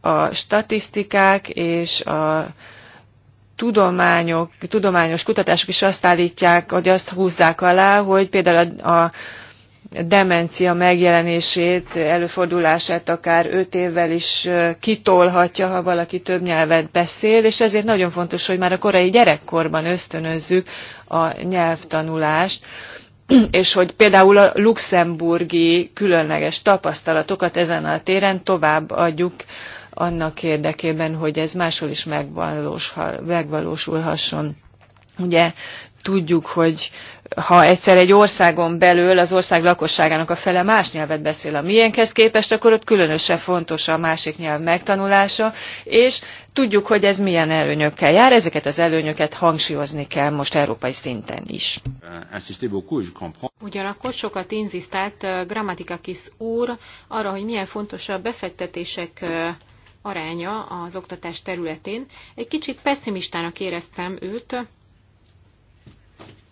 a statisztikák és a tudományok, tudományos kutatások is azt állítják, hogy azt húzzák alá, hogy például a, a demencia megjelenését, előfordulását akár öt évvel is kitolhatja, ha valaki több nyelvet beszél, és ezért nagyon fontos, hogy már a korai gyerekkorban ösztönözzük a nyelvtanulást, (clears throat) és hogy például a luxemburgi különleges tapasztalatokat ezen a téren tovább adjuk annak érdekében, hogy ez máshol is megvalósulhasson. Ugye tudjuk, hogy ha egyszer egy országon belül az ország lakosságának a fele más nyelvet beszél a miénkhez képest, akkor ott különösen fontos a másik nyelv megtanulása, és tudjuk, hogy ez milyen előnyökkel jár, ezeket az előnyöket hangsúlyozni kell most európai szinten is. Euh, Ugyanakkor sokat inzisztált euh, Grammatikakis úr arra, hogy milyen fontos a befektetések euh, aránya az oktatás területén. Egy kicsit pessimistának éreztem őt,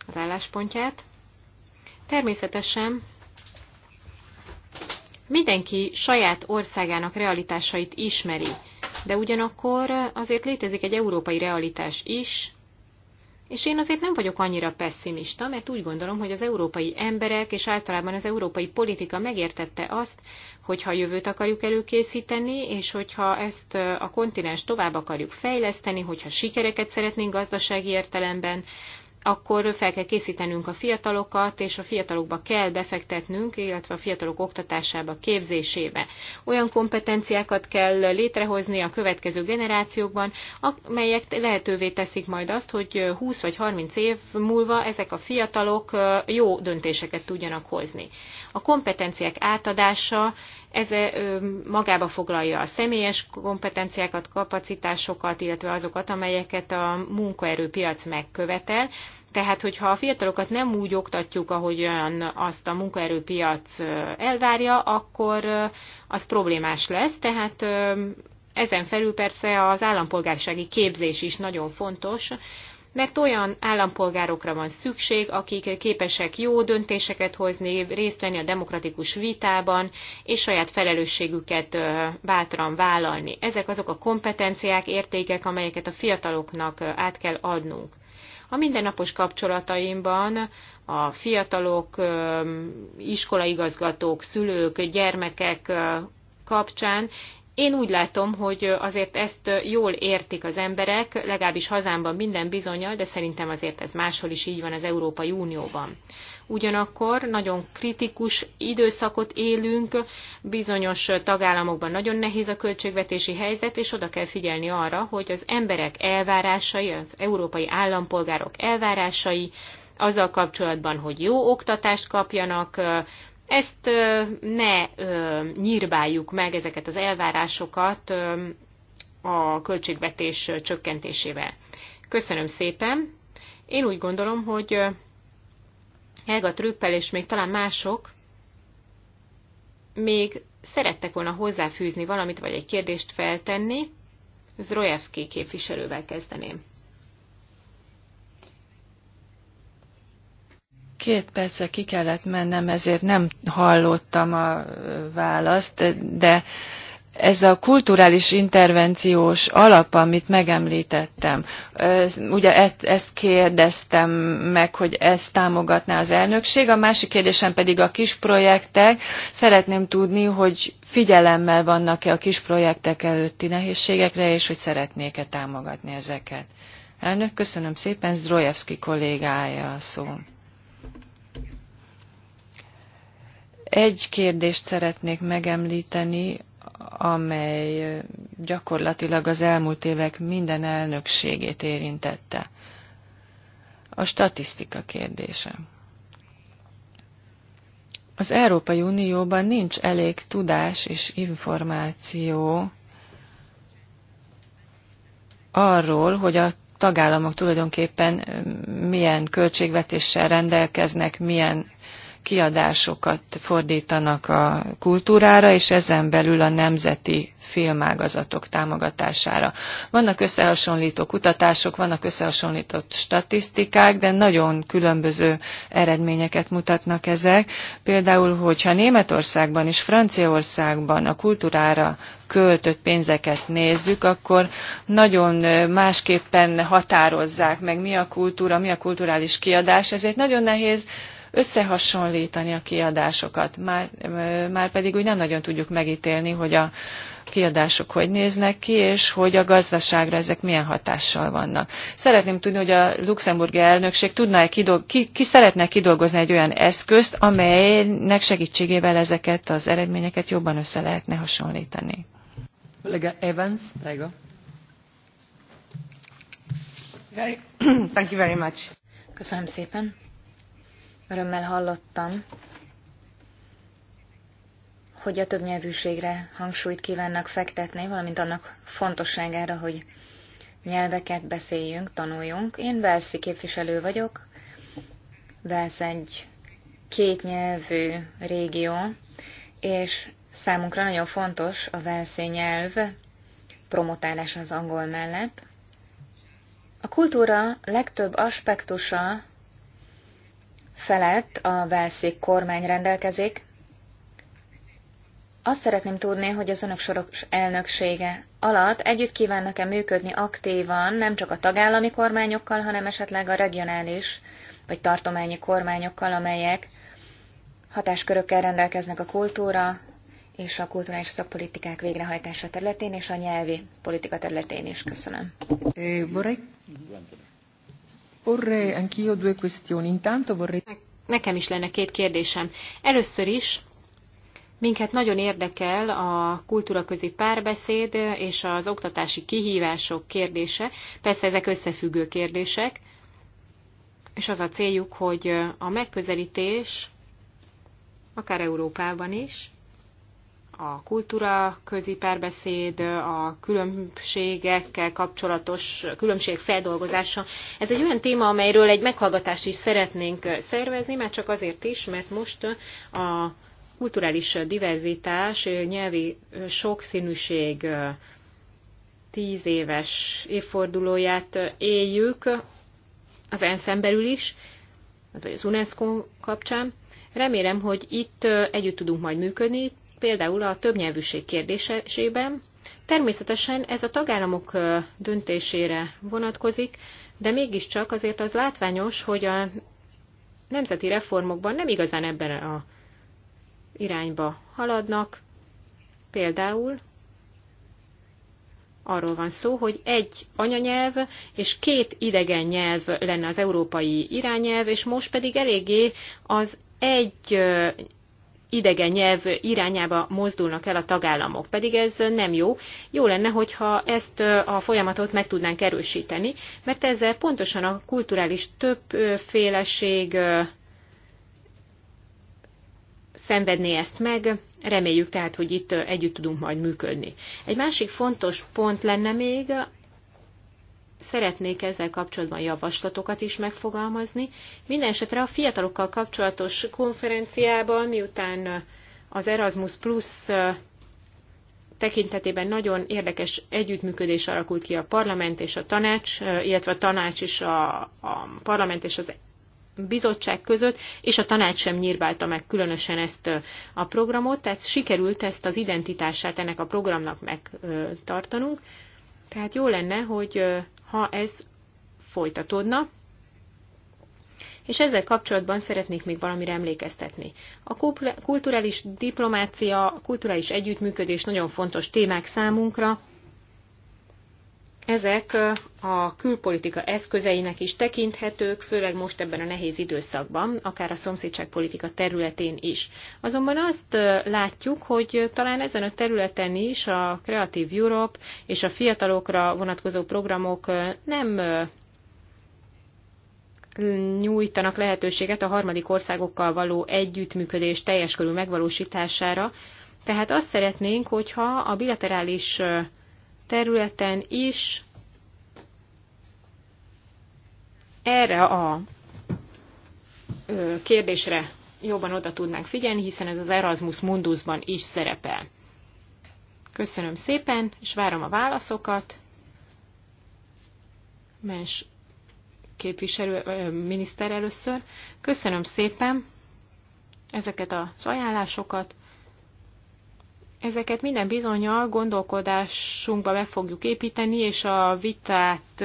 az álláspontját. Természetesen mindenki saját országának realitásait ismeri, de ugyanakkor azért létezik egy európai realitás is, és én azért nem vagyok annyira pessimista, mert úgy gondolom, hogy az európai emberek és általában az európai politika megértette azt, hogy ha jövőt akarjuk előkészíteni, és hogyha ezt a kontinens tovább akarjuk fejleszteni, hogyha sikereket szeretnénk gazdasági értelemben, akkor fel kell készítenünk a fiatalokat, és a fiatalokba kell befektetnünk, illetve a fiatalok oktatásába, képzésébe. Olyan kompetenciákat kell létrehozni a következő generációkban, amelyek lehetővé teszik majd azt, hogy 20 vagy 30 év múlva ezek a fiatalok jó döntéseket tudjanak hozni. A kompetenciák átadása ez magába foglalja a személyes kompetenciákat, kapacitásokat, illetve azokat, amelyeket a munkaerőpiac megkövetel. Tehát, hogyha a fiatalokat nem úgy oktatjuk, olyan azt a munkaerőpiac elvárja, akkor az problémás lesz. Tehát ezen felül persze az állampolgársági képzés is nagyon fontos, mert olyan állampolgárokra van szükség, akik képesek jó döntéseket hozni, részt venni a demokratikus vitában, és saját felelősségüket bátran vállalni. Ezek azok a kompetenciák, értékek, amelyeket a fiataloknak át kell adnunk. A mindennapos kapcsolataimban a fiatalok, iskolaigazgatók, szülők, gyermekek kapcsán én úgy látom, hogy azért ezt jól értik az emberek, legalábbis hazámban minden bizonyal, de szerintem azért ez máshol is így van az Európai Unióban. Ugyanakkor nagyon kritikus időszakot élünk, bizonyos tagállamokban nagyon nehéz a költségvetési helyzet, és oda kell figyelni arra, hogy az emberek elvárásai, az európai állampolgárok elvárásai, azzal kapcsolatban, hogy jó oktatást kapjanak, ezt ne nyírbáljuk meg ezeket az elvárásokat a költségvetés csökkentésével. Köszönöm szépen. Én úgy gondolom, hogy Helga Trüppel és még talán mások még szerettek volna hozzáfűzni valamit, vagy egy kérdést feltenni. Zrojevszki képviselővel kezdeném. Két percre ki kellett mennem, ezért nem hallottam a választ, de ez a kulturális intervenciós alap, amit megemlítettem, ez, ugye ezt kérdeztem meg, hogy ezt támogatná az elnökség. A másik kérdésem pedig a kis projektek. Szeretném tudni, hogy figyelemmel vannak-e a kis projektek előtti nehézségekre, és hogy szeretnék-e támogatni ezeket. Elnök, köszönöm szépen, Zdrojevski kollégája a szó. Egy kérdést szeretnék megemlíteni, amely gyakorlatilag az elmúlt évek minden elnökségét érintette. A statisztika kérdése. Az Európai Unióban nincs elég tudás és információ arról, hogy a tagállamok tulajdonképpen milyen költségvetéssel rendelkeznek, milyen kiadásokat fordítanak a kultúrára, és ezen belül a nemzeti filmágazatok támogatására. Vannak összehasonlító kutatások, vannak összehasonlított statisztikák, de nagyon különböző eredményeket mutatnak ezek. Például, hogyha Németországban és Franciaországban a kultúrára költött pénzeket nézzük, akkor nagyon másképpen határozzák meg, mi a kultúra, mi a kulturális kiadás, ezért nagyon nehéz összehasonlítani a kiadásokat, már, már pedig úgy nem nagyon tudjuk megítélni, hogy a kiadások hogy néznek ki, és hogy a gazdaságra ezek milyen hatással vannak. Szeretném tudni, hogy a luxemburgi elnökség tudná-e kidolg- ki, ki szeretne kidolgozni egy olyan eszközt, amelynek segítségével ezeket az eredményeket jobban össze lehetne hasonlítani. Kollega Evans, prego. (clears throat) Thank you very much. Köszönöm szépen. Örömmel hallottam, hogy a többnyelvűségre hangsúlyt kívánnak fektetni, valamint annak fontosságára, hogy nyelveket beszéljünk, tanuljunk. Én Velszi képviselő vagyok. Velsz egy kétnyelvű régió, és számunkra nagyon fontos a velszi nyelv promotálása az angol mellett. A kultúra legtöbb aspektusa felett a Velszik kormány rendelkezik. Azt szeretném tudni, hogy az önök soros elnöksége alatt együtt kívánnak-e működni aktívan nem csak a tagállami kormányokkal, hanem esetleg a regionális vagy tartományi kormányokkal, amelyek hatáskörökkel rendelkeznek a kultúra és a kulturális szakpolitikák végrehajtása területén és a nyelvi politika területén is. Köszönöm. Eh, Borek. Nekem is lenne két kérdésem. Először is minket nagyon érdekel a kultúraközi párbeszéd és az oktatási kihívások kérdése. Persze ezek összefüggő kérdések, és az a céljuk, hogy a megközelítés akár Európában is, a kultúra közi párbeszéd, a különbségekkel kapcsolatos különbség feldolgozása. Ez egy olyan téma, amelyről egy meghallgatást is szeretnénk szervezni, már csak azért is, mert most a kulturális diverzitás, nyelvi sokszínűség tíz éves évfordulóját éljük az ensz belül is, vagy az UNESCO kapcsán. Remélem, hogy itt együtt tudunk majd működni, például a többnyelvűség kérdésében. Természetesen ez a tagállamok döntésére vonatkozik, de mégiscsak azért az látványos, hogy a nemzeti reformokban nem igazán ebben a irányba haladnak. Például arról van szó, hogy egy anyanyelv és két idegen nyelv lenne az európai irányelv, és most pedig eléggé az egy idegen nyelv irányába mozdulnak el a tagállamok, pedig ez nem jó. Jó lenne, hogyha ezt a folyamatot meg tudnánk erősíteni, mert ezzel pontosan a kulturális többféleség szenvedné ezt meg, reméljük tehát, hogy itt együtt tudunk majd működni. Egy másik fontos pont lenne még szeretnék ezzel kapcsolatban javaslatokat is megfogalmazni. Mindenesetre a fiatalokkal kapcsolatos konferenciában, miután az Erasmus Plus tekintetében nagyon érdekes együttműködés alakult ki a parlament és a tanács, illetve a tanács és a, a parlament és az bizottság között, és a tanács sem nyírbálta meg különösen ezt a programot, tehát sikerült ezt az identitását ennek a programnak megtartanunk. Tehát jó lenne, hogy ha ez folytatódna. És ezzel kapcsolatban szeretnék még valamire emlékeztetni. A kulturális diplomácia, a kulturális együttműködés nagyon fontos témák számunkra, ezek a külpolitika eszközeinek is tekinthetők, főleg most ebben a nehéz időszakban, akár a szomszédságpolitika területén is. Azonban azt látjuk, hogy talán ezen a területen is a Creative Europe és a fiatalokra vonatkozó programok nem nyújtanak lehetőséget a harmadik országokkal való együttműködés teljes körű megvalósítására. Tehát azt szeretnénk, hogyha a bilaterális területen is erre a kérdésre jobban oda tudnánk figyelni, hiszen ez az Erasmus Mundusban is szerepel. Köszönöm szépen, és várom a válaszokat. Mens képviselő, miniszter először. Köszönöm szépen ezeket az ajánlásokat ezeket minden bizonyal gondolkodásunkba meg fogjuk építeni, és a vitát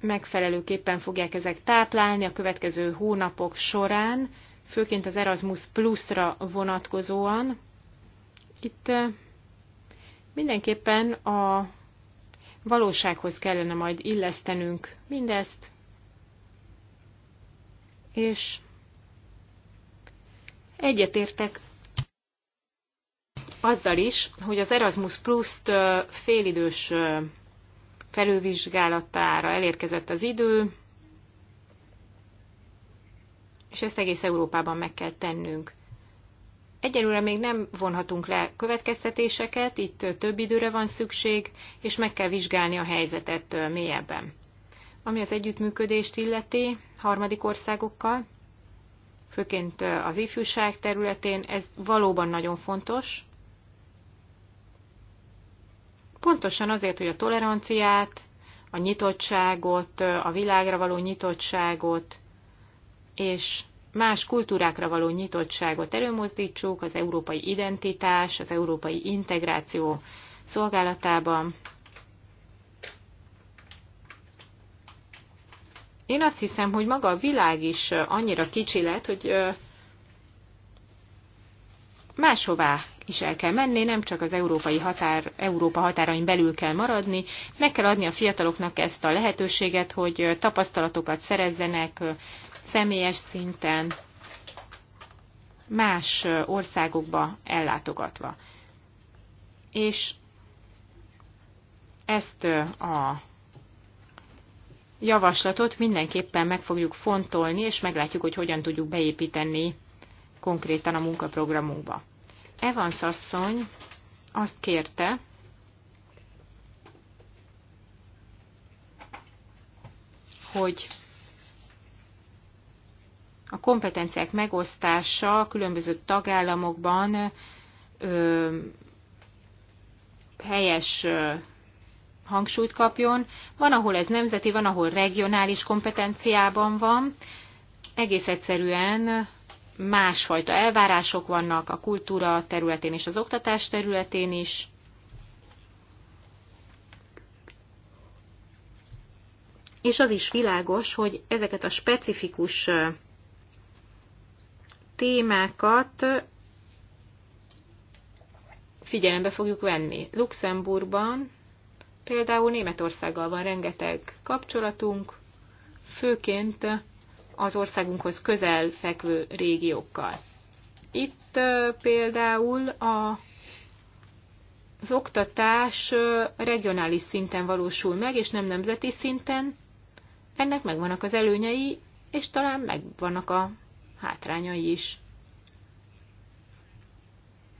megfelelőképpen fogják ezek táplálni a következő hónapok során, főként az Erasmus Plus-ra vonatkozóan. Itt mindenképpen a valósághoz kellene majd illesztenünk mindezt, és egyetértek azzal is, hogy az Erasmus Plus-t félidős felülvizsgálatára elérkezett az idő, és ezt egész Európában meg kell tennünk. Egyelőre még nem vonhatunk le következtetéseket, itt több időre van szükség, és meg kell vizsgálni a helyzetet mélyebben. Ami az együttműködést illeti harmadik országokkal, főként az ifjúság területén, ez valóban nagyon fontos, Pontosan azért, hogy a toleranciát, a nyitottságot, a világra való nyitottságot és más kultúrákra való nyitottságot előmozdítsuk az európai identitás, az európai integráció szolgálatában. Én azt hiszem, hogy maga a világ is annyira kicsi lett, hogy máshová is el kell menni, nem csak az európai határ, Európa határain belül kell maradni, meg kell adni a fiataloknak ezt a lehetőséget, hogy tapasztalatokat szerezzenek személyes szinten, más országokba ellátogatva. És ezt a javaslatot mindenképpen meg fogjuk fontolni, és meglátjuk, hogy hogyan tudjuk beépíteni konkrétan a munkaprogramunkba. Evans asszony azt kérte, hogy a kompetenciák megosztása a különböző tagállamokban ö, helyes ö, hangsúlyt kapjon. Van, ahol ez nemzeti, van, ahol regionális kompetenciában van. Egész egyszerűen másfajta elvárások vannak a kultúra területén és az oktatás területén is. És az is világos, hogy ezeket a specifikus témákat figyelembe fogjuk venni. Luxemburgban például Németországgal van rengeteg kapcsolatunk, főként az országunkhoz közel fekvő régiókkal. Itt például a, az oktatás regionális szinten valósul meg, és nem nemzeti szinten. Ennek megvannak az előnyei, és talán megvannak a hátrányai is.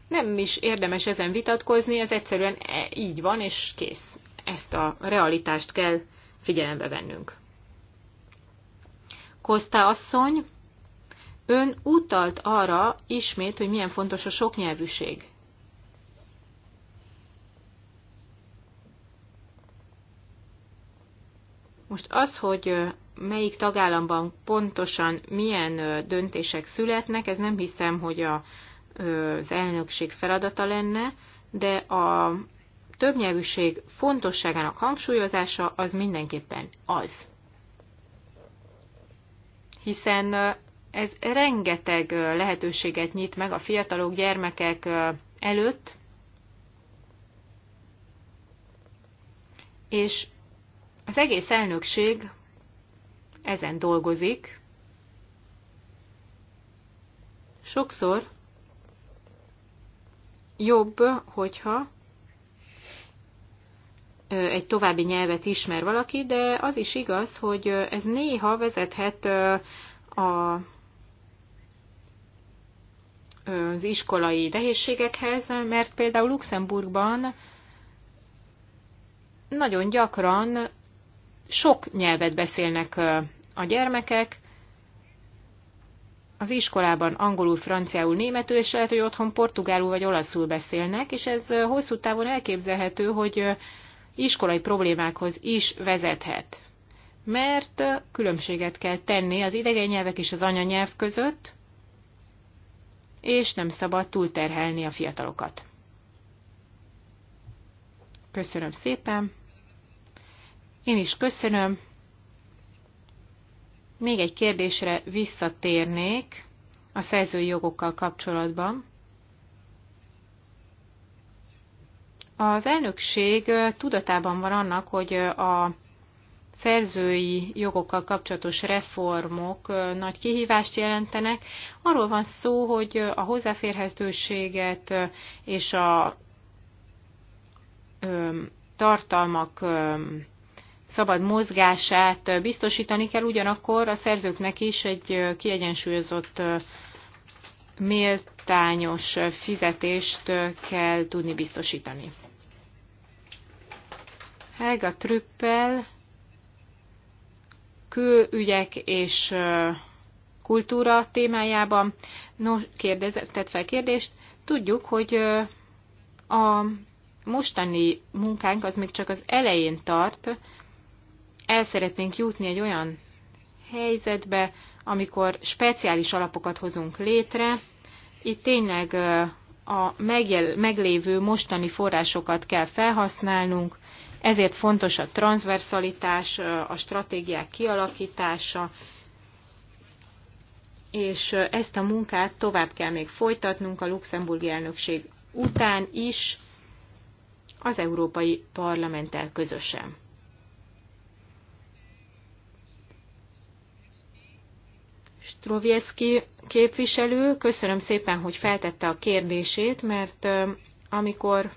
Nem is érdemes ezen vitatkozni, ez egyszerűen e, így van, és kész. Ezt a realitást kell figyelembe vennünk. Kosta asszony, ön utalt arra ismét, hogy milyen fontos a soknyelvűség. Most az, hogy melyik tagállamban pontosan milyen döntések születnek, ez nem hiszem, hogy a, az elnökség feladata lenne, de a többnyelvűség fontosságának hangsúlyozása az mindenképpen az hiszen ez rengeteg lehetőséget nyit meg a fiatalok, gyermekek előtt, és az egész elnökség ezen dolgozik. Sokszor jobb, hogyha egy további nyelvet ismer valaki, de az is igaz, hogy ez néha vezethet a az iskolai nehézségekhez, mert például Luxemburgban nagyon gyakran sok nyelvet beszélnek a gyermekek, az iskolában angolul, franciául, németül, és lehet, hogy otthon portugálul vagy olaszul beszélnek, és ez hosszú távon elképzelhető, hogy iskolai problémákhoz is vezethet. Mert különbséget kell tenni az idegen nyelvek és az anyanyelv között, és nem szabad túlterhelni a fiatalokat. Köszönöm szépen. Én is köszönöm. Még egy kérdésre visszatérnék a szerzői jogokkal kapcsolatban. Az elnökség tudatában van annak, hogy a szerzői jogokkal kapcsolatos reformok nagy kihívást jelentenek. Arról van szó, hogy a hozzáférhetőséget és a tartalmak szabad mozgását biztosítani kell, ugyanakkor a szerzőknek is egy kiegyensúlyozott méltányos fizetést kell tudni biztosítani. Helga Trüppel, külügyek és kultúra témájában nos, kérdezett, tett fel kérdést. Tudjuk, hogy a mostani munkánk az még csak az elején tart. El szeretnénk jutni egy olyan helyzetbe, amikor speciális alapokat hozunk létre. Itt tényleg a megjel, meglévő mostani forrásokat kell felhasználnunk, ezért fontos a transversalitás, a stratégiák kialakítása, és ezt a munkát tovább kell még folytatnunk a luxemburgi elnökség után is az Európai Parlamenttel közösen. Strovieski képviselő, köszönöm szépen, hogy feltette a kérdését, mert amikor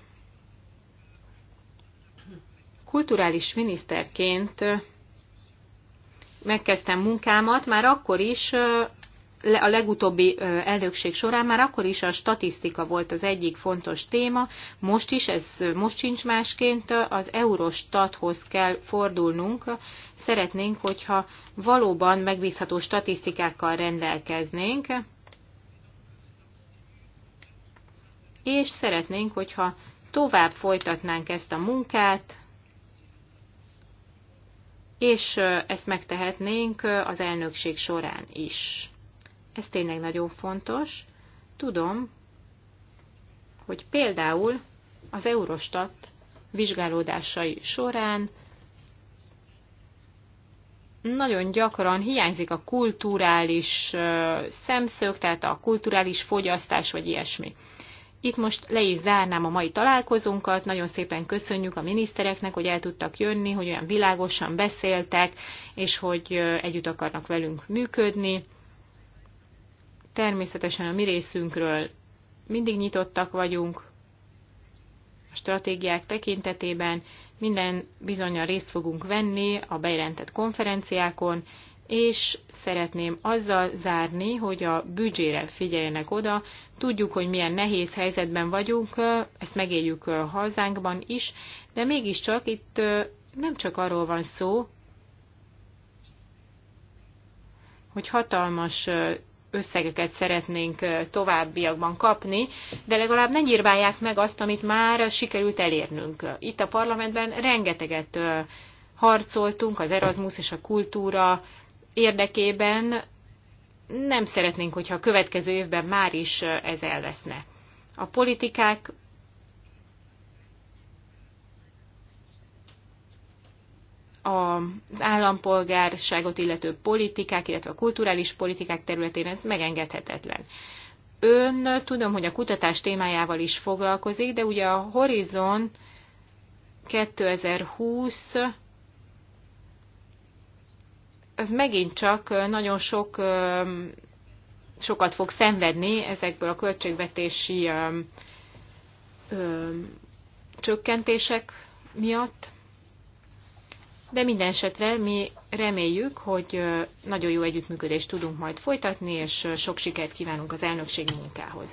kulturális miniszterként megkezdtem munkámat, már akkor is, a legutóbbi elnökség során már akkor is a statisztika volt az egyik fontos téma, most is, ez most sincs másként, az Eurostathoz kell fordulnunk, szeretnénk, hogyha valóban megbízható statisztikákkal rendelkeznénk, és szeretnénk, hogyha tovább folytatnánk ezt a munkát, és ezt megtehetnénk az elnökség során is. Ez tényleg nagyon fontos. Tudom, hogy például az Eurostat vizsgálódásai során nagyon gyakran hiányzik a kulturális szemszög, tehát a kulturális fogyasztás vagy ilyesmi. Itt most le is zárnám a mai találkozónkat. Nagyon szépen köszönjük a minisztereknek, hogy el tudtak jönni, hogy olyan világosan beszéltek, és hogy együtt akarnak velünk működni. Természetesen a mi részünkről mindig nyitottak vagyunk a stratégiák tekintetében. Minden bizonyal részt fogunk venni a bejelentett konferenciákon, és szeretném azzal zárni, hogy a büdzsére figyeljenek oda. Tudjuk, hogy milyen nehéz helyzetben vagyunk, ezt megéljük hazánkban is, de mégiscsak itt nem csak arról van szó, hogy hatalmas összegeket szeretnénk továbbiakban kapni, de legalább ne nyírválják meg azt, amit már sikerült elérnünk. Itt a parlamentben rengeteget harcoltunk az Erasmus és a kultúra érdekében nem szeretnénk, hogyha a következő évben már is ez elveszne. A politikák az állampolgárságot illető politikák, illetve a kulturális politikák területén ez megengedhetetlen. Ön tudom, hogy a kutatás témájával is foglalkozik, de ugye a Horizon 2020 az megint csak nagyon sok, sokat fog szenvedni ezekből a költségvetési csökkentések miatt. De minden esetre mi reméljük, hogy nagyon jó együttműködést tudunk majd folytatni, és sok sikert kívánunk az elnökség munkához.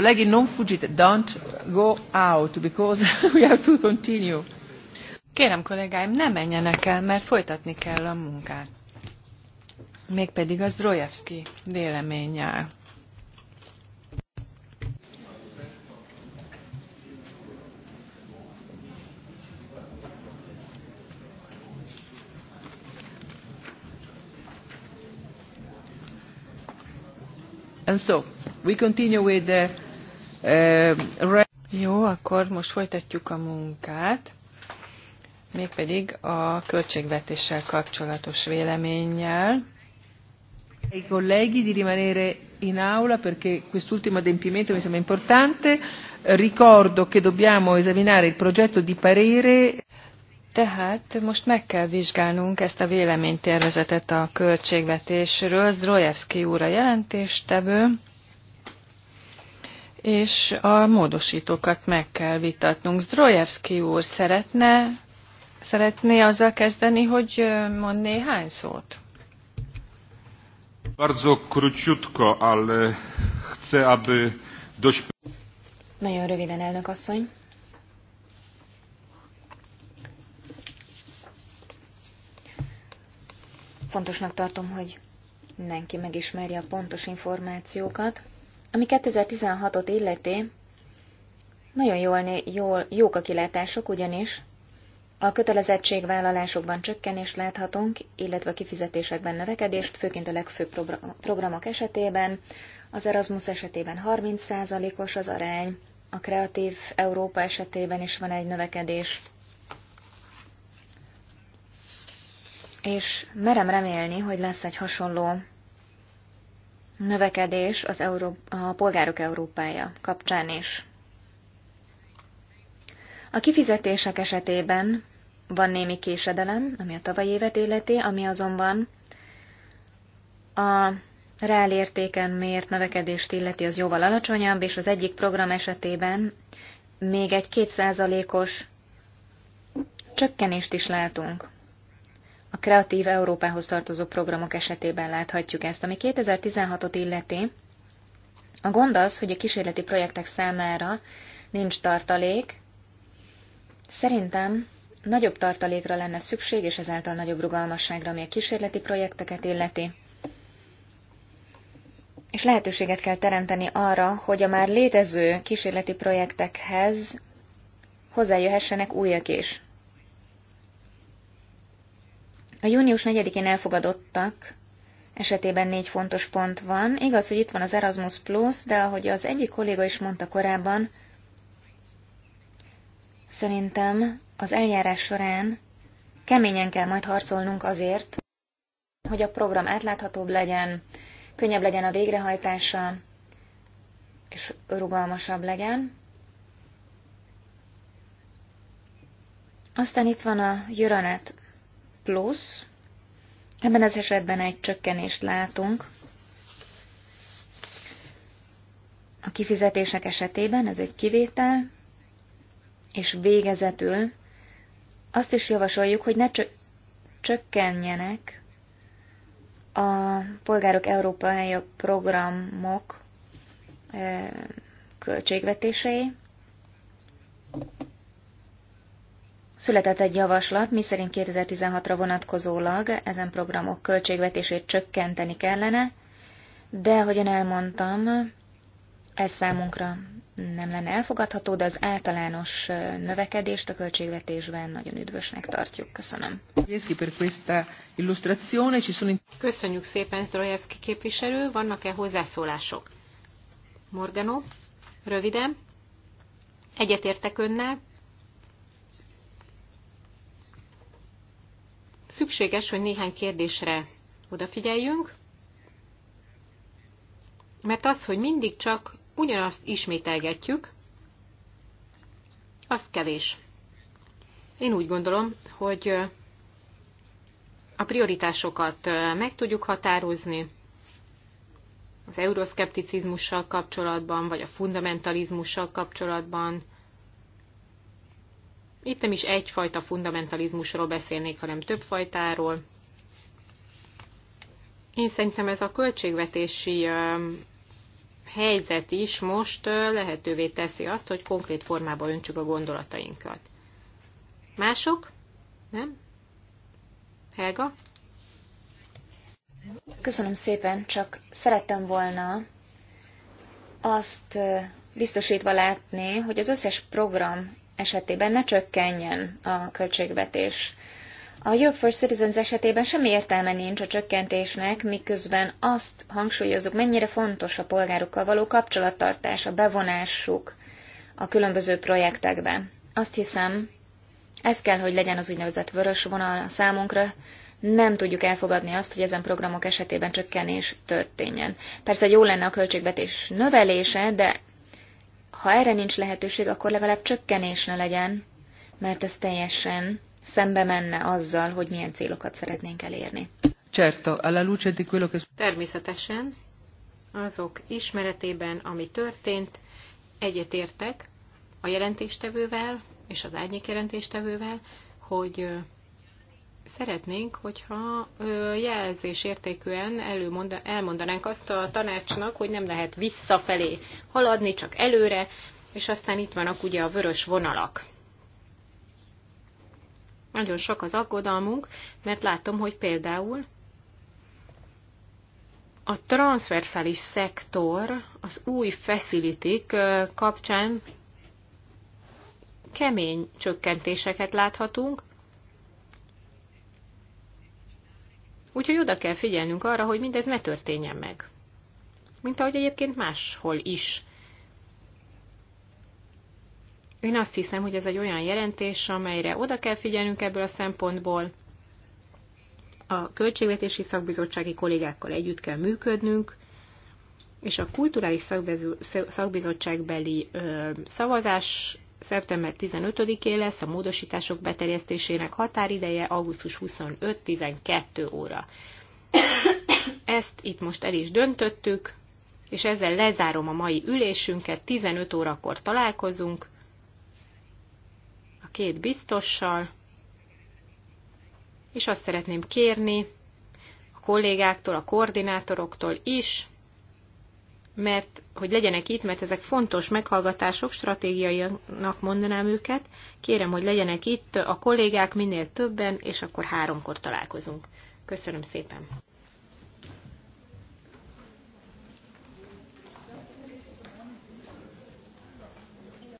Colleghi, non fuggite, don't go out, because (laughs) we have to continue. Kérem kollégáim, ne menjenek el, mert folytatni kell a munkát. Mégpedig az Drojevski véleménnyel. And so, we continue with the jó, akkor most folytatjuk a munkát, mégpedig a költségvetéssel kapcsolatos véleménnyel. I colleghi di rimanere in aula perché quest'ultimo adempimento mi sembra importante. Ricordo che dobbiamo esaminare il progetto di parere. Tehát most meg kell vizsgálnunk ezt a véleménytervezetet a költségvetésről. Zdrojevski úr a jelentéstevő és a módosítókat meg kell vitatnunk. Zdrojevski úr szeretne, szeretné azzal kezdeni, hogy mond néhány szót? Bardzo króciutko, ale chcę, aby dość... Nagyon röviden, elnök asszony. Fontosnak tartom, hogy mindenki megismerje a pontos információkat, ami 2016-ot illeti, nagyon jól, jól, jók a kilátások, ugyanis a kötelezettségvállalásokban csökkenést láthatunk, illetve a kifizetésekben növekedést, főként a legfőbb programok esetében. Az Erasmus esetében 30%-os az arány, a Kreatív Európa esetében is van egy növekedés. És merem remélni, hogy lesz egy hasonló növekedés az Euró- a polgárok Európája kapcsán is. A kifizetések esetében van némi késedelem, ami a tavalyi évet életé, ami azonban a reál értéken mért növekedést illeti, az jóval alacsonyabb, és az egyik program esetében még egy kétszázalékos csökkenést is látunk. A Kreatív Európához tartozó programok esetében láthatjuk ezt. Ami 2016-ot illeti, a gond az, hogy a kísérleti projektek számára nincs tartalék. Szerintem nagyobb tartalékra lenne szükség, és ezáltal nagyobb rugalmasságra, ami a kísérleti projekteket illeti. És lehetőséget kell teremteni arra, hogy a már létező kísérleti projektekhez hozzájöhessenek újak is. A június 4-én elfogadottak esetében négy fontos pont van. Igaz, hogy itt van az Erasmus Plus, de ahogy az egyik kolléga is mondta korábban, szerintem az eljárás során keményen kell majd harcolnunk azért, hogy a program átláthatóbb legyen, könnyebb legyen a végrehajtása, és rugalmasabb legyen. Aztán itt van a Jöranet plusz. Ebben az esetben egy csökkenést látunk. A kifizetések esetében ez egy kivétel, és végezetül azt is javasoljuk, hogy ne csökkenjenek a Polgárok Európai Programok költségvetései. Született egy javaslat, miszerint 2016-ra vonatkozólag ezen programok költségvetését csökkenteni kellene, de ahogyan elmondtam, ez számunkra nem lenne elfogadható, de az általános növekedést a költségvetésben nagyon üdvösnek tartjuk. Köszönöm. Köszönjük szépen, Zdrojevski képviselő. Vannak-e hozzászólások? Morgano, röviden. Egyetértek önnel. szükséges, hogy néhány kérdésre odafigyeljünk, mert az, hogy mindig csak ugyanazt ismételgetjük, az kevés. Én úgy gondolom, hogy a prioritásokat meg tudjuk határozni, az euroszkepticizmussal kapcsolatban, vagy a fundamentalizmussal kapcsolatban, itt nem is egyfajta fundamentalizmusról beszélnék, hanem többfajtáról. Én szerintem ez a költségvetési helyzet is most lehetővé teszi azt, hogy konkrét formába öntsük a gondolatainkat. Mások? Nem? Helga? Köszönöm szépen, csak szerettem volna azt biztosítva látni, hogy az összes program esetében ne csökkenjen a költségvetés. A Europe for Citizens esetében semmi értelme nincs a csökkentésnek, miközben azt hangsúlyozzuk, mennyire fontos a polgárokkal való kapcsolattartás, a bevonásuk a különböző projektekbe. Azt hiszem, ez kell, hogy legyen az úgynevezett vörös vonal a számunkra, nem tudjuk elfogadni azt, hogy ezen programok esetében csökkenés történjen. Persze jó lenne a költségvetés növelése, de ha erre nincs lehetőség, akkor legalább csökkenés ne legyen, mert ez teljesen szembe menne azzal, hogy milyen célokat szeretnénk elérni. Certo, alla luce di quello che... Természetesen azok ismeretében, ami történt, egyetértek a jelentéstevővel és az árnyék jelentéstevővel, hogy szeretnénk, hogyha jelzés értékűen elmondanánk azt a tanácsnak, hogy nem lehet visszafelé haladni, csak előre, és aztán itt vannak ugye a vörös vonalak. Nagyon sok az aggodalmunk, mert látom, hogy például a transversális szektor az új facilitik kapcsán kemény csökkentéseket láthatunk, Úgyhogy oda kell figyelnünk arra, hogy mindez ne történjen meg. Mint ahogy egyébként máshol is. Én azt hiszem, hogy ez egy olyan jelentés, amelyre oda kell figyelnünk ebből a szempontból. A Költségvetési Szakbizottsági kollégákkal együtt kell működnünk, és a Kulturális Szakbizottságbeli szavazás szeptember 15-é lesz a módosítások beterjesztésének határideje, augusztus 25-12 óra. Ezt itt most el is döntöttük, és ezzel lezárom a mai ülésünket, 15 órakor találkozunk a két biztossal, és azt szeretném kérni a kollégáktól, a koordinátoroktól is, mert hogy legyenek itt, mert ezek fontos meghallgatások, stratégiainak mondanám őket. Kérem, hogy legyenek itt a kollégák minél többen, és akkor háromkor találkozunk. Köszönöm szépen!